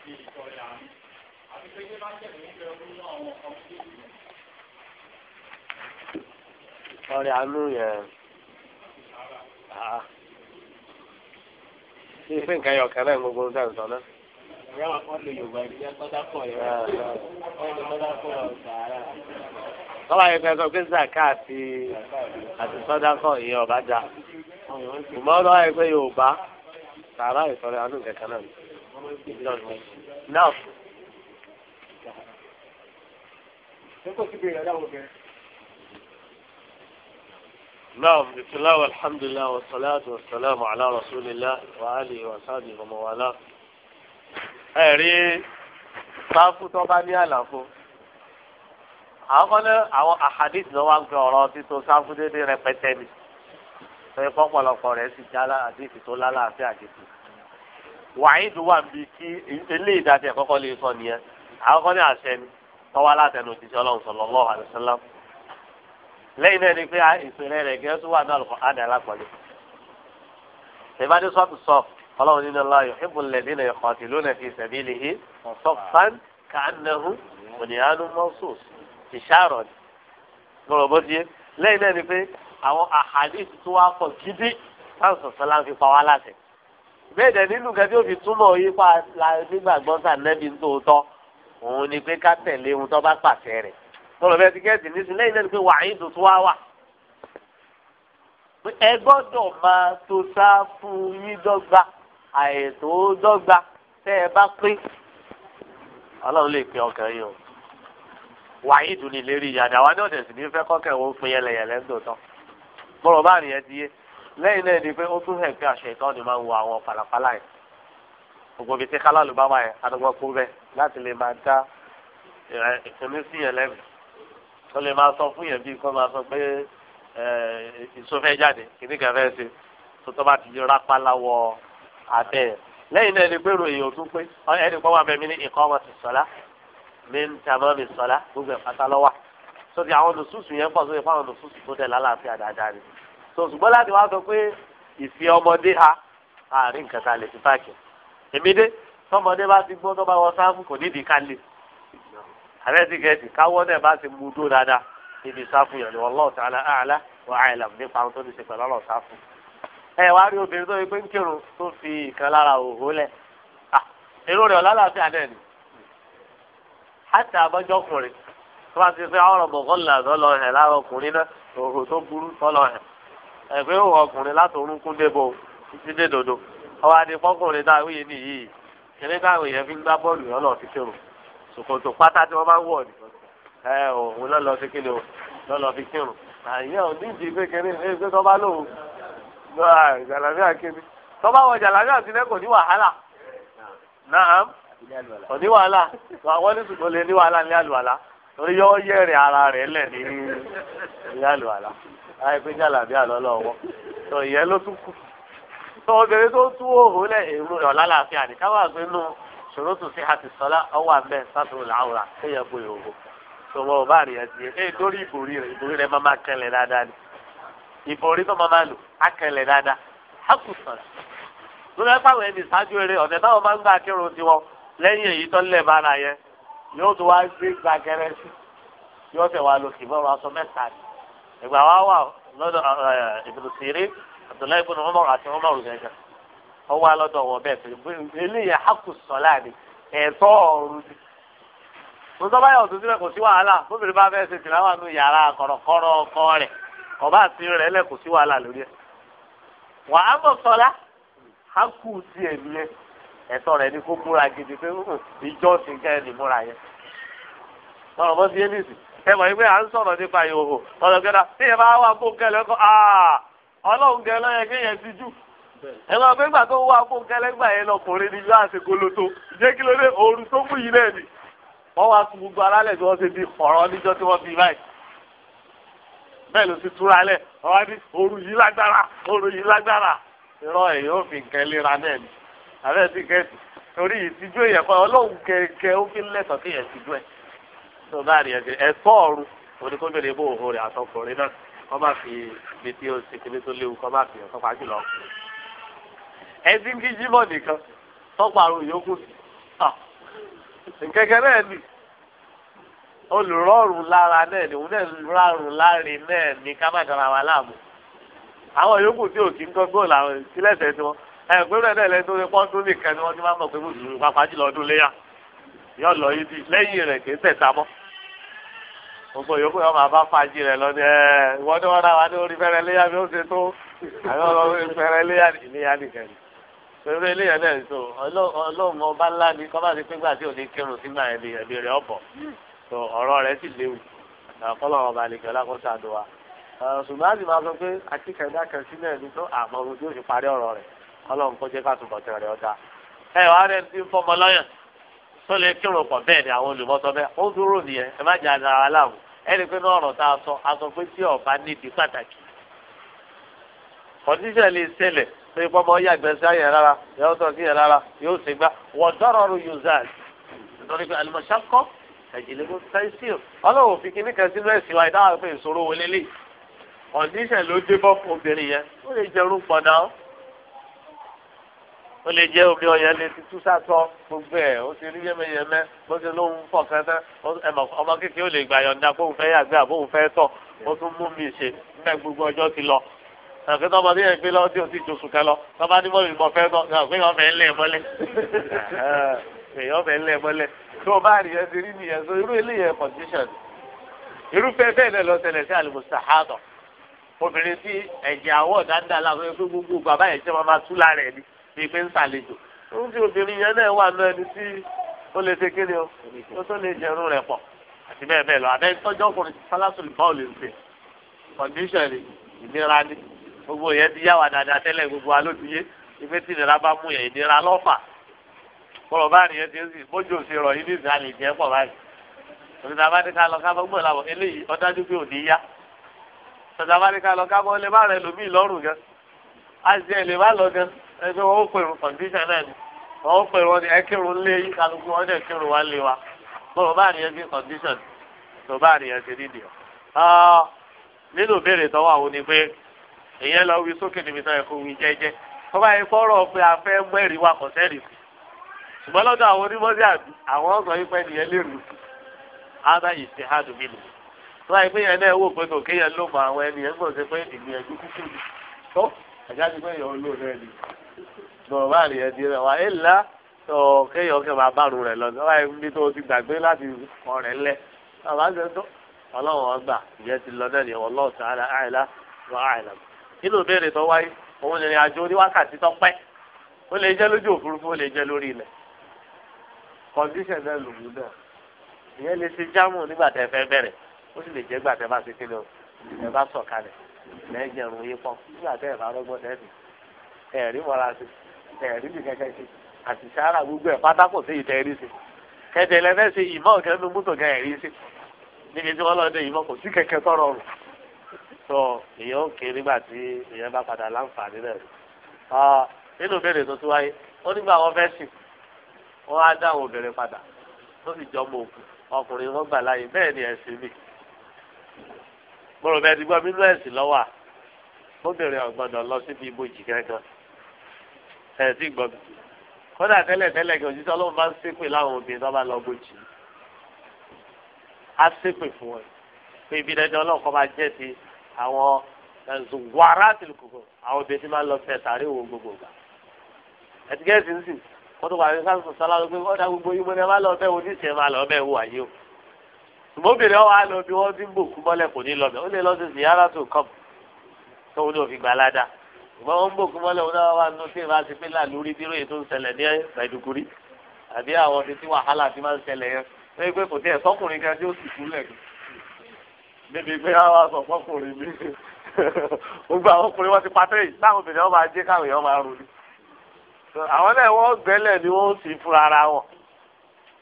Thank you. Ọrẹ àánú yẹn. Ah. Ṣé ìfẹ́ nǹkan yọ̀ kẹ́lẹ́ gbogbo ń sọ náà? Tọ́lá yẹn fẹ́ ah, ah. sọ pé Zaka àti àti Sọ́dákọ̀ ìyẹn ọ̀bá dá. Ìmọ̀ ọ́n lọ́wọ́ yẹn pé Yorùbá sàárà ìsọ̀rọ̀ àánú kẹ̀kẹ́ náà. Náà. نعم بسم الله والحمد لله والصلاة والسلام على رسول الله وآله وصحبه ومن والاه ẹ̀rí sáfù tó bá ní àlàfo àwọn kan ní àwọn àhadith ló wá ń pe ọ̀rọ̀ títò sáfù déédéé rẹpẹtẹ ni ṣe pọ́pọ̀lọpọ̀ rẹ̀ sì já àdéhìí tó lálàáfíà àdéhìí wàhídùú wà ń bi kí ilé ìdájọ́ ẹ̀kọ́kọ́ lè sọ nìyẹn àwọn kan ní àṣẹ ni tọ́wá látẹnu òjíṣẹ́ ọlọ́run sallallahu alaihi wasallam lẹ́yìn náà ni pé ìpínlẹ̀ rẹ̀ gẹ́gẹ́ tó wà ní àlùkò àdá alápọ̀lẹ́ ìbádé sọ́ọ̀tù sọ ọlọ́run nínú ọlá yuhibbul ladina yuqatiluna fi sabilihi saffan ka'annahu bunyanun marsus ìṣàrọ̀ ni gbọ́dọ̀ bó ti yé lẹ́yìn náà ni pé àwọn àhàdìsì tó wá pọ̀ gidi táwọn sọ̀sọ́ láń fi pa wá láṣẹ bẹ́ẹ̀ dẹ̀ nínú gẹ́gẹ́ bí fi túmọ̀ yípa nígbàgbọ́sà nẹ́bí tó tọ́ òun ni pé ká tẹ̀lé ohun tó bá pàṣẹ rẹ̀ tọ́lọ̀ bẹ́ẹ̀ ti kẹ́sì ní sílẹ̀ ìlẹ́nu pé wàhíì tó tó wá wà. ẹ gbọ́dọ̀ máa tó sá fún yín dọ́gba àìtó dọ́gba tẹ́ ẹ bá pín. ọlọ́run lè pín ọkàn yìí o wàhíì dùn ní lérí ìyàdà wa ní ọ̀dẹ̀ sì ní fẹ́ kọ́kẹ́ wo pin yẹlẹyẹlẹ ń dòótọ́. bọ́lọ̀ bá rìn ẹ ti yé lẹ́yìn náà ni pé ó tún hẹ̀ pé àṣẹ ìtọ́ni máa ń wo gbogbo bíi ti kálálù bá wà yẹn adúgbò kú bẹ láti lè máa dá ìpinnu sí yẹn lẹ́nu tó lè máa sọ fún yẹn bíi kó máa sọ pé ìsọfẹ́ jáde kìíní kan fẹ́ ṣe tó tó bá ti yọ rápálá wọ abẹ́ yẹn lẹ́yìn náà ẹni gbèrò èyí ò tún pé ẹni kọ́ wà bẹ́ẹ̀ mi ní ìkọ́ ọmọ sì sọ́lá mi ń tàmọ́ mi sọ́lá gbogbo ẹ̀ pátá lọ́wọ́ sóde àwọn lòsùsù yẹn pọ̀ sóde fáwọn lòsùsù tó tẹ̀ lálàáfíà dáadáa ni so láti wá sọ pé ìfi ọmọdé ha àárín nǹkan ta lè fi páàkì èmi dé tọmọdé bá ti gbọ́ tó bá wọ sáfù kò nídìí ká lè ààrẹ ti gẹ̀ẹ́sì káwọ́ náà bá ti mú dáadáa níbi sáfù yẹn ni wallahu ta'ala a'la wa a'lam nípa ohun tó ti ṣe pẹ̀lú ọlọ́ sáfù. ẹ wá rí obìnrin tó yẹ pé ń kírun tó fi ìkan lára òhó lẹ̀ èrò ah, rẹ̀ ọ̀làlàáfíà náà ni àti àbọ̀jọ́kùnrin tó bá ti fẹ́ ọ̀rọ̀ bọ̀gọ́là tó lọ hẹ̀ lára ọkùnrin náà òhò ọwọ́ adé fọkùnrin náà wíyé nìyí kẹlẹ káwọn èèyàn fi ń gbá bọ́ọ̀lù yọ lọ sí kírun ṣòkòtò pátá tí wọ́n bá wọ̀ ni ẹ ò òun lọ lọ sí kí ni o lọ lọ fi kírun àyẹ̀ ò nídìí kékeré ẹ gbé tọ́ bá lòun jàlámíà kéde tọ́ bá wọ jàlámíà sílẹ̀ kò ní wàhálà náà kò ní wàhálà wọ́n ní ṣùgbọ́n lè ní wàhálà ní àlùwàlà torí yọ yẹ̀rẹ̀ ara rẹ̀ lẹ̀ ní àlùwàlà láì pé jàlámíà lọ́lọ́wọ́ tó ìyẹn tó obìnrin tó tú òhò lẹ̀ èrò rẹ̀ ọ̀làlàáfíà ní káwá gbé nù ṣòro tó sí àti sọlá ọwọ́ àmẹ́ sátúrò làwòrán kéèyàn bo ìhòòhò sọmọ ọba àríyàn ti yẹ ee lórí ìbòrí rẹ ìbòrí rẹ máa dáadáa ni ìbòrí tó máa máa lò á ha dáadáa á kù sọ̀rọ̀ lórí ẹgbàwọ̀ ẹni ìsájú eré táwọn máa ń gbà kírun tiwọn lẹ́yìn èyí tó lẹ̀ yẹn yóò tó wá gbé sí yóò wá lọ sí mẹ́ta ni ìgbà wà lọ́dọ̀ ìbùdó sí abdullahi ibn umar àti umar gẹ́gẹ́ ọwọ́ alọ́dọ̀ wọ bẹ́ẹ̀ pé eléyìí ni ni. kò sí wàhálà bóbìnrin bá fẹ́ ṣe nù yàrá kọ̀rọ̀kọ̀rọ̀ ọkọ rẹ̀ ọba àti rẹ̀ lẹ̀ kò sí wàhálà lórí ẹ̀. wà á bọ̀ ti ẹ̀mí ẹ̀ ẹ̀tọ́ rẹ̀ ni kó múra gidi pé múra bọ́ sí ọlọ́run gẹ lọ́yẹ kí yẹn ti jù ẹ máa fẹ́ gbà tó wá fún kẹlẹ́gbà yẹn lọkùnrin jẹ́ kí ló dé ooru tó yìí náà wọ́n wá sun gbogbo alálẹ̀ tí wọ́n ṣe di ọ̀rọ̀ níjọ́ tí wọ́n fi báyìí bẹ́ẹ̀ ló ti túra lẹ̀ wọ́n wá ní ooru yìí lágbára ooru yìí lágbára irọ́ ẹ̀ yóò fi nǹkan náà ti torí èèyàn kan ọlọ́run kẹ̀kẹ́ ó fi kí ti kọ́ bá fi ibi tí ó ṣe kébé tó léwu kọ́ bá fi ọ̀tọ́ pa jùlọ. ẹtí kí jímọ̀ nìkan tọ́pọ̀ àrùn yòókù sí. nkẹ́kẹ́ náà nì lára náà ni òun náà rárùn lárin náà ni ká má dára wa láàmú. àwọn yòókù tí ò kí ń kọ́gbó làwọn ìsílẹ̀sẹ̀ tí wọ́n ẹ̀ pé náà lẹ́nu tó ṣe pọ́ńtún nìkan ni wọ́n ti máa mọ̀ pé mùsùlùmí pàápàá jùlọ ọdún léyà yọ̀ lọ yìí lẹ́yìn rẹ̀ kì í tẹ̀ta mọ́ gbogbo yòókù yọ máa bá fàájì rẹ lọ ní ni wọn náà wà ní orí fẹrẹ léyà bí ó ṣe tó àbí ọlọ́run fẹrẹ léyà léyà nìkan fẹrẹ léyà náà ń so ọlọ́run ọba ńlá ni kọ́ ti pé gbà tí ò ní kírun sígbà yẹn ni ẹ̀mí rẹ ọ̀bọ̀ tó ọ̀rọ̀ rẹ sì léwu àkọlọ́run ọba nìkan lákòóso àdúrà ṣùgbọ́n àti máa sọ pé akíkẹ̀dá kan sí náà ni tó àmọ́ ojú ò tó lè kírun pọ̀ bẹ́ẹ̀ ni àwọn olùmọ̀sọ bẹ́ẹ̀ ó dúró nìyẹn ẹ má jà ara aláwọ̀ ẹni pé náà ọ̀rọ̀ tá a sọ a sọ pé tí ọ̀bá nídìí pàtàkì kọ́ndíṣẹ̀ lè ṣẹlẹ̀ pé pọ́nmọ́ yàgbẹ́ sí àyẹ̀ rárá yóò tọ̀ sí yẹ̀ rárá yóò ṣe gbá wọ́n dọ́rọ̀ ru yuzaz nítorí pé alimọ̀ṣákọ́ ẹ̀jìnlélógún tẹ́síl ọlọ́wọ́ fi kíní kan sínú ẹ̀sìn wa ìdáhùn pé ìṣòro wọlé lè kọ́ndíṣẹ̀ ló dé ó lè jẹ́ omi ọ̀yẹ́ lè ti túṣà sọ gbogbo ẹ̀ ó ti rí yẹ́mẹyẹmẹ bó ti lóun fọ̀ kẹta ọmọ kékeré ó lè gbà yọ̀ǹda bóun fẹ́ yàgbẹ́ àbóun fẹ́ tọ̀ ó tún mú mi ṣe nígbà gbogbo ọjọ́ ti lọ. àgbẹ̀ tó ọmọdé yẹn gbé lọ tí o ti jòṣù kẹ lọ tó bá ní mọ́mí mọ́ fẹ́ tọ́ gbé ọmọ ẹ̀ ń lẹ̀ mọ́lẹ̀ èyí ọmọ ẹ̀ ń lẹ̀ mọ́lẹ̀ tó bá rí ẹ ti rí nìyẹn so obìnrin tí ẹ̀jẹ̀ àwọ̀ dáadáa làwọn ẹgbẹ́ gbogbo bàbá yẹn ṣe máa máa tú lára ẹ̀ ni sí pé ń sàlejò ń ti obìnrin yẹn náà wà náà ni tí ó lè ṣe kéde o ó tó lè jẹun rẹ̀ pọ̀ àti bẹ́ẹ̀ bẹ́ẹ̀ lọ abẹ́ tọ́jú ọkùnrin sálásùlù báwo lè ṣe kọ̀ndíṣọ̀n ni ìnira ni gbogbo yẹn ti yá wa dáadáa tẹ́lẹ̀ gbogbo wa ló ti yé ibi tí ìnira bá mú yẹn ìnira lọ́fà kọ̀rọ̀ báyìí yẹn ti ń sìn bójú òsì rọ̀ yìí nìyí àlè jẹ́ pọ̀ báyìí òṣìṣẹ́ abáníkà lọ kábọ̀ gbọ́dọ̀ làwọn eléyìí ọ̀dájú pé òní yá òṣìṣẹ́ abáníkà lọ kábọ̀ lè má rẹ lómi lọ́rùn gan àti ẹ̀ ẹgbẹ́ wọn ó pè ní kọ̀ǹdíṣàn náà ni wọn ó pè wọn ní ẹkírun lé yí kálukú wọn dẹ̀ kírun wá lé wa bọ́ọ̀ bá nìyẹn sí kọ̀ǹdíṣàn tó bá nìyẹn sí nídìí ọ. nínú ìbéèrè tọwọ́ àwọn ni pé èèyàn lọ wí sókè níbi tó yẹ kó wí jẹ́jẹ́ tó bá yẹ fọ́rọ̀ pé a fẹ́ mẹ́rìí wa kọ̀sẹ́rì sí ṣùgbọ́n lọ́dọ̀ àwọn onímọ̀sí àbí àwọn ọ̀sán yìí pẹ́ nìyẹn lérò sí ada ìṣèhádùn mi lò tó bá yẹ pé yẹn náà wò pé kò kéèyàn ló mọ àwọn ẹnìyẹn gbọ́dọ̀ pé ìgbìyànjú kúkú ni tó àjáde pé yẹn ò lò náà ni bọ̀rọ̀ bá rèé di rẹ̀ wá ẹ̀ ńlá tó kéèyàn kẹ́ máa bárù rẹ̀ lọ nígbà ibi tó ti gbàgbé láti kọ́ rẹ̀ lẹ̀ bàbá ń sẹ́ńtọ́ ọlọ́run ọgbà ìyẹn ti lọ náà nìyẹn Wallahu ta'ala a'lam wa a'lam. nínú ìbéèrè tó wáyé òun ìrìn àjò ní wákàtí tó pẹ́ ó lè jẹ́ lójú òfurufú ó lè jẹ́ lórí ilẹ̀ kọ́ndíṣẹ̀ náà lòlù náà ìyẹn lè ṣe jámù nígbà tẹ́ fẹ́ bẹ̀rẹ̀ ó sì lè jẹ́ gbà tẹ́ bá ṣe kíni ẹ̀rí lè kẹ́kẹ́ àti sára gbogbo ẹ̀ pátákó sí ìtẹ́rí sí kẹ́tẹ́ lẹ́fẹ́ sí ìmọ̀ kẹ́nu mútò kẹ́ ẹ̀rí sí níbi tí wọ́n lọ dé ìmọ̀ kò sí kẹ̀kẹ́ tọrọ rù tó èèyàn ké nígbà tí èèyàn bá padà láǹfààní rẹ̀ ah, nínú ìbéèrè tó tún wáyé ó nígbà wọn fẹ́ sìn wọn á dá àwọn obìnrin padà tó sì jọmọ òkú ọkùnrin wọn gbà láàyè bẹ́ẹ̀ ni ẹ̀sìn mi mo rò bẹ́ẹ̀ ti gbọ́ mi nú ẹ̀sìn lọ́wọ́ à tẹ̀sí gbọ́dọ̀ kódà tẹ́lẹ̀ tẹ́lẹ̀ kí òjíṣẹ́ ọlọ́run bá ń ṣépè láwọn obìnrin tó bá lọ gbòjì á ṣépè fún ẹ pé ibi dandan ọlọ́run kọ́ máa jẹ́ ti àwọn zùwárà tìlùkùkù àwọn obìnrin tí máa ń lọ fẹ́ sàárè wo gbogbo gbà ẹtì ń sìn wọ́n wà ní sáà sọ̀tà lọ́dún pé ọ̀dà gbogbo yìí mo ní ẹ máa lọ bẹ́ẹ̀ wo níṣẹ́ máa lọ bẹ́ẹ̀ wo àyè o ṣùgbọ́n obìnrin wa lọ bí wọ́n ti ń bòkú mọ́lẹ̀ kò ní lọ bẹ́ẹ̀ ó lè lọ sí ziyara ìgbà wọn gbòkú mọ́lẹ̀ wọn náà wà nù sí ìbá ti pínlẹ̀ lórí dírò èyí tó ń ṣẹlẹ̀ ní Maiduguri àbí àwọn ti ti wàhálà ti máa ń ṣẹlẹ̀ yẹn lórí pé kò tẹ̀ sọ́kùnrin kan tí ó sì kúlẹ̀ níbi pé àwọn aṣọ fọkùnrin mi [LAUGHS] gbogbo àwọn ọkùnrin wọn ti patẹ́ yìí táwọn obìnrin wọn máa jẹ́ káwọn èèyàn máa ronú àwọn náà wọ́n gbẹ́lẹ̀ ni wọ́n sì fúnra ara wọn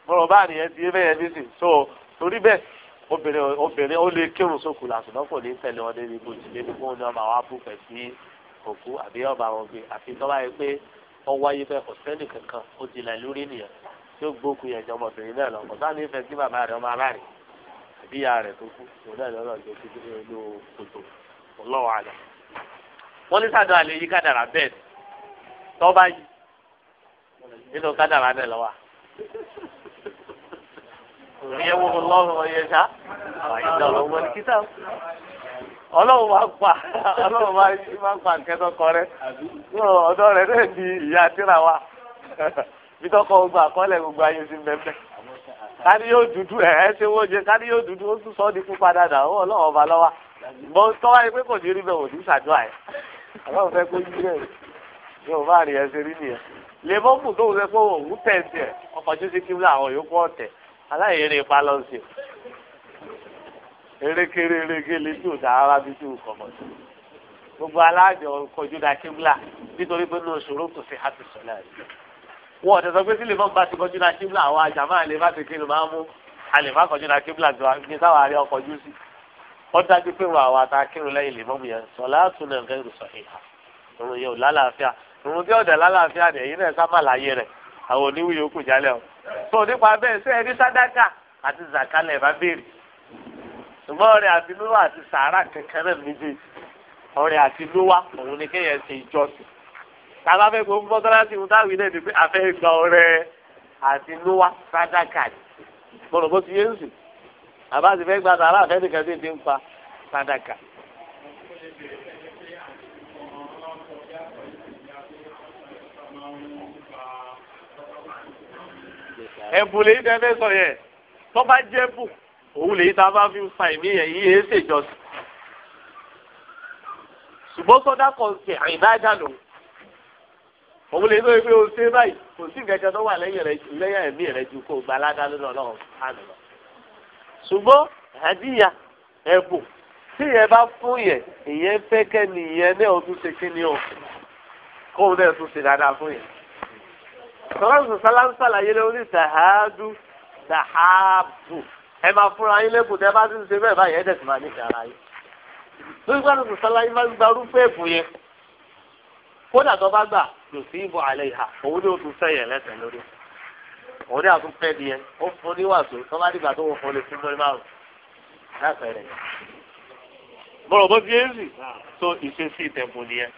bọ́rọ̀ bá nìyẹn ti bẹ́ẹ̀ ní sìn so torí bẹ́ẹ̀ obìnrin obìnrin ó lè kírun sókù làṣùnà kò ní tẹ̀lé wọn débi bó ti débi bó ní ọmọ àwọn abúfẹ́ sí kò kú àbí ọba wọn gbé àfi tó bá yẹ pé ọwọ́ ayé fẹ́ kò sẹ́ni kankan ó ti là lórí nìyẹn tí ó gbókun yẹn jọ ọmọbìnrin náà lọ kọ̀ọ̀tà ní ìfẹ́ sí bàbá rẹ̀ ọmọ aláàrẹ̀ àbí ìyá rẹ̀ tó kú òun náà lọ́nà tó ti dé inú kòtò ọlọ́wọ́ àlẹ́. wọ́n ní sàdó àlè yí kádàrà bẹ́ẹ̀ tó bá yí nínú kádàrà náà lọ́wọ́ ìyẹn wo lọ́rùn ọ̀yẹ́sà àyíká ọ̀gbọ́n kítà ọlọ́run máa pa ọlọ́run máa yí máa pa nkẹ́tọ́ kọ rẹ ọ̀dọ́ rẹ náà di ìyá tíra wa bí tọkọ gbogbo àkọọ́lẹ̀ gbogbo ayé sí bẹ́ẹ̀ káni yóò dúdú ẹ̀ ẹ́ ṣe wọ́n jẹ káni yóò dúdú ó tún sọ ọ́ di fún padà dà ó ọlọ́run ọba lọ́wọ́ bọ́ tọ́wá yìí pé kò ní rí bẹ́ẹ̀ òní ṣàdúrà ẹ̀ ọlọ́run fẹ́ kó yí bẹ́ẹ̀ yóò bá rí ẹ ṣe rí nìyẹn lèmọ́mù tó ń fẹ́ kó òun tẹ̀ ń ọkọ̀ tó ṣe kí erékeré erékeré tí ò dá ara bí tí ò kọ̀ mọ̀ sí gbogbo aláàjọ kọjú da kíbla nítorí pé ní oṣù kò sí àti sọlá yìí wọn ò tẹsán pé sílẹ̀ mọ́n bá ti kọjú da kíbla àwọn àjàmá àlè bá ti kí ni máa mú àlè bá kọjú da kíbla jọ ní táwọn àárẹ̀ ọkọjú sí wọ́n dájú pé wọn àwọn ata kírun lẹ́yìn lè mọ́mú yẹn sọlá tún náà gẹ́gẹ́ sọ ìhà òun yẹn ò lálàáfíà òun tí ọ̀dẹ̀ lálàáfíà dẹ̀ yín náà sábà láyé rẹ̀ àwọn oníwì yòókù àti zakalẹ̀ bá béèrè ṣùgbọ́n ọrẹ àti lúwà àti sàárà kankan náà méjèèjì ọrẹ àti lúwà òun ni kéèyàn ṣe ìjọsìn tàbá fẹ́ gbogbo mọ́sálásí ìhun táwọn ilé ìdìbò àfẹ́ gba ọrẹ àti lúwà sádàkà ni gbọ́dọ̀ bó ti yé ń sìn bàbá àti fẹ́ gba sàárà àfẹ́ nìkan tí ti ń pa sádàkà. ẹ̀bùn lè dẹ́gbẹ́ sọ yẹn tó bá jẹ́ bùn òun lèyí tá a bá fi fa ẹ̀mí yẹn yí èé ṣèjọsìn ṣùgbọ́n sọ́dá kan ṣe àìdájà lò òun lèyí tó yẹ pé o ṣe báyìí kò sí ìgbẹ́jọ tó wà lẹ́yìn ẹ̀mí rẹ ju kó o gba aládá lọ́dọ̀ náà hàn lọ. ṣùgbọ́n àdíyà ẹ̀bùn tí yẹn bá fún yẹn ìyẹn fẹ́ kẹ́ni ìyẹn náà o tún ṣe kí ni o kó o náà tún ṣe dáadáa fún yẹn. sọ́lá ń sọ sálá ń sàlàyé lórí sàhádù sàhábù ẹ máa fúnra yín lẹ́bùn tẹ́ bá ti ń ṣe bẹ́ẹ̀ báyìí ẹ̀dẹ̀ sì máa nífẹ̀ẹ́ ara yín. lórí gbàdúrà tó sálá yín bá gba irúfẹ́ ẹ̀bùn yẹn kódà tó bá gbà lò sí ìbò àlẹ́ ìhà òun ni ó tún sẹ́yìn lẹ́sẹ̀ lórí òun ni àtún pẹ́ nìyẹn ó fún níwàásù tó bá dìgbà tó wọ́n fún lè fún lórí márùn lápẹ̀rẹ̀. bọ́rọ̀ bó ti yé sì tó ìṣesí ìtẹ̀bù nìyẹn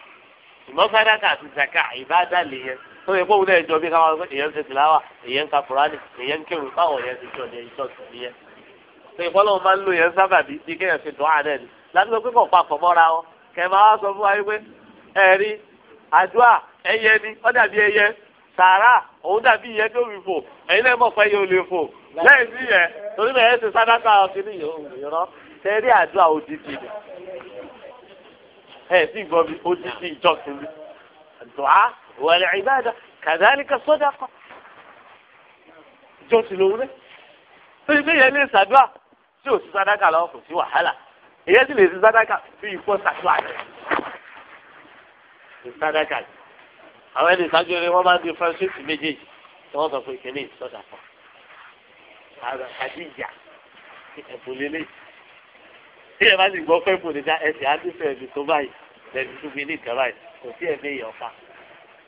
ìmọ̀ sádàkà àti zaka ìbáàdà lèyẹn tó yẹ kóhun náà jọ bí káwọn èèyàn ń ṣe tìláwà èèyàn ń ka kùránì èèyàn ń kírun báwọn èèyàn ti jọ ní ìjọ pé ìfọlọ́wọ́ máa ń lò yẹn sábàbí bí kéèyàn ṣe dùn àárẹ̀ ni láti sọ pé kò papọ̀ mọ́ra wọn kẹ̀mọ́ wa sọ fún wa pé ẹ̀rí àdúrà ẹyẹ ni ó dàbí ẹyẹ sàárà òun dàbí ìyẹn tó fi fò ẹ̀yin náà mọ̀ pé yóò lè fò lẹ́yìn sí adua torí bẹ́ẹ̀ ṣe sádàkà odidi ni ẹ̀ odidi ìjọsìn mi yẹn lè tí ò sí sádàkà lọ́wọ́ kò sí wàhálà èyí sì lè sí sádàkà bí ìfọ́ sàtúwà rẹ̀ sí sádàkà yìí àwọn ẹni ìsájú rẹ wọ́n bá di fúránsíìsì méjèèjì tí wọ́n sọ pé kìnìún sọ̀dà pọ̀ àdìjà ẹ̀bùn lélẹ̀ tí ẹ bá sì gbọ́ fẹ́ fún nìkan ẹsẹ̀ àdìsẹ̀ ẹ̀bì tó báyìí lẹ́bi tó fi ní ìkẹ́ báyìí kò sí ẹ̀mí ìyọ̀fà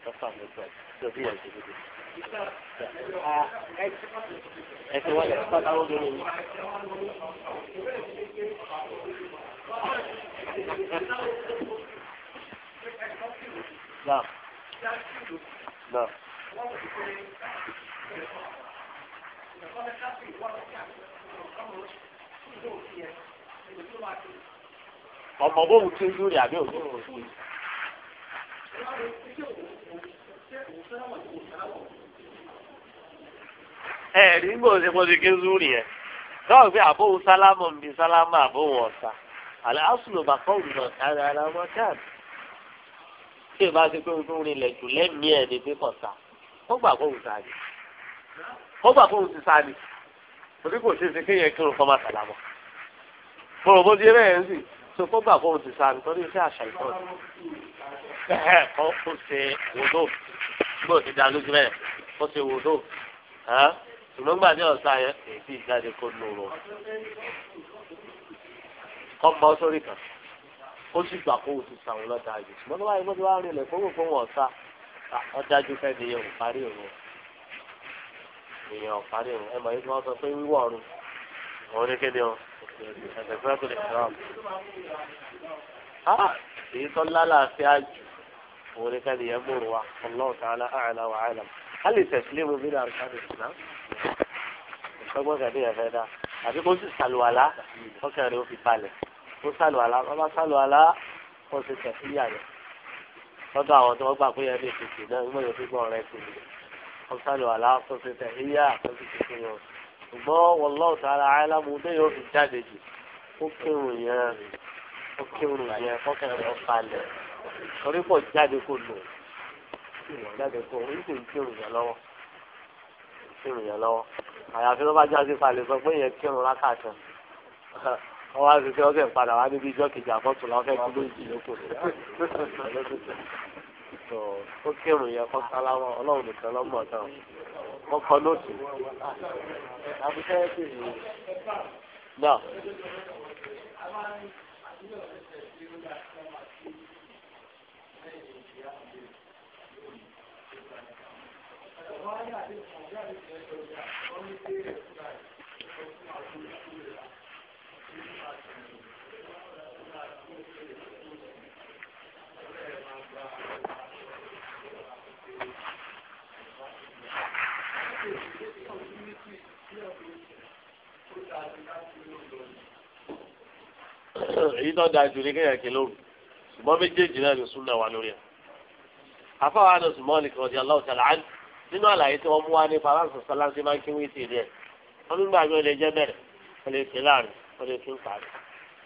lọ́fà lọ́fà lọ́fà lọ́fà lọ́fà ẹsẹ̀ wọlé ẹ̀ka lórí mi. Náà. bóun tí ń lórí àbí òun ẹ rí gbòó ṣe mo ti ké zúrì yẹn náà gbé àbóhùn sálámù ń bi sálámù àbóhùn ọ̀sà àlẹ́ àsùnù bàkọ́ òdùnà kárí ara wọn káàdì tí ìbá ṣe pé ojú rinlẹ̀ jù lẹ́mìí ẹ̀ ní pé kọ̀ọ̀sà ó gbà kóhùn sáàdì ó gbà kóhùn ti sáàdì torí kò ṣe é ṣe kéèyàn kí òun máa sàlámù fọ̀rọ̀ di ẹ̀rẹ́ ń sìn tó kó gbà fóun ti sáàdì torí iṣẹ́ àṣà ìtọ́jú ẹ̀hẹ́ kó ṣe wòdó ṣùgbọ́n gbà ní ọ̀sán yẹn èsì ìjáde kó lòrò kọ́ mọ́ sórí kan ó sì gbà kó o ti sàwọn lọ́dà yìí ṣùgbọ́n tó bá yẹ kó ti wá rìn lẹ̀ fóun fóun ọ̀sá ọ̀dájú fẹ́ di yẹn ò parí èèyàn ò parí ẹ mọ̀ yìí kí wọ́n sọ pé wíwọ̀ ọ̀run òun ní kéde o ẹ̀sẹ̀ fẹ́ kò lè sọ̀rọ̀ èyí tó lálàáfíà jù òun ní kéde yẹn múru wa ọlọ́ọ̀tà àlà àlà wàhálà. هل تسليم من أركان الإسلام؟ ọgbọ́n kẹ̀dé yẹn fẹ́ dá àbí kó sì sàlùwàlá ọkàn rẹ̀ ó fi balẹ̀ kó sàlùwàlá bàbá sàlùwàlá kó sì tẹ̀sí yà rẹ̀ lọ́dọ̀ àwọn tó wọ́n gbà pé yẹn lè tètè náà nígbà yóò fi gbọ́ rẹ̀ sí i kó sàlùwàlá kó sì tẹ̀sí yà kó sì tètè yọ ṣùgbọ́n wallahu ta'ala a'lam dé yóò fi jáde jù ó kírun yẹn ó kírun yẹn kó lò kírun yẹn lọ́wọ́ àyàfi tó bá jáde palẹ̀ sọ pé yẹn kírun lákàtà [LAUGHS] wọ́n wá sí pé padà wá níbi ìjọ kejì àbọ̀tún làwọn fẹ́ dúró ìjì lóko ó kírun yẹn kọ́ sálámọ́ ọlọ́run nìkan lọ́mọ ọ̀tá wọ́n kọ́ nóòtù. Thank you èyí tó dáa jù ní kéèyàn kí lóru ṣùgbọ́n méjèèjì náà ló súnmọ́ wa lórí ẹ̀ afáwọn àdó sùmọ́ọ̀lì kan ọ̀dí aláwọ̀ tàlà áńtì nínú àlàyé tí wọ́n mú wá nípa aláǹsọ sọláńsì máa ń kí wí sí ilé ẹ̀ wọ́n nígbà yóò lè jẹ́ bẹ̀rẹ̀ ó lè fi láàrin ó lè fi ń parí.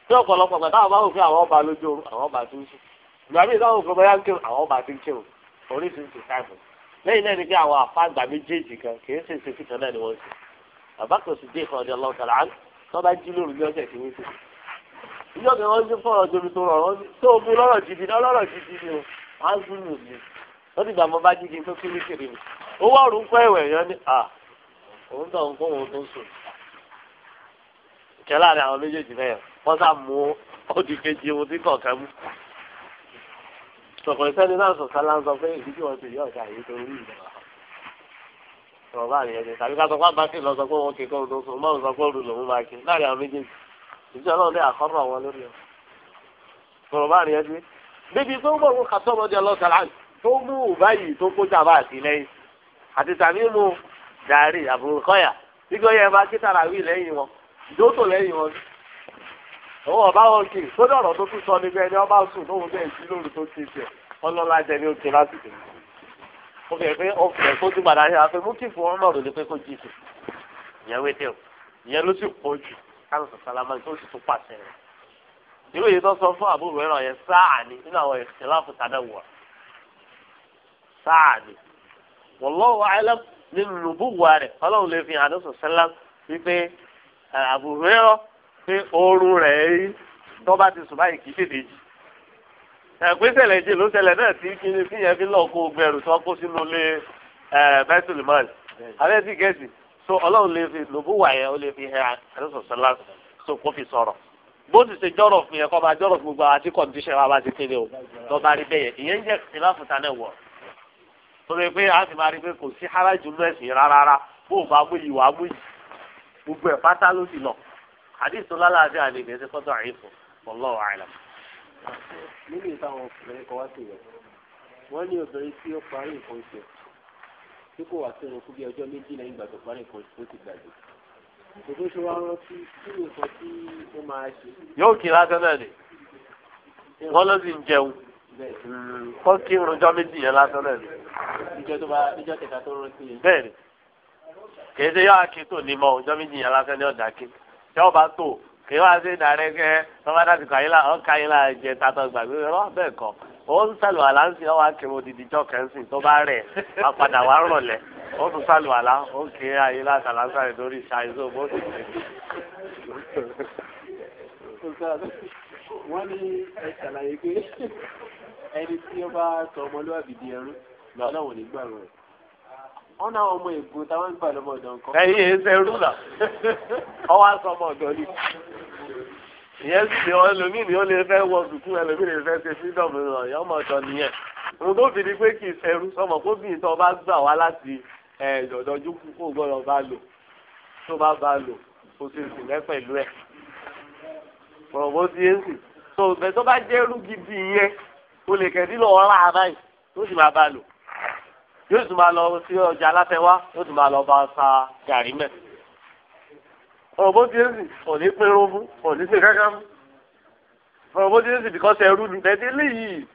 tí ọ̀pọ̀lọpọ̀ gbà táwọn bá wò pé àwọn ọba lójú oru àwọn ọba tó ń sùn ìgbà míì táwọn òfin bóyá ń kírun àwọn ọba ti ń kírun oríṣiríṣi táìmù lẹ́yìn náà ni pé àwọn àfa àgbà méjèèjì kan kì í ṣe ṣe kíkan náà ni wọ́n ṣe bàbá kò sì dé ìfọ̀n ọdẹ ọlọ́run tàlà án tó bá jí lóru ní ọ̀sẹ̀ tí wọ́n ṣe ìjọ kan wọ́n ń ṣe fọ̀rọ̀ jomi tó rọrùn tó o mú lọ́rọ̀ jìbì náà lọ́rọ̀ jìbì ni o wọ́n á ń owó ọ̀rùn kọ́ ẹ̀wẹ̀ yẹn ni òun tó ń kó òun tó sùn ìkẹ́ láàrin àwọn méjèèjì bẹ́ẹ̀ wọ́n sá mú ọdí kejì ohun tí kọ̀ọ̀kan mú sọ̀kọ̀ ìsẹ́ni náà sọ̀tà lá ń sọ pé ìdí tí wọ́n ti yọ ọ̀gá yìí tó rí ìjọba sọ̀rọ̀ báyìí tàbí ká sọ fún abákì lọ sọ pé wọn kékeré ọdún sọ márùn sọ pé olùlọ òun máa kí láàrin àwọn méjèèjì ìjọ náà ní àkọ́rọ̀ wọn lórí ọ. sọ̀rọ̀ báyìí bíbi tó ń bọ̀ wọn kà sọ́mọdé ọlọ́sàlá tó mú ùbá yìí tó kó jàmbá àti àti tàmímù dàrí àbùrùkọ́yà gbígbó yẹn bá kí tàràwí lẹ́yìn wọn ìdótò lẹ́yìn wọn òun ọba wọn kì í sódì ọ̀rọ̀ tó tún sọ níbi ẹni ọba sùn lóhun bẹ́ẹ̀ sí lóru tó ti tiẹ̀ ọlọ́lá jẹ ní oṣù lásìkò ó fẹ́ pé ó fẹ́ kó tún padà ṣe àfẹ́ mú kí fún ọmọ pé kó ìyẹn o ìyẹn ló sì pọ̀ jù káàdùn sọ sálámà tó pàṣẹ wallahu a'lam nínú nùbúwà rẹ̀ ọlọ́run lè fi hàn ní sọ̀sẹ́lám wípé àbùrẹ́ ọ pé oorun rẹ̀ rí tó bá ti sùn báyìí kì í tètè jì ẹ̀gbẹ́sẹ̀lẹ̀ jì ló ṣẹlẹ̀ náà tí kí ni fi yẹn fi lọ kó gbẹrù tó kó sínú ilé bẹ́tùlùmọ́ọ̀lì alẹ́ sì gẹ̀ẹ́sì so ọlọ́run lè fi nùbúwà yẹn ó lè fi hàn ní sọ̀sẹ́lám so kó fi sọ̀rọ̀ bó ti ṣe jọ̀rọ̀ fún yẹn kọ́ máa jọ̀rọ̀ fún gbogbo àwọn àti kọ̀ǹdíṣẹ́ wa bá ti kéde o lọ́ba rí bẹ́yẹn ìyẹn ń jẹ́ ìlàfùtà náà wọ̀ ọ́ tó pé a ti máa rí i pé kò sí haraju mẹ́sìn rárá bó o bá mú ìwà mú gbogbo ẹ̀ pátá ló sì lọ àdìsí lálẹ́ àti àdìsí ẹ̀sẹ̀ kọ́tọ̀ àyífọ̀ wallahu a'lam. níbi ìtàwọn obìnrin kan wá sí rẹ̀ wọ́n ní obìnrin tí ó parí nǹkan oṣù tí kò wá sínú kú bí ọjọ́ méjì lẹ́yìn ìgbà tó parí nǹkan oṣù tó ti gbàgbé gbogbo ṣe wá rántí kí nǹkan tí ó máa ṣe. yóò kí lásán náà ni wọ́n ló sì ń jẹun. kọ́ kí irunjọ́ méjì yẹn lásán náà ni. níjọ́ tó bá níjọ́ kẹta tó rántí yẹn. bẹ́ẹ̀ni kìí ṣe yóò ake tó ní mọ ọjọ́ méjì yẹn lásán ní ọ̀dà ké tí wọ́n bá tó kìí wá sí ìdàrẹ́ kẹ́ tọ́ba láti kọ́ ayéla ọ́n ká ayéla jẹ tatọ́ gbàgbé rọ́ bẹ́ẹ̀ kọ́ ó ń àlá ń sìn ọ́ wá kẹ́sìn tó bá rẹ̀ wá padà wá rọ̀lẹ́ àlá ó bó ti wọ́n ní pé ẹni tí ó bá sọ ọmọlúwàbí di ẹrú lọ́nà wò ní gbàrún rẹ̀ wọn náà ọmọ ègbò táwọn ń gbà lọ́mọ ọ̀dọ̀ nǹkan. ẹyin ẹ ṣe rú là [LAUGHS] ọwọ aṣọ ọmọ ọ̀dọ̀ ni ìyẹn sì ni wọn lómi ni ó lè fẹ́ wọ sùkú ẹlòmí lè fẹ́ ṣe freedom ọyọ ọmọ ọ̀dọ̀ nìyẹn òun tó fi di pé kì í ṣẹrú sọmọ kó bìyìn tó bá gbà wá láti ẹ̀ẹ́dọ̀dọ̀jú kú kó gbọ́dọ̀ bá lò tó bá bá lò kó ṣe sùn lẹ́ pẹ̀lú ẹ̀ pọ̀rọ̀ bó ti yé sì tó bẹ̀ tó bá jẹ́ rú gidi yẹn olè kẹ̀dí lọ́wọ́ rà á báyìí tó sì máa bá lò yóò tún máa lọ sí ọjà aláfẹwá yóò tún máa lọ bá sa gàrí mẹ́. ọ̀bọ tí ó sì òní pinnu fún òní ṣe kankan fún ọ̀bọ tí ó sì bìkọ́ sẹ́rú ni bẹ́ẹ̀ léyìí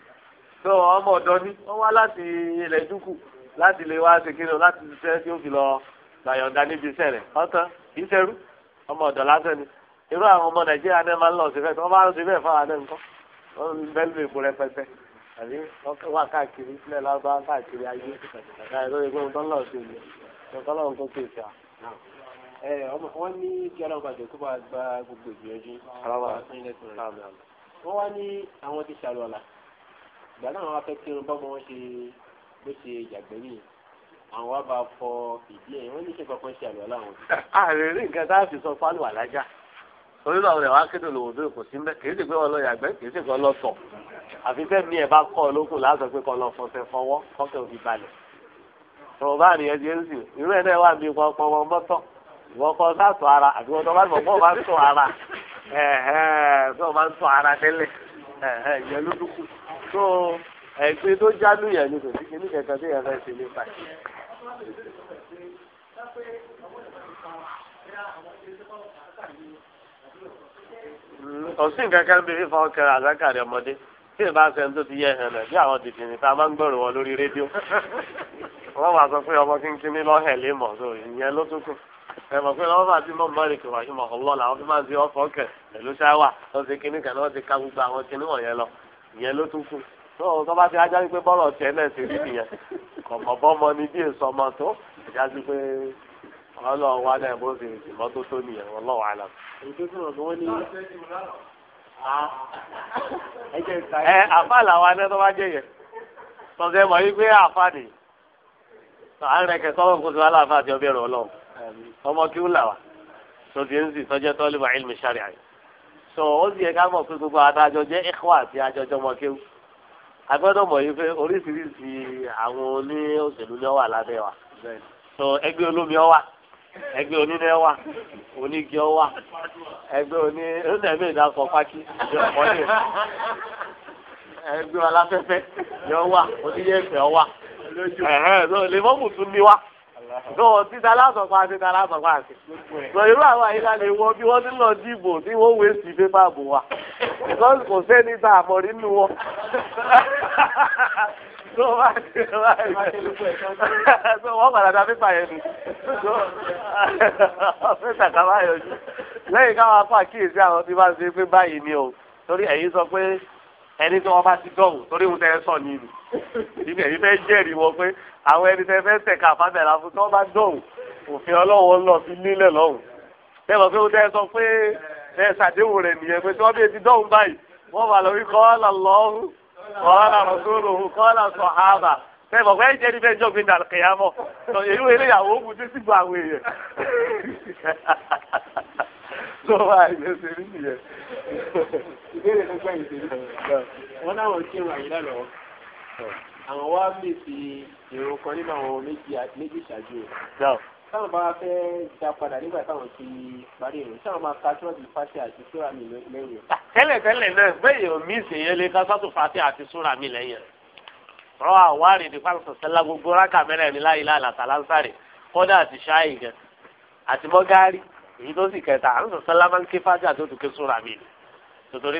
tó ọmọ ọ̀dọ́ ni wọ́n wá láti ilẹ̀ dúkù láti lè wá ṣe kíni o láti ṣiṣẹ́ tí ó fi lọ gbàyọ̀ǹda níbi iṣẹ́ rẹ̀ ọ̀tán kì í ṣẹ́rú ọmọ ọ̀dọ́ lásán ni irú àwọn ọmọ nàìjíríà náà máa ń lọ sí fẹ́ẹ́ tí wọ́n bá ń ṣe bẹ́ẹ̀ fáwọn náà nǹkan bẹ́ẹ̀lì èkó rẹpẹtẹ àbí wà káàkiri ilẹ̀ lágbá káàkiri ayé lórí pé nǹkan lọ́ọ̀ sí ìlú nǹkan lọ́ọ̀ tó kéèké à. wọ́n ní kí ọlọ́run bàjẹ́ kó bá gba gbogbo ìgbìyànjú wọ́n wá ní àwọn ti ṣàlùwàlà ìgbà náà wọ́n fẹ́ kírun bọ́mọ wọn ṣe bó ṣe yàgbẹ́ nìyẹn àwọn wa bá fọ ìdí ẹ̀ wọ́n ní kí nǹkan kan ṣe àlùwàlà àwọn. àrèrè [LAUGHS] nǹkan tá a fi sọ fálùwà lájà torí àwọn ẹ̀wá kéde olùwòdó kò sí mbẹ kìí dìgbé ọlọ́ yàgbẹ́ kìí dìgbé ọlọ́ tọ̀ àfi tẹ́mi ẹ̀ bá kọ́ olókùn láàzọ pé kọ́ lọ fọṣẹ fọwọ́ kọ́kẹ́ òbí balẹ̀. sọ̀rọ̀ bá nìyẹn di ẹ̀sìn irú ẹ̀ náà wà bí pọnpọn wọn bọ́tọ̀ ìwọ́n kọ́ sàtọ̀ ara àbí wọn tó bá sọ fún bá ń ara tó o bá ń tọ̀ ara tẹ́lẹ̀ ìyẹn ló dúkù tó ẹgbẹ́ tó jálù yẹn ni kò sí kíní kẹ̀kẹ́ tó yẹn fẹ́ ṣe nípa ẹ̀ ọ̀sìn kankan bí fífa ọkẹrẹ àzákàrí ọmọdé tí ìbá sẹ́ni tó ti yẹ ẹ̀hẹ̀ rẹ̀ bí àwọn dìbìnrin tá a máa ń gbọ́rò wọn lórí rédíò wọ́n wàá sọ pé ọmọ kínkínní lọ́hẹ̀ lé mọ̀ so ìyẹn ló tún kù ẹ mọ̀ pé lọ́wọ́ bá ti mọ̀ mọ́rin kìwà yìí mọ̀ ọlọ́ làwọn fi máa ń ṣe ọkọ̀ kẹ̀ pẹ̀lú ṣáwà wọ́n ṣe kíní kan wọ́n ti ka gbogbo àwọn kíní wọ̀nyẹn lọ ìyẹn ló tún kù tó tó bá ti ajá wípé bọ́ọ̀lù ọ̀tẹ̀ náà ṣe rí nìyẹn kọ̀mọ̀bọ́mọ ni bí èso ọmọ tó ìjà sí pé ọlọ́run wá náà bó ṣe ìmọ́tótó nìyẹn ọlọ́run àlà. ẹ àfa làwọn aná tó bá jẹ yẹn tọ́sẹ̀ mọ̀ wípé àfa ni à ń rẹ̀kẹ̀ sọ́wọ́n kó sọ aláfa àti ọbẹ̀ rẹ̀ ọlọ́run ọmọ kí ó là wá sọdí ń sì tọ́jẹ́ tọ́lé wà ilmi sharia yìí sọ ó sì yẹ ká mọ̀ pé gbogbo adájọ́ jẹ́ ikhwa àti ajọ́jọ́ mọ́ kéwù agbọ́dọ̀ mọ̀ yìí oríṣiríṣi àwọn oní òṣèlú ni wà lábẹ́ wa sọ ẹgbẹ́ olómi ó wà. ẹgbẹ́ onílẹ̀ wà onígi ọwà ẹgbẹ́ oní onílẹ̀ ìdákọ̀ pákí ọ̀dẹ̀ ẹgbẹ́ aláfẹ́fẹ́ yọ wà oníyẹ̀fẹ́ ọwà lèmọ́mù tún ní wá pa pa àti lọ irú àwọn àyíká lè wọ bí wọ́n ti lọ dìbò tí wọ́n [LAUGHS] tó bá ti wá ẹ padà dá pípa yẹn nù tó fẹ́tà ká bá yọ jù káwọn apá kíyèsí àwọn tí bá ń pé báyìí ni o torí ẹ̀yin sọ pé ẹni tí wọ́n bá ti dọ̀wù torí òun tẹ́ sọ ni nù ibi ẹ̀yin fẹ́ jẹ́rìí wọn pé àwọn ẹni tẹ́ fẹ́ tẹ̀ka àfábẹ̀rẹ̀ àfún tí wọ́n bá dọ̀wù òfin ọlọ́wọ́ lọ fi nílẹ̀ lọ́wù ẹ mọ̀ pé òun tẹ́ sọ pé ẹ ṣàdéhùn rẹ̀ nìyẹn pé tí wọ́n bí ti dọ̀wù báyìí wọ́n bá lọ wí kọ́ ọ́ kọ́lá rọ̀sọ́lọ́hù kọ́lá sọ̀hábà tẹ́lọ̀ bẹ́ẹ̀ jẹ́ níbẹ̀ jọ́ gbé dàlùkì yá mọ́ èyí wọ́n eléyàwó ogun tó sì gba àwọn èèyàn tó wà ìgbésẹ̀ rí nìyẹn. ìbéèrè ló gbẹ̀yìn sí wọn láwọn kí wọn àyílá lọ àwọn wá mèsì èrò kan nínú àwọn méjì ṣáájú rẹ̀. táwọn bá fẹ́ da padà nígbà táwọn ti parí ìrìn táwọn máa ka sọ́ọ̀tì fásitì àti súra mi lẹ́yìn. tẹ́lẹ̀ tẹ́lẹ̀ náà bẹ́ẹ̀ yóò mí ìsèyẹ lé ká sọ́ọ̀tì fásitì àti súra mi lẹ́yìn. rọ àwárí ní fásitì sẹ́lá gbogbo rákà mẹ́rẹ̀ ní láyé láàlá sàlánsárì kọ́dà àti ṣáì gan àti mọ́gárì èyí tó sì kẹta àwọn sọ̀sẹ́lá máa ń ké fásitì àti òtún ké súra mi ni tòtòrí